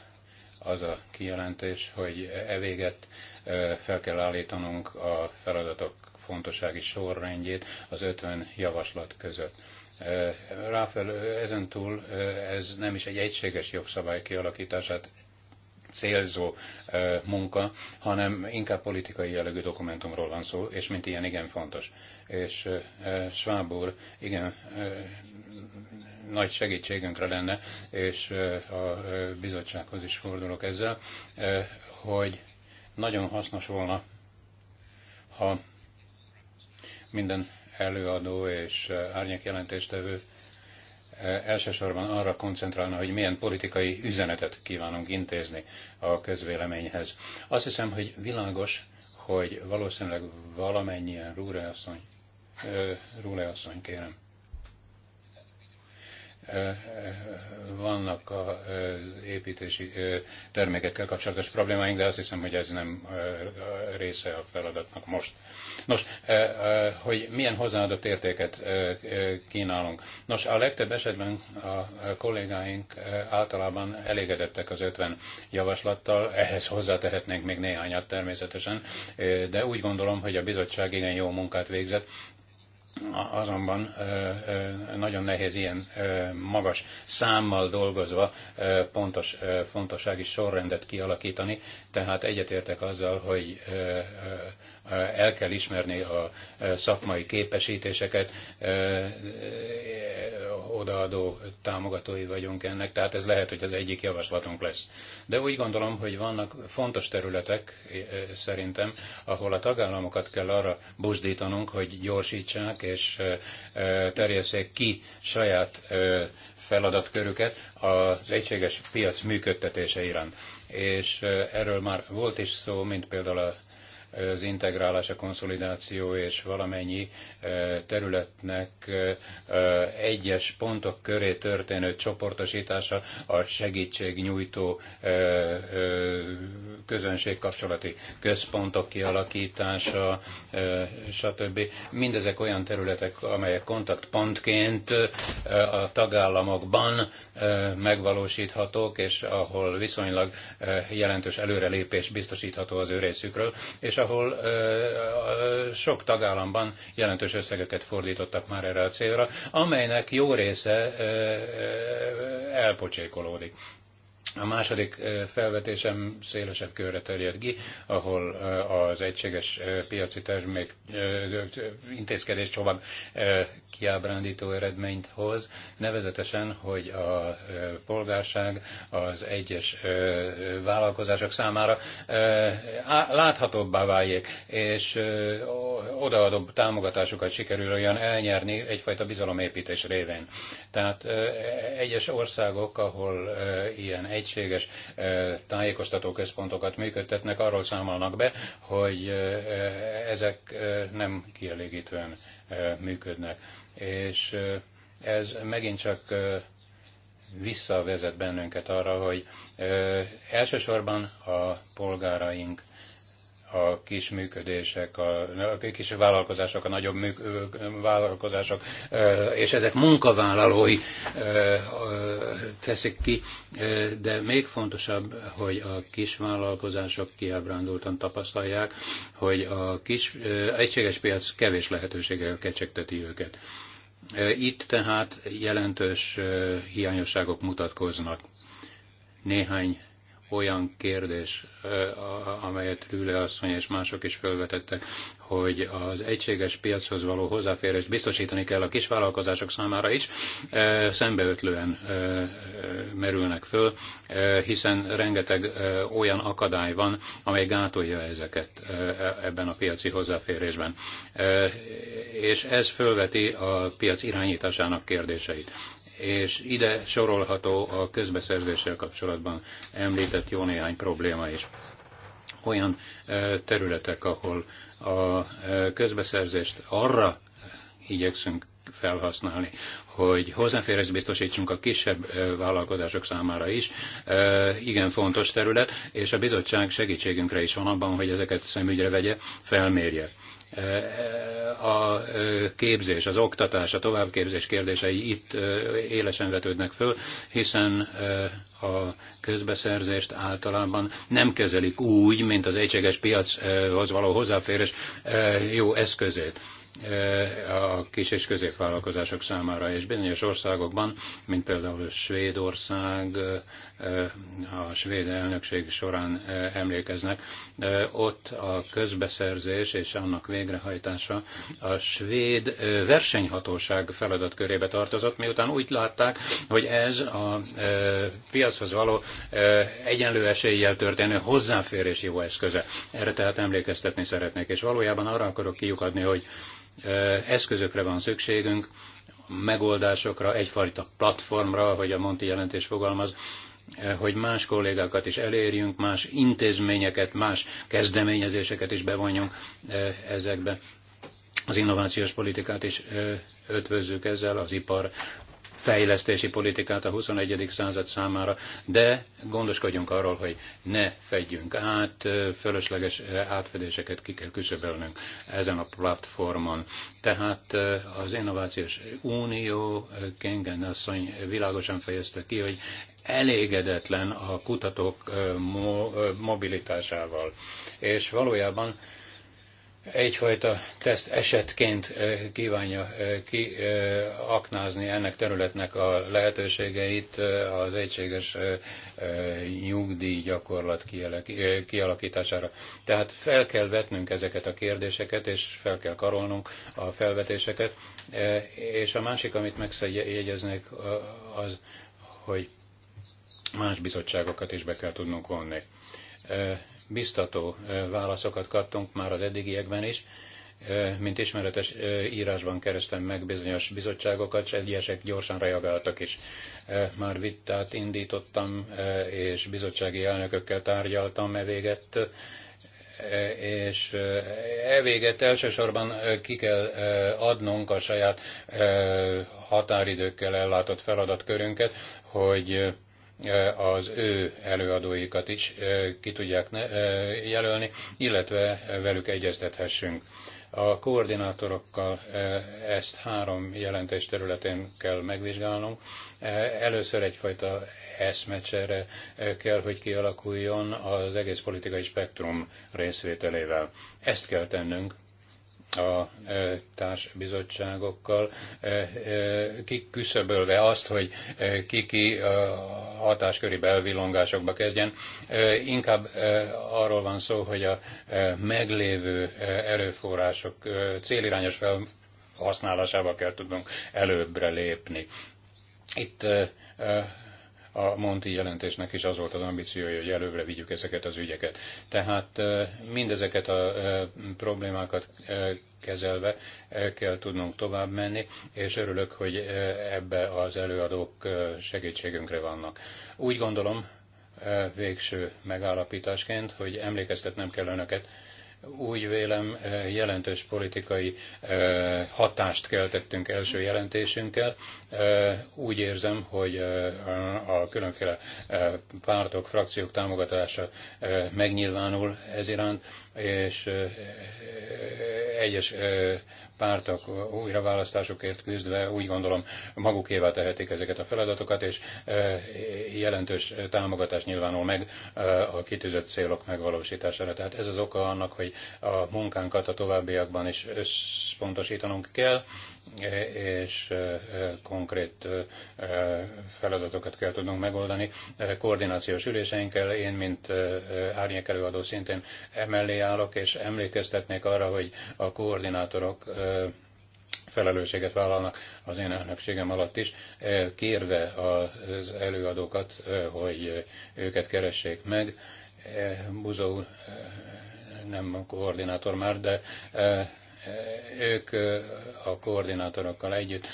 az a kijelentés, hogy evéget e, fel kell állítanunk a feladatok fontossági sorrendjét az 50 javaslat között. E, Ráfel, ezentúl e, ez nem is egy egységes jogszabály kialakítását célzó munka, hanem inkább politikai jellegű dokumentumról van szó, és mint ilyen igen fontos. És Schwab úr igen nagy segítségünkre lenne, és a bizottsághoz is fordulok ezzel, hogy nagyon hasznos volna, ha minden előadó és árnyék jelentéstevő elsősorban arra koncentrálna, hogy milyen politikai üzenetet kívánunk intézni a közvéleményhez. Azt hiszem, hogy világos, hogy valószínűleg valamennyien Rúle asszony, Rúle asszony kérem, vannak az építési termékekkel kapcsolatos problémáink, de azt hiszem, hogy ez nem része a feladatnak most. Nos, hogy milyen hozzáadott értéket kínálunk. Nos, a legtöbb esetben a kollégáink általában elégedettek az 50 javaslattal, ehhez hozzátehetnénk még néhányat természetesen, de úgy gondolom, hogy a bizottság igen jó munkát végzett, azonban nagyon nehéz ilyen magas számmal dolgozva pontos fontossági sorrendet kialakítani, tehát egyetértek azzal, hogy el kell ismerni a szakmai képesítéseket, odaadó támogatói vagyunk ennek, tehát ez lehet, hogy az egyik javaslatunk lesz. De úgy gondolom, hogy vannak fontos területek szerintem, ahol a tagállamokat kell arra buzdítanunk, hogy gyorsítsák és terjesszék ki saját feladatkörüket az egységes piac működtetése iránt. És erről már volt is szó, mint például a az integrálás, a konszolidáció és valamennyi területnek egyes pontok köré történő csoportosítása a segítségnyújtó közönségkapcsolati központok kialakítása, stb. Mindezek olyan területek, amelyek kontaktpontként a tagállamokban megvalósíthatók, és ahol viszonylag jelentős előrelépés biztosítható az ő részükről, és ahol sok tagállamban jelentős összegeket fordítottak már erre a célra, amelynek jó része elpocsékolódik. A második felvetésem szélesebb körre terjed ki, ahol az egységes piaci termék intézkedés tovább kiábrándító eredményt hoz, nevezetesen, hogy a polgárság az egyes vállalkozások számára láthatóbbá váljék, és odaadóbb támogatásukat sikerül olyan elnyerni egyfajta bizalomépítés révén. Tehát egyes országok, ahol ilyen egységes tájékoztató központokat működtetnek, arról számolnak be, hogy ezek nem kielégítően működnek. És ez megint csak visszavezet bennünket arra, hogy elsősorban a polgáraink a kis működések, a, a kis vállalkozások, a nagyobb műk, vállalkozások, és ezek munkavállalói teszik ki, de még fontosabb, hogy a kis vállalkozások kiábrándultan tapasztalják, hogy a kis egységes piac kevés lehetősége kecsegteti őket. Itt tehát jelentős hiányosságok mutatkoznak. Néhány olyan kérdés, amelyet Rüle asszony és mások is felvetettek, hogy az egységes piachoz való hozzáférést biztosítani kell a kisvállalkozások számára is, szembeötlően merülnek föl, hiszen rengeteg olyan akadály van, amely gátolja ezeket e, ebben a piaci hozzáférésben. És ez fölveti a piac irányításának kérdéseit és ide sorolható a közbeszerzéssel kapcsolatban említett jó néhány probléma is. Olyan területek, ahol a közbeszerzést arra igyekszünk felhasználni, hogy hozzáférés biztosítsunk a kisebb vállalkozások számára is. Igen fontos terület, és a bizottság segítségünkre is van abban, hogy ezeket szemügyre vegye, felmérje a képzés, az oktatás, a továbbképzés kérdései itt élesen vetődnek föl, hiszen a közbeszerzést általában nem kezelik úgy, mint az egységes piachoz való hozzáférés jó eszközét a kis és középvállalkozások számára, és bizonyos országokban, mint például Svédország, a svéd elnökség során emlékeznek, ott a közbeszerzés és annak végrehajtása a svéd versenyhatóság feladatkörébe tartozott, miután úgy látták, hogy ez a piachoz való egyenlő eséllyel történő hozzáférés jó eszköze. Erre tehát emlékeztetni szeretnék, és valójában arra akarok kiukadni, hogy eszközökre van szükségünk, megoldásokra, egyfajta platformra, ahogy a Monti jelentés fogalmaz, Eh, hogy más kollégákat is elérjünk, más intézményeket, más kezdeményezéseket is bevonjunk eh, ezekbe. Az innovációs politikát is eh, ötvözzük ezzel, az ipar fejlesztési politikát a 21. század számára, de gondoskodjunk arról, hogy ne fedjünk át, fölösleges átfedéseket ki kell küszöbölnünk ezen a platformon. Tehát az Innovációs Unió Kengen asszony világosan fejezte ki, hogy elégedetlen a kutatók mobilitásával. És valójában egyfajta teszt esetként kívánja kiaknázni ennek területnek a lehetőségeit az egységes nyugdíj gyakorlat kialakítására. Tehát fel kell vetnünk ezeket a kérdéseket, és fel kell karolnunk a felvetéseket. És a másik, amit megjegyeznék, az, hogy más bizottságokat is be kell tudnunk vonni. Biztató válaszokat kaptunk már az eddigiekben is, mint ismeretes írásban kerestem meg bizonyos bizottságokat, és egyesek gyorsan reagáltak is. Már vitát indítottam, és bizottsági elnökökkel tárgyaltam e véget, és e véget elsősorban ki kell adnunk a saját határidőkkel ellátott feladatkörünket, hogy az ő előadóikat is ki tudják jelölni, illetve velük egyeztethessünk. A koordinátorokkal ezt három jelentés területén kell megvizsgálnunk. Először egyfajta eszmecsere kell, hogy kialakuljon az egész politikai spektrum részvételével. Ezt kell tennünk a e, társbizottságokkal, e, e, küszöbölve azt, hogy kiki hatásköri belvilongásokba kezdjen. Inkább arról van szó, hogy a meglévő erőforrások célirányos felhasználásával kell tudnunk előbbre lépni. Itt a Monti jelentésnek is az volt az ambíciója, hogy előbbre vigyük ezeket az ügyeket. Tehát mindezeket a problémákat kezelve el kell tudnunk tovább menni, és örülök, hogy ebbe az előadók segítségünkre vannak. Úgy gondolom, végső megállapításként, hogy emlékeztetnem kell önöket, úgy vélem eh, jelentős politikai eh, hatást keltettünk első jelentésünkkel. Eh, úgy érzem, hogy a különféle pártok, frakciók támogatása megnyilvánul ez iránt, és egyes pártok újraválasztásukért küzdve úgy gondolom magukévá tehetik ezeket a feladatokat, és e, jelentős támogatás nyilvánul meg e, a kitűzött célok megvalósítására. Tehát ez az oka annak, hogy a munkánkat a továbbiakban is összpontosítanunk kell, és konkrét feladatokat kell tudnunk megoldani. Koordinációs üléseinkkel én, mint árnyék előadó szintén emellé állok, és emlékeztetnék arra, hogy a koordinátorok felelősséget vállalnak az én elnökségem alatt is, kérve az előadókat, hogy őket keressék meg. Buzó nem koordinátor már, de ők a koordinátorokkal együtt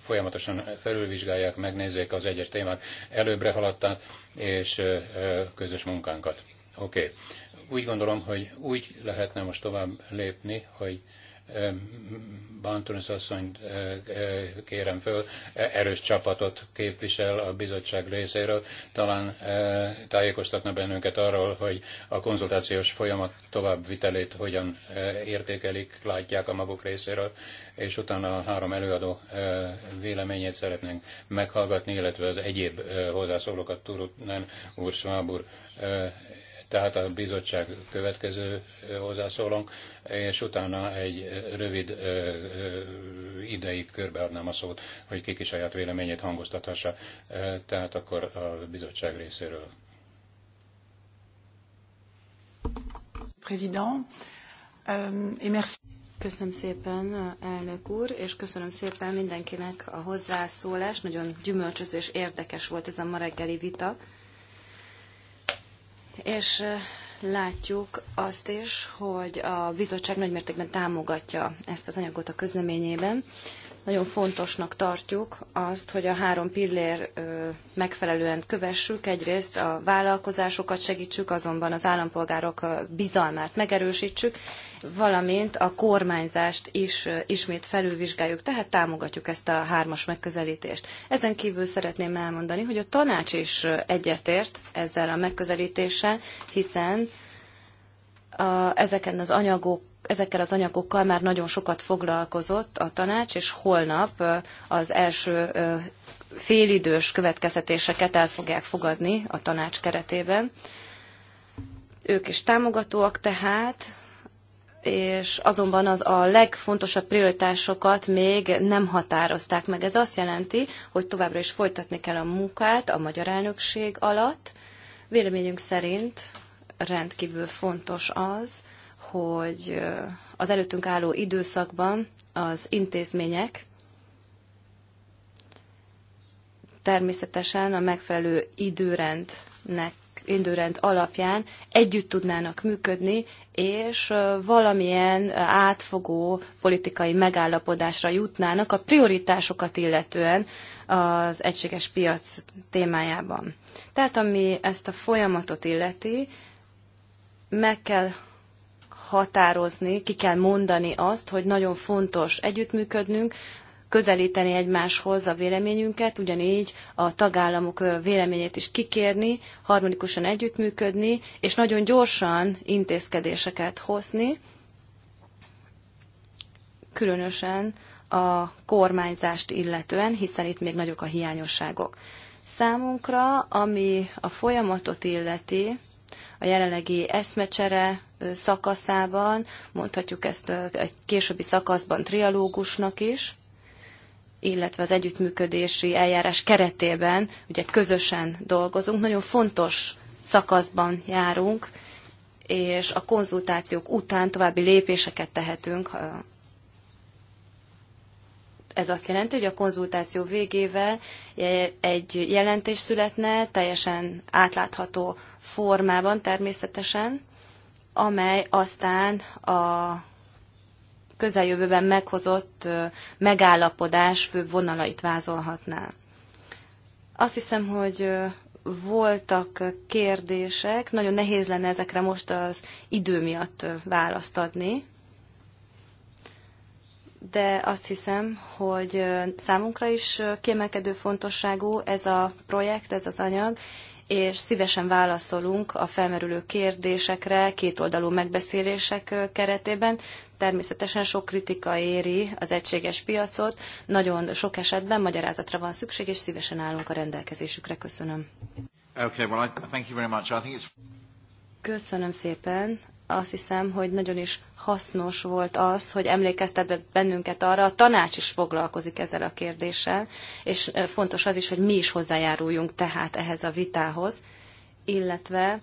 folyamatosan felülvizsgálják, megnézzék az egyes témák előbbre haladtát és közös munkánkat. Oké. Okay. Úgy gondolom, hogy úgy lehetne most tovább lépni, hogy Bantunis asszonyt kérem föl, e, erős csapatot képvisel a bizottság részéről. Talán tájékoztatna bennünket arról, hogy a konzultációs folyamat továbbvitelét hogyan értékelik, látják a maguk részéről, és utána a három előadó véleményét szeretnénk meghallgatni, illetve az egyéb hozzászólókat Turutnán úr, Schwab úr tehát a bizottság következő hozzászólónk, és utána egy rövid ideig körbeadnám a szót, hogy kiki saját véleményét hangoztathassa. Tehát akkor a bizottság részéről. Euh, et merci. Köszönöm szépen, elnök úr, és köszönöm szépen mindenkinek a hozzászólást. Nagyon gyümölcsöző és érdekes volt ez a ma reggeli vita és látjuk azt is, hogy a bizottság nagymértékben támogatja ezt az anyagot a közleményében. Nagyon fontosnak tartjuk azt, hogy a három pillér megfelelően kövessük. Egyrészt a vállalkozásokat segítsük, azonban az állampolgárok bizalmát megerősítsük, valamint a kormányzást is ismét felülvizsgáljuk, tehát támogatjuk ezt a hármas megközelítést. Ezen kívül szeretném elmondani, hogy a tanács is egyetért ezzel a megközelítéssel, hiszen a, ezeken az anyagok ezekkel az anyagokkal már nagyon sokat foglalkozott a tanács, és holnap az első félidős következtetéseket el fogják fogadni a tanács keretében. Ők is támogatóak tehát, és azonban az a legfontosabb prioritásokat még nem határozták meg. Ez azt jelenti, hogy továbbra is folytatni kell a munkát a magyar elnökség alatt. Véleményünk szerint rendkívül fontos az, hogy az előttünk álló időszakban az intézmények természetesen a megfelelő időrendnek indőrend alapján együtt tudnának működni, és valamilyen átfogó politikai megállapodásra jutnának a prioritásokat illetően az egységes piac témájában. Tehát ami ezt a folyamatot illeti, meg kell határozni, ki kell mondani azt, hogy nagyon fontos együttműködnünk, közelíteni egymáshoz a véleményünket, ugyanígy a tagállamok véleményét is kikérni, harmonikusan együttműködni, és nagyon gyorsan intézkedéseket hozni, különösen a kormányzást illetően, hiszen itt még nagyok a hiányosságok. Számunkra, ami a folyamatot illeti, a jelenlegi eszmecsere szakaszában, mondhatjuk ezt egy későbbi szakaszban trialógusnak is, illetve az együttműködési eljárás keretében ugye közösen dolgozunk, nagyon fontos szakaszban járunk, és a konzultációk után további lépéseket tehetünk. Ez azt jelenti, hogy a konzultáció végével egy jelentés születne, teljesen átlátható formában természetesen, amely aztán a közeljövőben meghozott megállapodás fő vonalait vázolhatná. Azt hiszem, hogy voltak kérdések, nagyon nehéz lenne ezekre most az idő miatt választ adni, de azt hiszem, hogy számunkra is kiemelkedő fontosságú ez a projekt, ez az anyag, és szívesen válaszolunk a felmerülő kérdésekre kétoldalú megbeszélések keretében. Természetesen sok kritika éri az egységes piacot, nagyon sok esetben magyarázatra van szükség, és szívesen állunk a rendelkezésükre. Köszönöm. Köszönöm szépen azt hiszem, hogy nagyon is hasznos volt az, hogy emlékeztetve bennünket arra, a tanács is foglalkozik ezzel a kérdéssel, és fontos az is, hogy mi is hozzájáruljunk tehát ehhez a vitához, illetve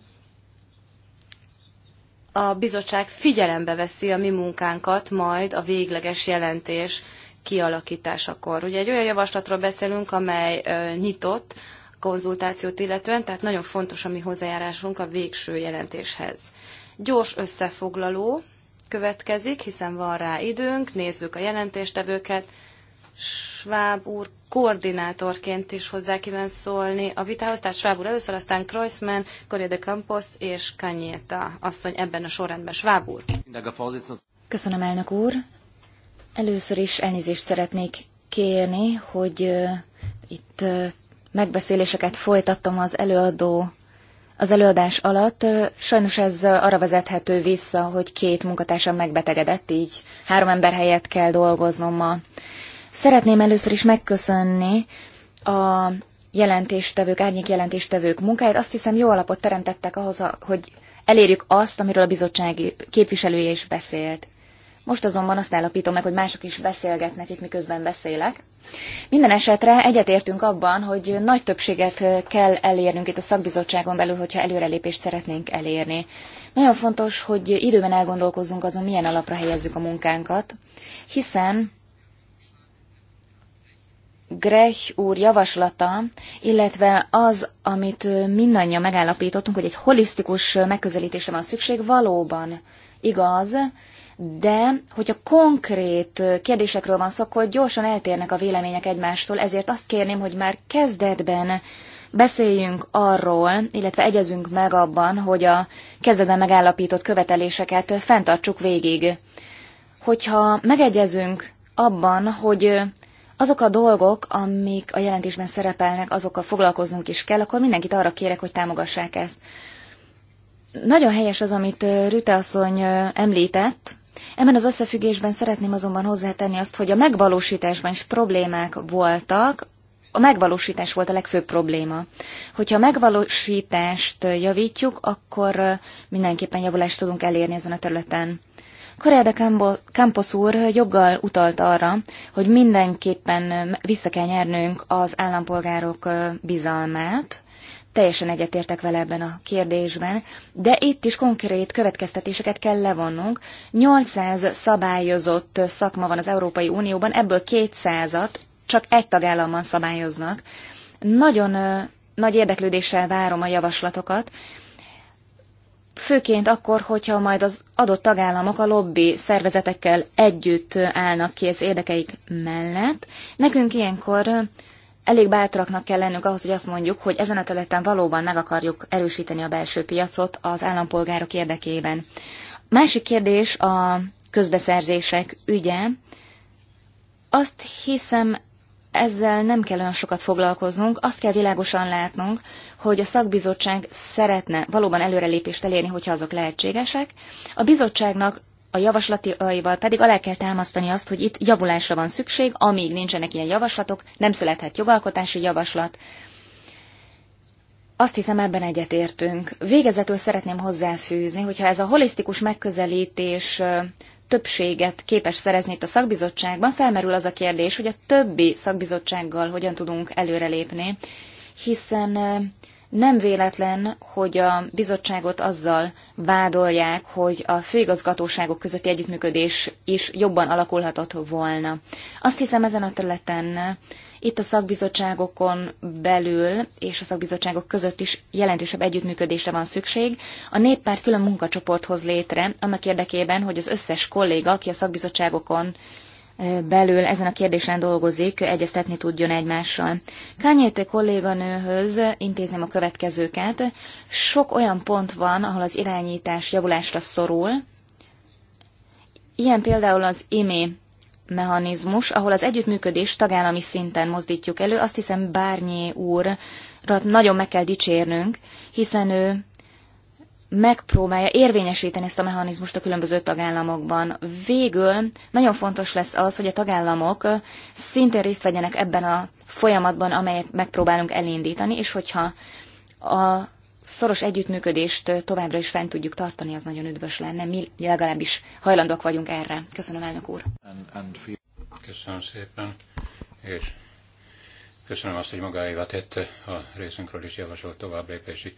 a bizottság figyelembe veszi a mi munkánkat majd a végleges jelentés kialakításakor. Ugye egy olyan javaslatról beszélünk, amely nyitott konzultációt illetően, tehát nagyon fontos a mi hozzájárásunk a végső jelentéshez. Gyors összefoglaló következik, hiszen van rá időnk, nézzük a jelentéstevőket. Schwab úr koordinátorként is hozzá kíván szólni a vitához, tehát Schwab úr először, aztán Kreuzmann, Correa de Campos és Kanyéta asszony ebben a sorrendben. Schwab úr. Köszönöm, elnök úr. Először is elnézést szeretnék kérni, hogy itt megbeszéléseket folytattam az előadó az előadás alatt. Sajnos ez arra vezethető vissza, hogy két munkatársam megbetegedett, így három ember helyett kell dolgoznom ma. Szeretném először is megköszönni a jelentéstevők, árnyék jelentéstevők munkáját. Azt hiszem jó alapot teremtettek ahhoz, hogy elérjük azt, amiről a bizottság képviselője is beszélt. Most azonban azt állapítom meg, hogy mások is beszélgetnek itt, miközben beszélek. Minden esetre egyetértünk abban, hogy nagy többséget kell elérnünk itt a szakbizottságon belül, hogyha előrelépést szeretnénk elérni. Nagyon fontos, hogy időben elgondolkozzunk azon, milyen alapra helyezzük a munkánkat, hiszen Grech úr javaslata, illetve az, amit mindannyian megállapítottunk, hogy egy holisztikus megközelítésre van szükség, valóban igaz, de hogyha konkrét kérdésekről van szó, akkor gyorsan eltérnek a vélemények egymástól, ezért azt kérném, hogy már kezdetben beszéljünk arról, illetve egyezünk meg abban, hogy a kezdetben megállapított követeléseket fenntartsuk végig. Hogyha megegyezünk abban, hogy azok a dolgok, amik a jelentésben szerepelnek, azokkal foglalkoznunk is kell, akkor mindenkit arra kérek, hogy támogassák ezt. Nagyon helyes az, amit Rüte asszony említett, Ebben az összefüggésben szeretném azonban hozzátenni azt, hogy a megvalósításban is problémák voltak, a megvalósítás volt a legfőbb probléma. Hogyha a megvalósítást javítjuk, akkor mindenképpen javulást tudunk elérni ezen a területen. Korea de Campos úr joggal utalt arra, hogy mindenképpen vissza kell nyernünk az állampolgárok bizalmát, Teljesen egyetértek vele ebben a kérdésben, de itt is konkrét következtetéseket kell levonnunk. 800 szabályozott szakma van az Európai Unióban, ebből 200-at csak egy tagállamban szabályoznak. Nagyon nagy érdeklődéssel várom a javaslatokat, főként akkor, hogyha majd az adott tagállamok a lobby szervezetekkel együtt állnak ki az érdekeik mellett. Nekünk ilyenkor elég bátraknak kell lennünk ahhoz, hogy azt mondjuk, hogy ezen a területen valóban meg akarjuk erősíteni a belső piacot az állampolgárok érdekében. Másik kérdés a közbeszerzések ügye. Azt hiszem, ezzel nem kell olyan sokat foglalkoznunk, azt kell világosan látnunk, hogy a szakbizottság szeretne valóban előrelépést elérni, hogyha azok lehetségesek. A bizottságnak a javaslataival pedig alá kell támasztani azt, hogy itt javulásra van szükség, amíg nincsenek ilyen javaslatok, nem születhet jogalkotási javaslat. Azt hiszem, ebben egyetértünk. Végezetül szeretném hozzáfűzni, hogyha ez a holisztikus megközelítés többséget képes szerezni itt a szakbizottságban, felmerül az a kérdés, hogy a többi szakbizottsággal hogyan tudunk előrelépni, hiszen nem véletlen, hogy a bizottságot azzal vádolják, hogy a főigazgatóságok közötti együttműködés is jobban alakulhatott volna. Azt hiszem ezen a területen itt a szakbizottságokon belül és a szakbizottságok között is jelentősebb együttműködésre van szükség. A néppárt külön munkacsoporthoz létre annak érdekében, hogy az összes kolléga, aki a szakbizottságokon belül ezen a kérdésen dolgozik, egyeztetni tudjon egymással. Kányéte kolléganőhöz intézem a következőket. Sok olyan pont van, ahol az irányítás javulásra szorul. Ilyen például az IMI e mechanizmus, ahol az együttműködés tagállami szinten mozdítjuk elő. Azt hiszem Bárnyé úr nagyon meg kell dicsérnünk, hiszen ő megpróbálja érvényesíteni ezt a mechanizmust a különböző tagállamokban. Végül nagyon fontos lesz az, hogy a tagállamok szintén részt vegyenek ebben a folyamatban, amelyet megpróbálunk elindítani, és hogyha a szoros együttműködést továbbra is fent tudjuk tartani, az nagyon üdvös lenne. Mi legalábbis hajlandók vagyunk erre. Köszönöm, elnök úr. Köszönöm szépen, és Köszönöm azt, hogy magáévá tette a részünkről is javasolt továbblépési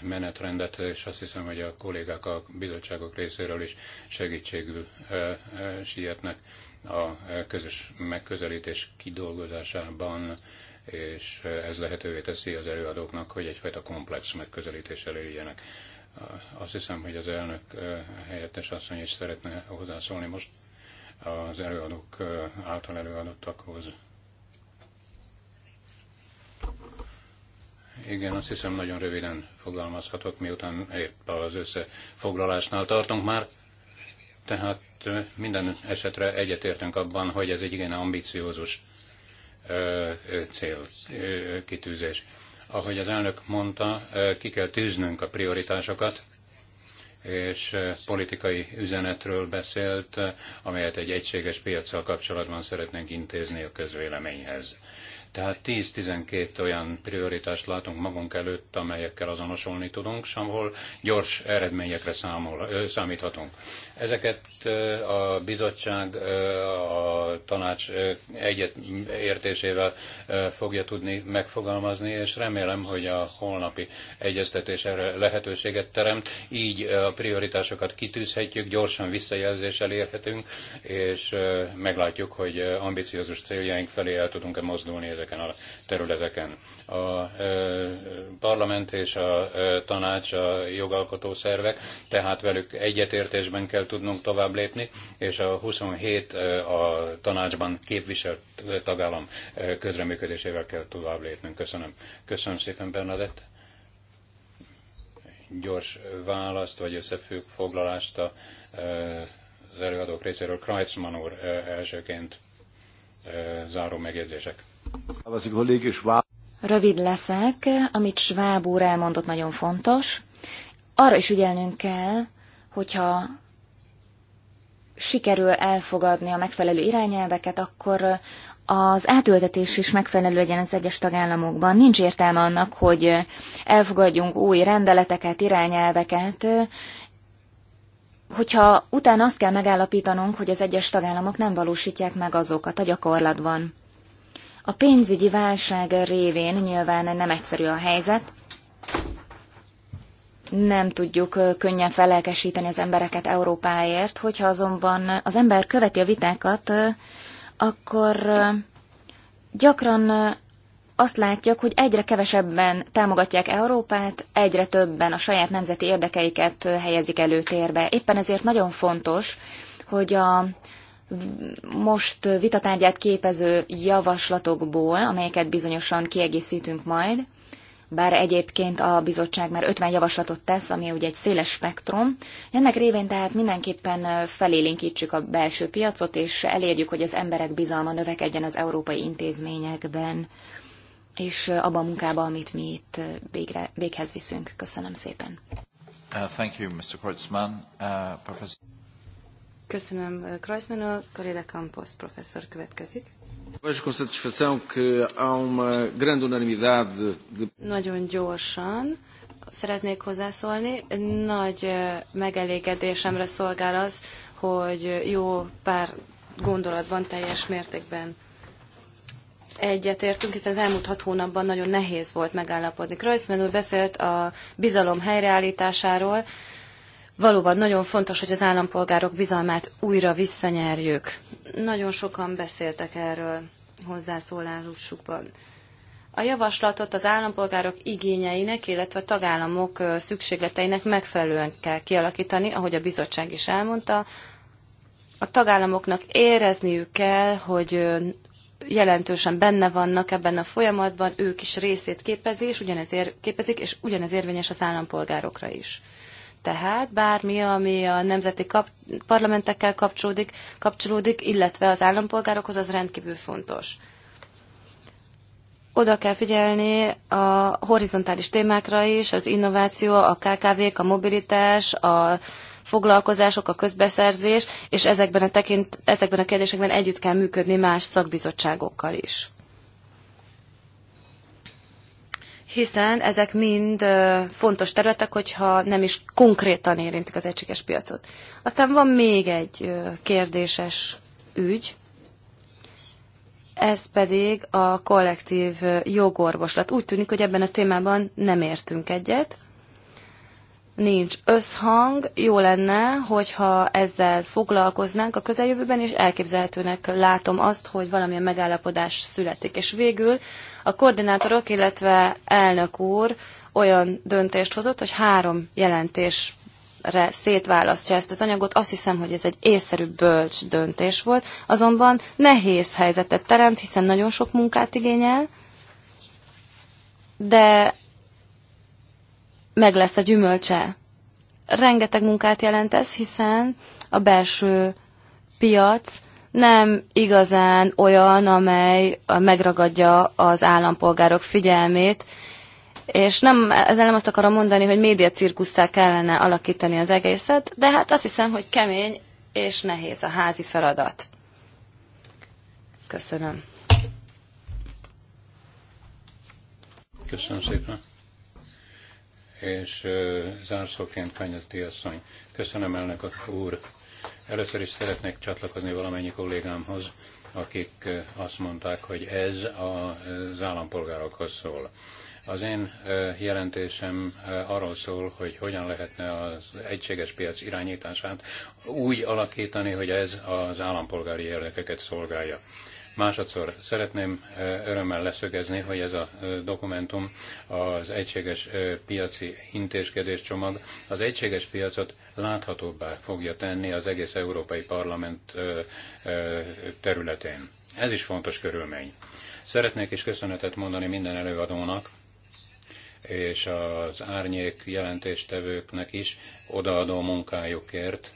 menetrendet, és azt hiszem, hogy a kollégák a bizottságok részéről is segítségül sietnek a közös megközelítés kidolgozásában, és ez lehetővé teszi az előadóknak, hogy egyfajta komplex megközelítéssel éljenek. Azt hiszem, hogy az elnök helyettes asszony is szeretne hozzászólni most az előadók által előadottakhoz. Igen, azt hiszem nagyon röviden fogalmazhatok, miután épp az összefoglalásnál tartunk már. Tehát minden esetre egyetértünk abban, hogy ez egy igen ambiciózus célkitűzés. Ahogy az elnök mondta, ki kell tűznünk a prioritásokat, és politikai üzenetről beszélt, amelyet egy egységes piacsal kapcsolatban szeretnénk intézni a közvéleményhez. Tehát 10-12 olyan prioritást látunk magunk előtt, amelyekkel azonosulni tudunk, és ahol gyors eredményekre számol, számíthatunk. Ezeket a bizottság a tanács egyet értésével fogja tudni megfogalmazni, és remélem, hogy a holnapi egyeztetés erre lehetőséget teremt. Így a prioritásokat kitűzhetjük, gyorsan visszajelzéssel érhetünk, és meglátjuk, hogy ambiciózus céljaink felé el tudunk-e mozdulni ezek ezeken a területeken. A parlament és a tanács a jogalkotó szervek, tehát velük egyetértésben kell tudnunk tovább lépni, és a 27 a tanácsban képviselt tagállam közreműködésével kell tovább lépnünk. Köszönöm. Köszönöm szépen, Bernadett gyors választ vagy összefügg foglalást a, az előadók részéről. Kreitzmann úr elsőként záró megjegyzések. Rövid leszek, amit Schwab úr elmondott, nagyon fontos. Arra is ügyelnünk kell, hogyha sikerül elfogadni a megfelelő irányelveket, akkor az átültetés is megfelelő legyen az egyes tagállamokban. Nincs értelme annak, hogy elfogadjunk új rendeleteket, irányelveket, hogyha utána azt kell megállapítanunk, hogy az egyes tagállamok nem valósítják meg azokat a gyakorlatban. A pénzügyi válság révén nyilván nem egyszerű a helyzet. Nem tudjuk könnyen felelkesíteni az embereket Európáért, hogyha azonban az ember követi a vitákat, akkor gyakran azt látjuk, hogy egyre kevesebben támogatják Európát, egyre többen a saját nemzeti érdekeiket helyezik előtérbe. Éppen ezért nagyon fontos, hogy a most vitatárgyát képező javaslatokból, amelyeket bizonyosan kiegészítünk majd, bár egyébként a bizottság már 50 javaslatot tesz, ami ugye egy széles spektrum. Ennek révén tehát mindenképpen felélénkítsük a belső piacot, és elérjük, hogy az emberek bizalma növekedjen az európai intézményekben, és abban a munkában, amit mi itt végre, véghez viszünk. Köszönöm szépen. Uh, thank you, Mr. Kreutzmann. Uh, professor... Köszönöm eh, Kreuzmann, Campos professzor következik. Vejo com satisfação que há uma grande unanimidade de... Nagyon gyorsan szeretnék hozzászólni. Nagy eh, megelégedésemre szolgál az, hogy jó pár gondolatban teljes mértékben egyetértünk, hiszen az elmúlt hat hónapban nagyon nehéz volt megállapodni. Kreuzmann úr beszélt a bizalom helyreállításáról, Valóban nagyon fontos, hogy az állampolgárok bizalmát újra visszanyerjük. Nagyon sokan beszéltek erről hozzászólásukban. A javaslatot az állampolgárok igényeinek, illetve a tagállamok szükségleteinek megfelelően kell kialakítani, ahogy a bizottság is elmondta. A tagállamoknak érezniük kell, hogy jelentősen benne vannak ebben a folyamatban, ők is részét képezi, ugyanez ér, képezik, és ugyanez érvényes az állampolgárokra is tehát bármi, ami a nemzeti kap- parlamentekkel kapcsolódik, kapcsolódik, illetve az állampolgárokhoz, az rendkívül fontos. Oda kell figyelni a horizontális témákra is, az innováció, a KKV-k, a mobilitás, a foglalkozások, a közbeszerzés, és ezekben a, tekint, ezekben a kérdésekben együtt kell működni más szakbizottságokkal is. hiszen ezek mind fontos területek, hogyha nem is konkrétan érintik az egységes piacot. Aztán van még egy kérdéses ügy, ez pedig a kollektív jogorvoslat. Úgy tűnik, hogy ebben a témában nem értünk egyet, nincs összhang, jó lenne, hogyha ezzel foglalkoznánk a közeljövőben, és elképzelhetőnek látom azt, hogy valamilyen megállapodás születik. És végül a koordinátorok, illetve elnök úr olyan döntést hozott, hogy három jelentés szétválasztja ezt az anyagot, azt hiszem, hogy ez egy észszerű bölcs döntés volt, azonban nehéz helyzetet teremt, hiszen nagyon sok munkát igényel, de meg lesz a gyümölcse. Rengeteg munkát jelent ez, hiszen a belső piac nem igazán olyan, amely megragadja az állampolgárok figyelmét, és nem, ezzel nem azt akarom mondani, hogy média cirkusszá kellene alakítani az egészet, de hát azt hiszem, hogy kemény és nehéz a házi feladat. Köszönöm. Köszönöm szépen és zárszóként Kanyati asszony. Köszönöm elnök úr. Először is szeretnék csatlakozni valamennyi kollégámhoz, akik azt mondták, hogy ez az állampolgárokhoz szól. Az én jelentésem arról szól, hogy hogyan lehetne az egységes piac irányítását úgy alakítani, hogy ez az állampolgári érdekeket szolgálja. Másodszor szeretném örömmel leszögezni, hogy ez a dokumentum az egységes piaci intézkedés csomag az egységes piacot láthatóbbá fogja tenni az egész Európai Parlament területén. Ez is fontos körülmény. Szeretnék is köszönetet mondani minden előadónak, és az árnyék jelentéstevőknek is odaadó munkájukért,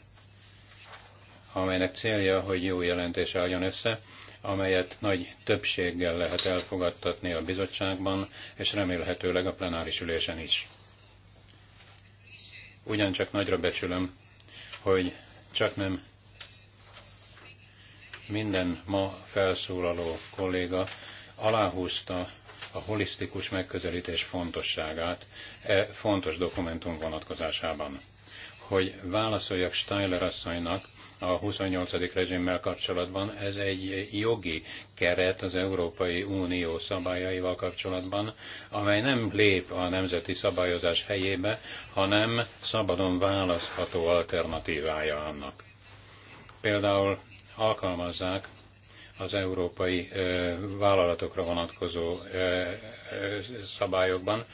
amelynek célja, hogy jó jelentés álljon össze, amelyet nagy többséggel lehet elfogadtatni a bizottságban, és remélhetőleg a plenáris ülésen is. Ugyancsak nagyra becsülöm, hogy csak nem minden ma felszólaló kolléga aláhúzta a holisztikus megközelítés fontosságát e fontos dokumentum vonatkozásában. Hogy válaszoljak Steiler asszonynak, a 28. rezsimmel kapcsolatban. Ez egy jogi keret az Európai Unió szabályaival kapcsolatban, amely nem lép a nemzeti szabályozás helyébe, hanem szabadon választható alternatívája annak. Például alkalmazzák az európai vállalatokra vonatkozó szabályokban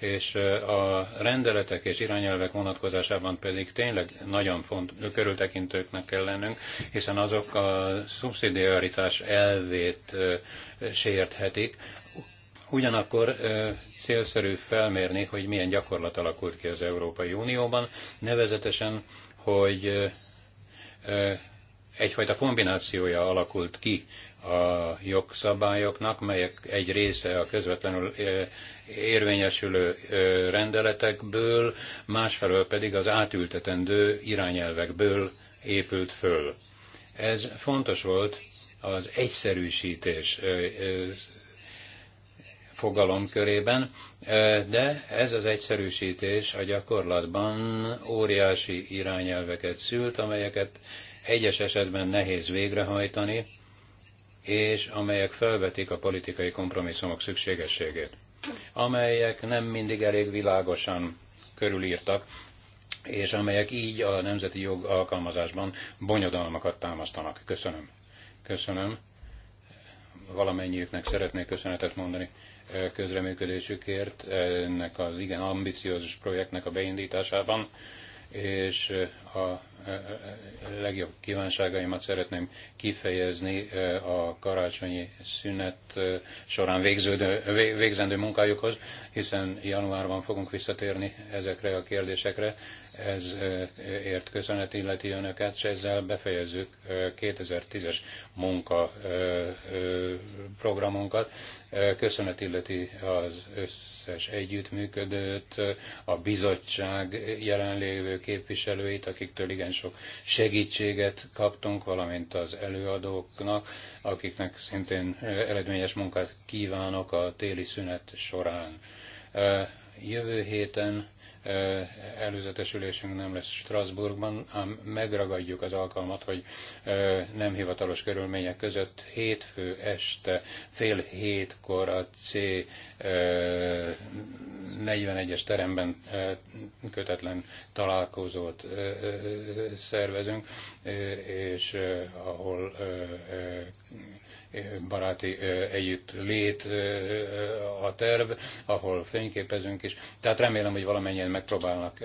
és a rendeletek és irányelvek vonatkozásában pedig tényleg nagyon font, körültekintőknek kell lennünk, hiszen azok a szubszidiaritás elvét sérthetik, Ugyanakkor célszerű felmérni, hogy milyen gyakorlat alakult ki az Európai Unióban, nevezetesen, hogy egyfajta kombinációja alakult ki a jogszabályoknak, melyek egy része a közvetlenül érvényesülő rendeletekből, másfelől pedig az átültetendő irányelvekből épült föl. Ez fontos volt az egyszerűsítés körében, de ez az egyszerűsítés a gyakorlatban óriási irányelveket szült, amelyeket egyes esetben nehéz végrehajtani, és amelyek felvetik a politikai kompromisszumok szükségességét, amelyek nem mindig elég világosan körülírtak, és amelyek így a nemzeti jog alkalmazásban bonyodalmakat támasztanak. Köszönöm. Köszönöm. Valamennyiüknek szeretnék köszönetet mondani e, közreműködésükért e, ennek az igen ambiciózus projektnek a beindításában, és e, a legjobb kívánságaimat szeretném kifejezni a karácsonyi szünet során végződő, végzendő munkájukhoz, hiszen januárban fogunk visszatérni ezekre a kérdésekre, ez ért köszönet illeti önöket, és ezzel befejezzük 2010-es munka programunkat. Köszönet illeti az összes együttműködőt, a bizottság jelenlévő képviselőit, akiktől igen sok segítséget kaptunk, valamint az előadóknak, akiknek szintén eredményes munkát kívánok a téli szünet során. Jövő héten előzetes ülésünk nem lesz Strasbourgban, ám megragadjuk az alkalmat, hogy nem hivatalos körülmények között hétfő este fél hétkor a C 41-es teremben kötetlen találkozót szervezünk, és ahol baráti együtt lét a terv, ahol fényképezünk is. Tehát remélem, hogy valamennyien megpróbálnak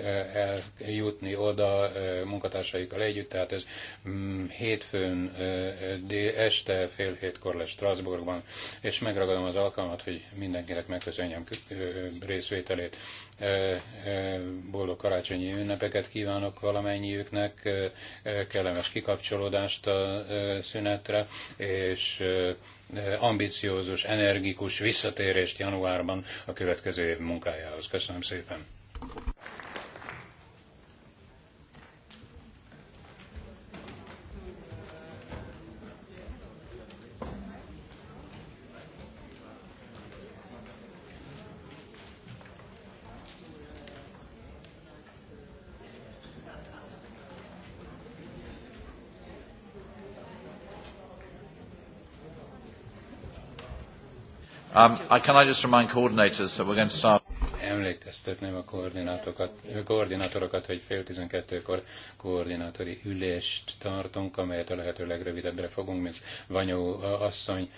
eljutni oda munkatársaikkal együtt, tehát ez mm, hétfőn este fél hétkor lesz Strasbourgban, és megragadom az alkalmat, hogy mindenkinek megköszönjem részvételét boldog karácsonyi ünnepeket kívánok valamennyiüknek, kellemes kikapcsolódást a szünetre, és ambiciózus, energikus visszatérést januárban a következő év munkájához. Köszönöm szépen! Um, I, can I just remind coordinators that we're going to start? Emlékeztetném a koordinátorokat, koordinátorokat, hogy fél tizenkettőkor koordinátori ülést tartunk, amelyet a lehető legrövidebbre fogunk, mint Vanyó asszony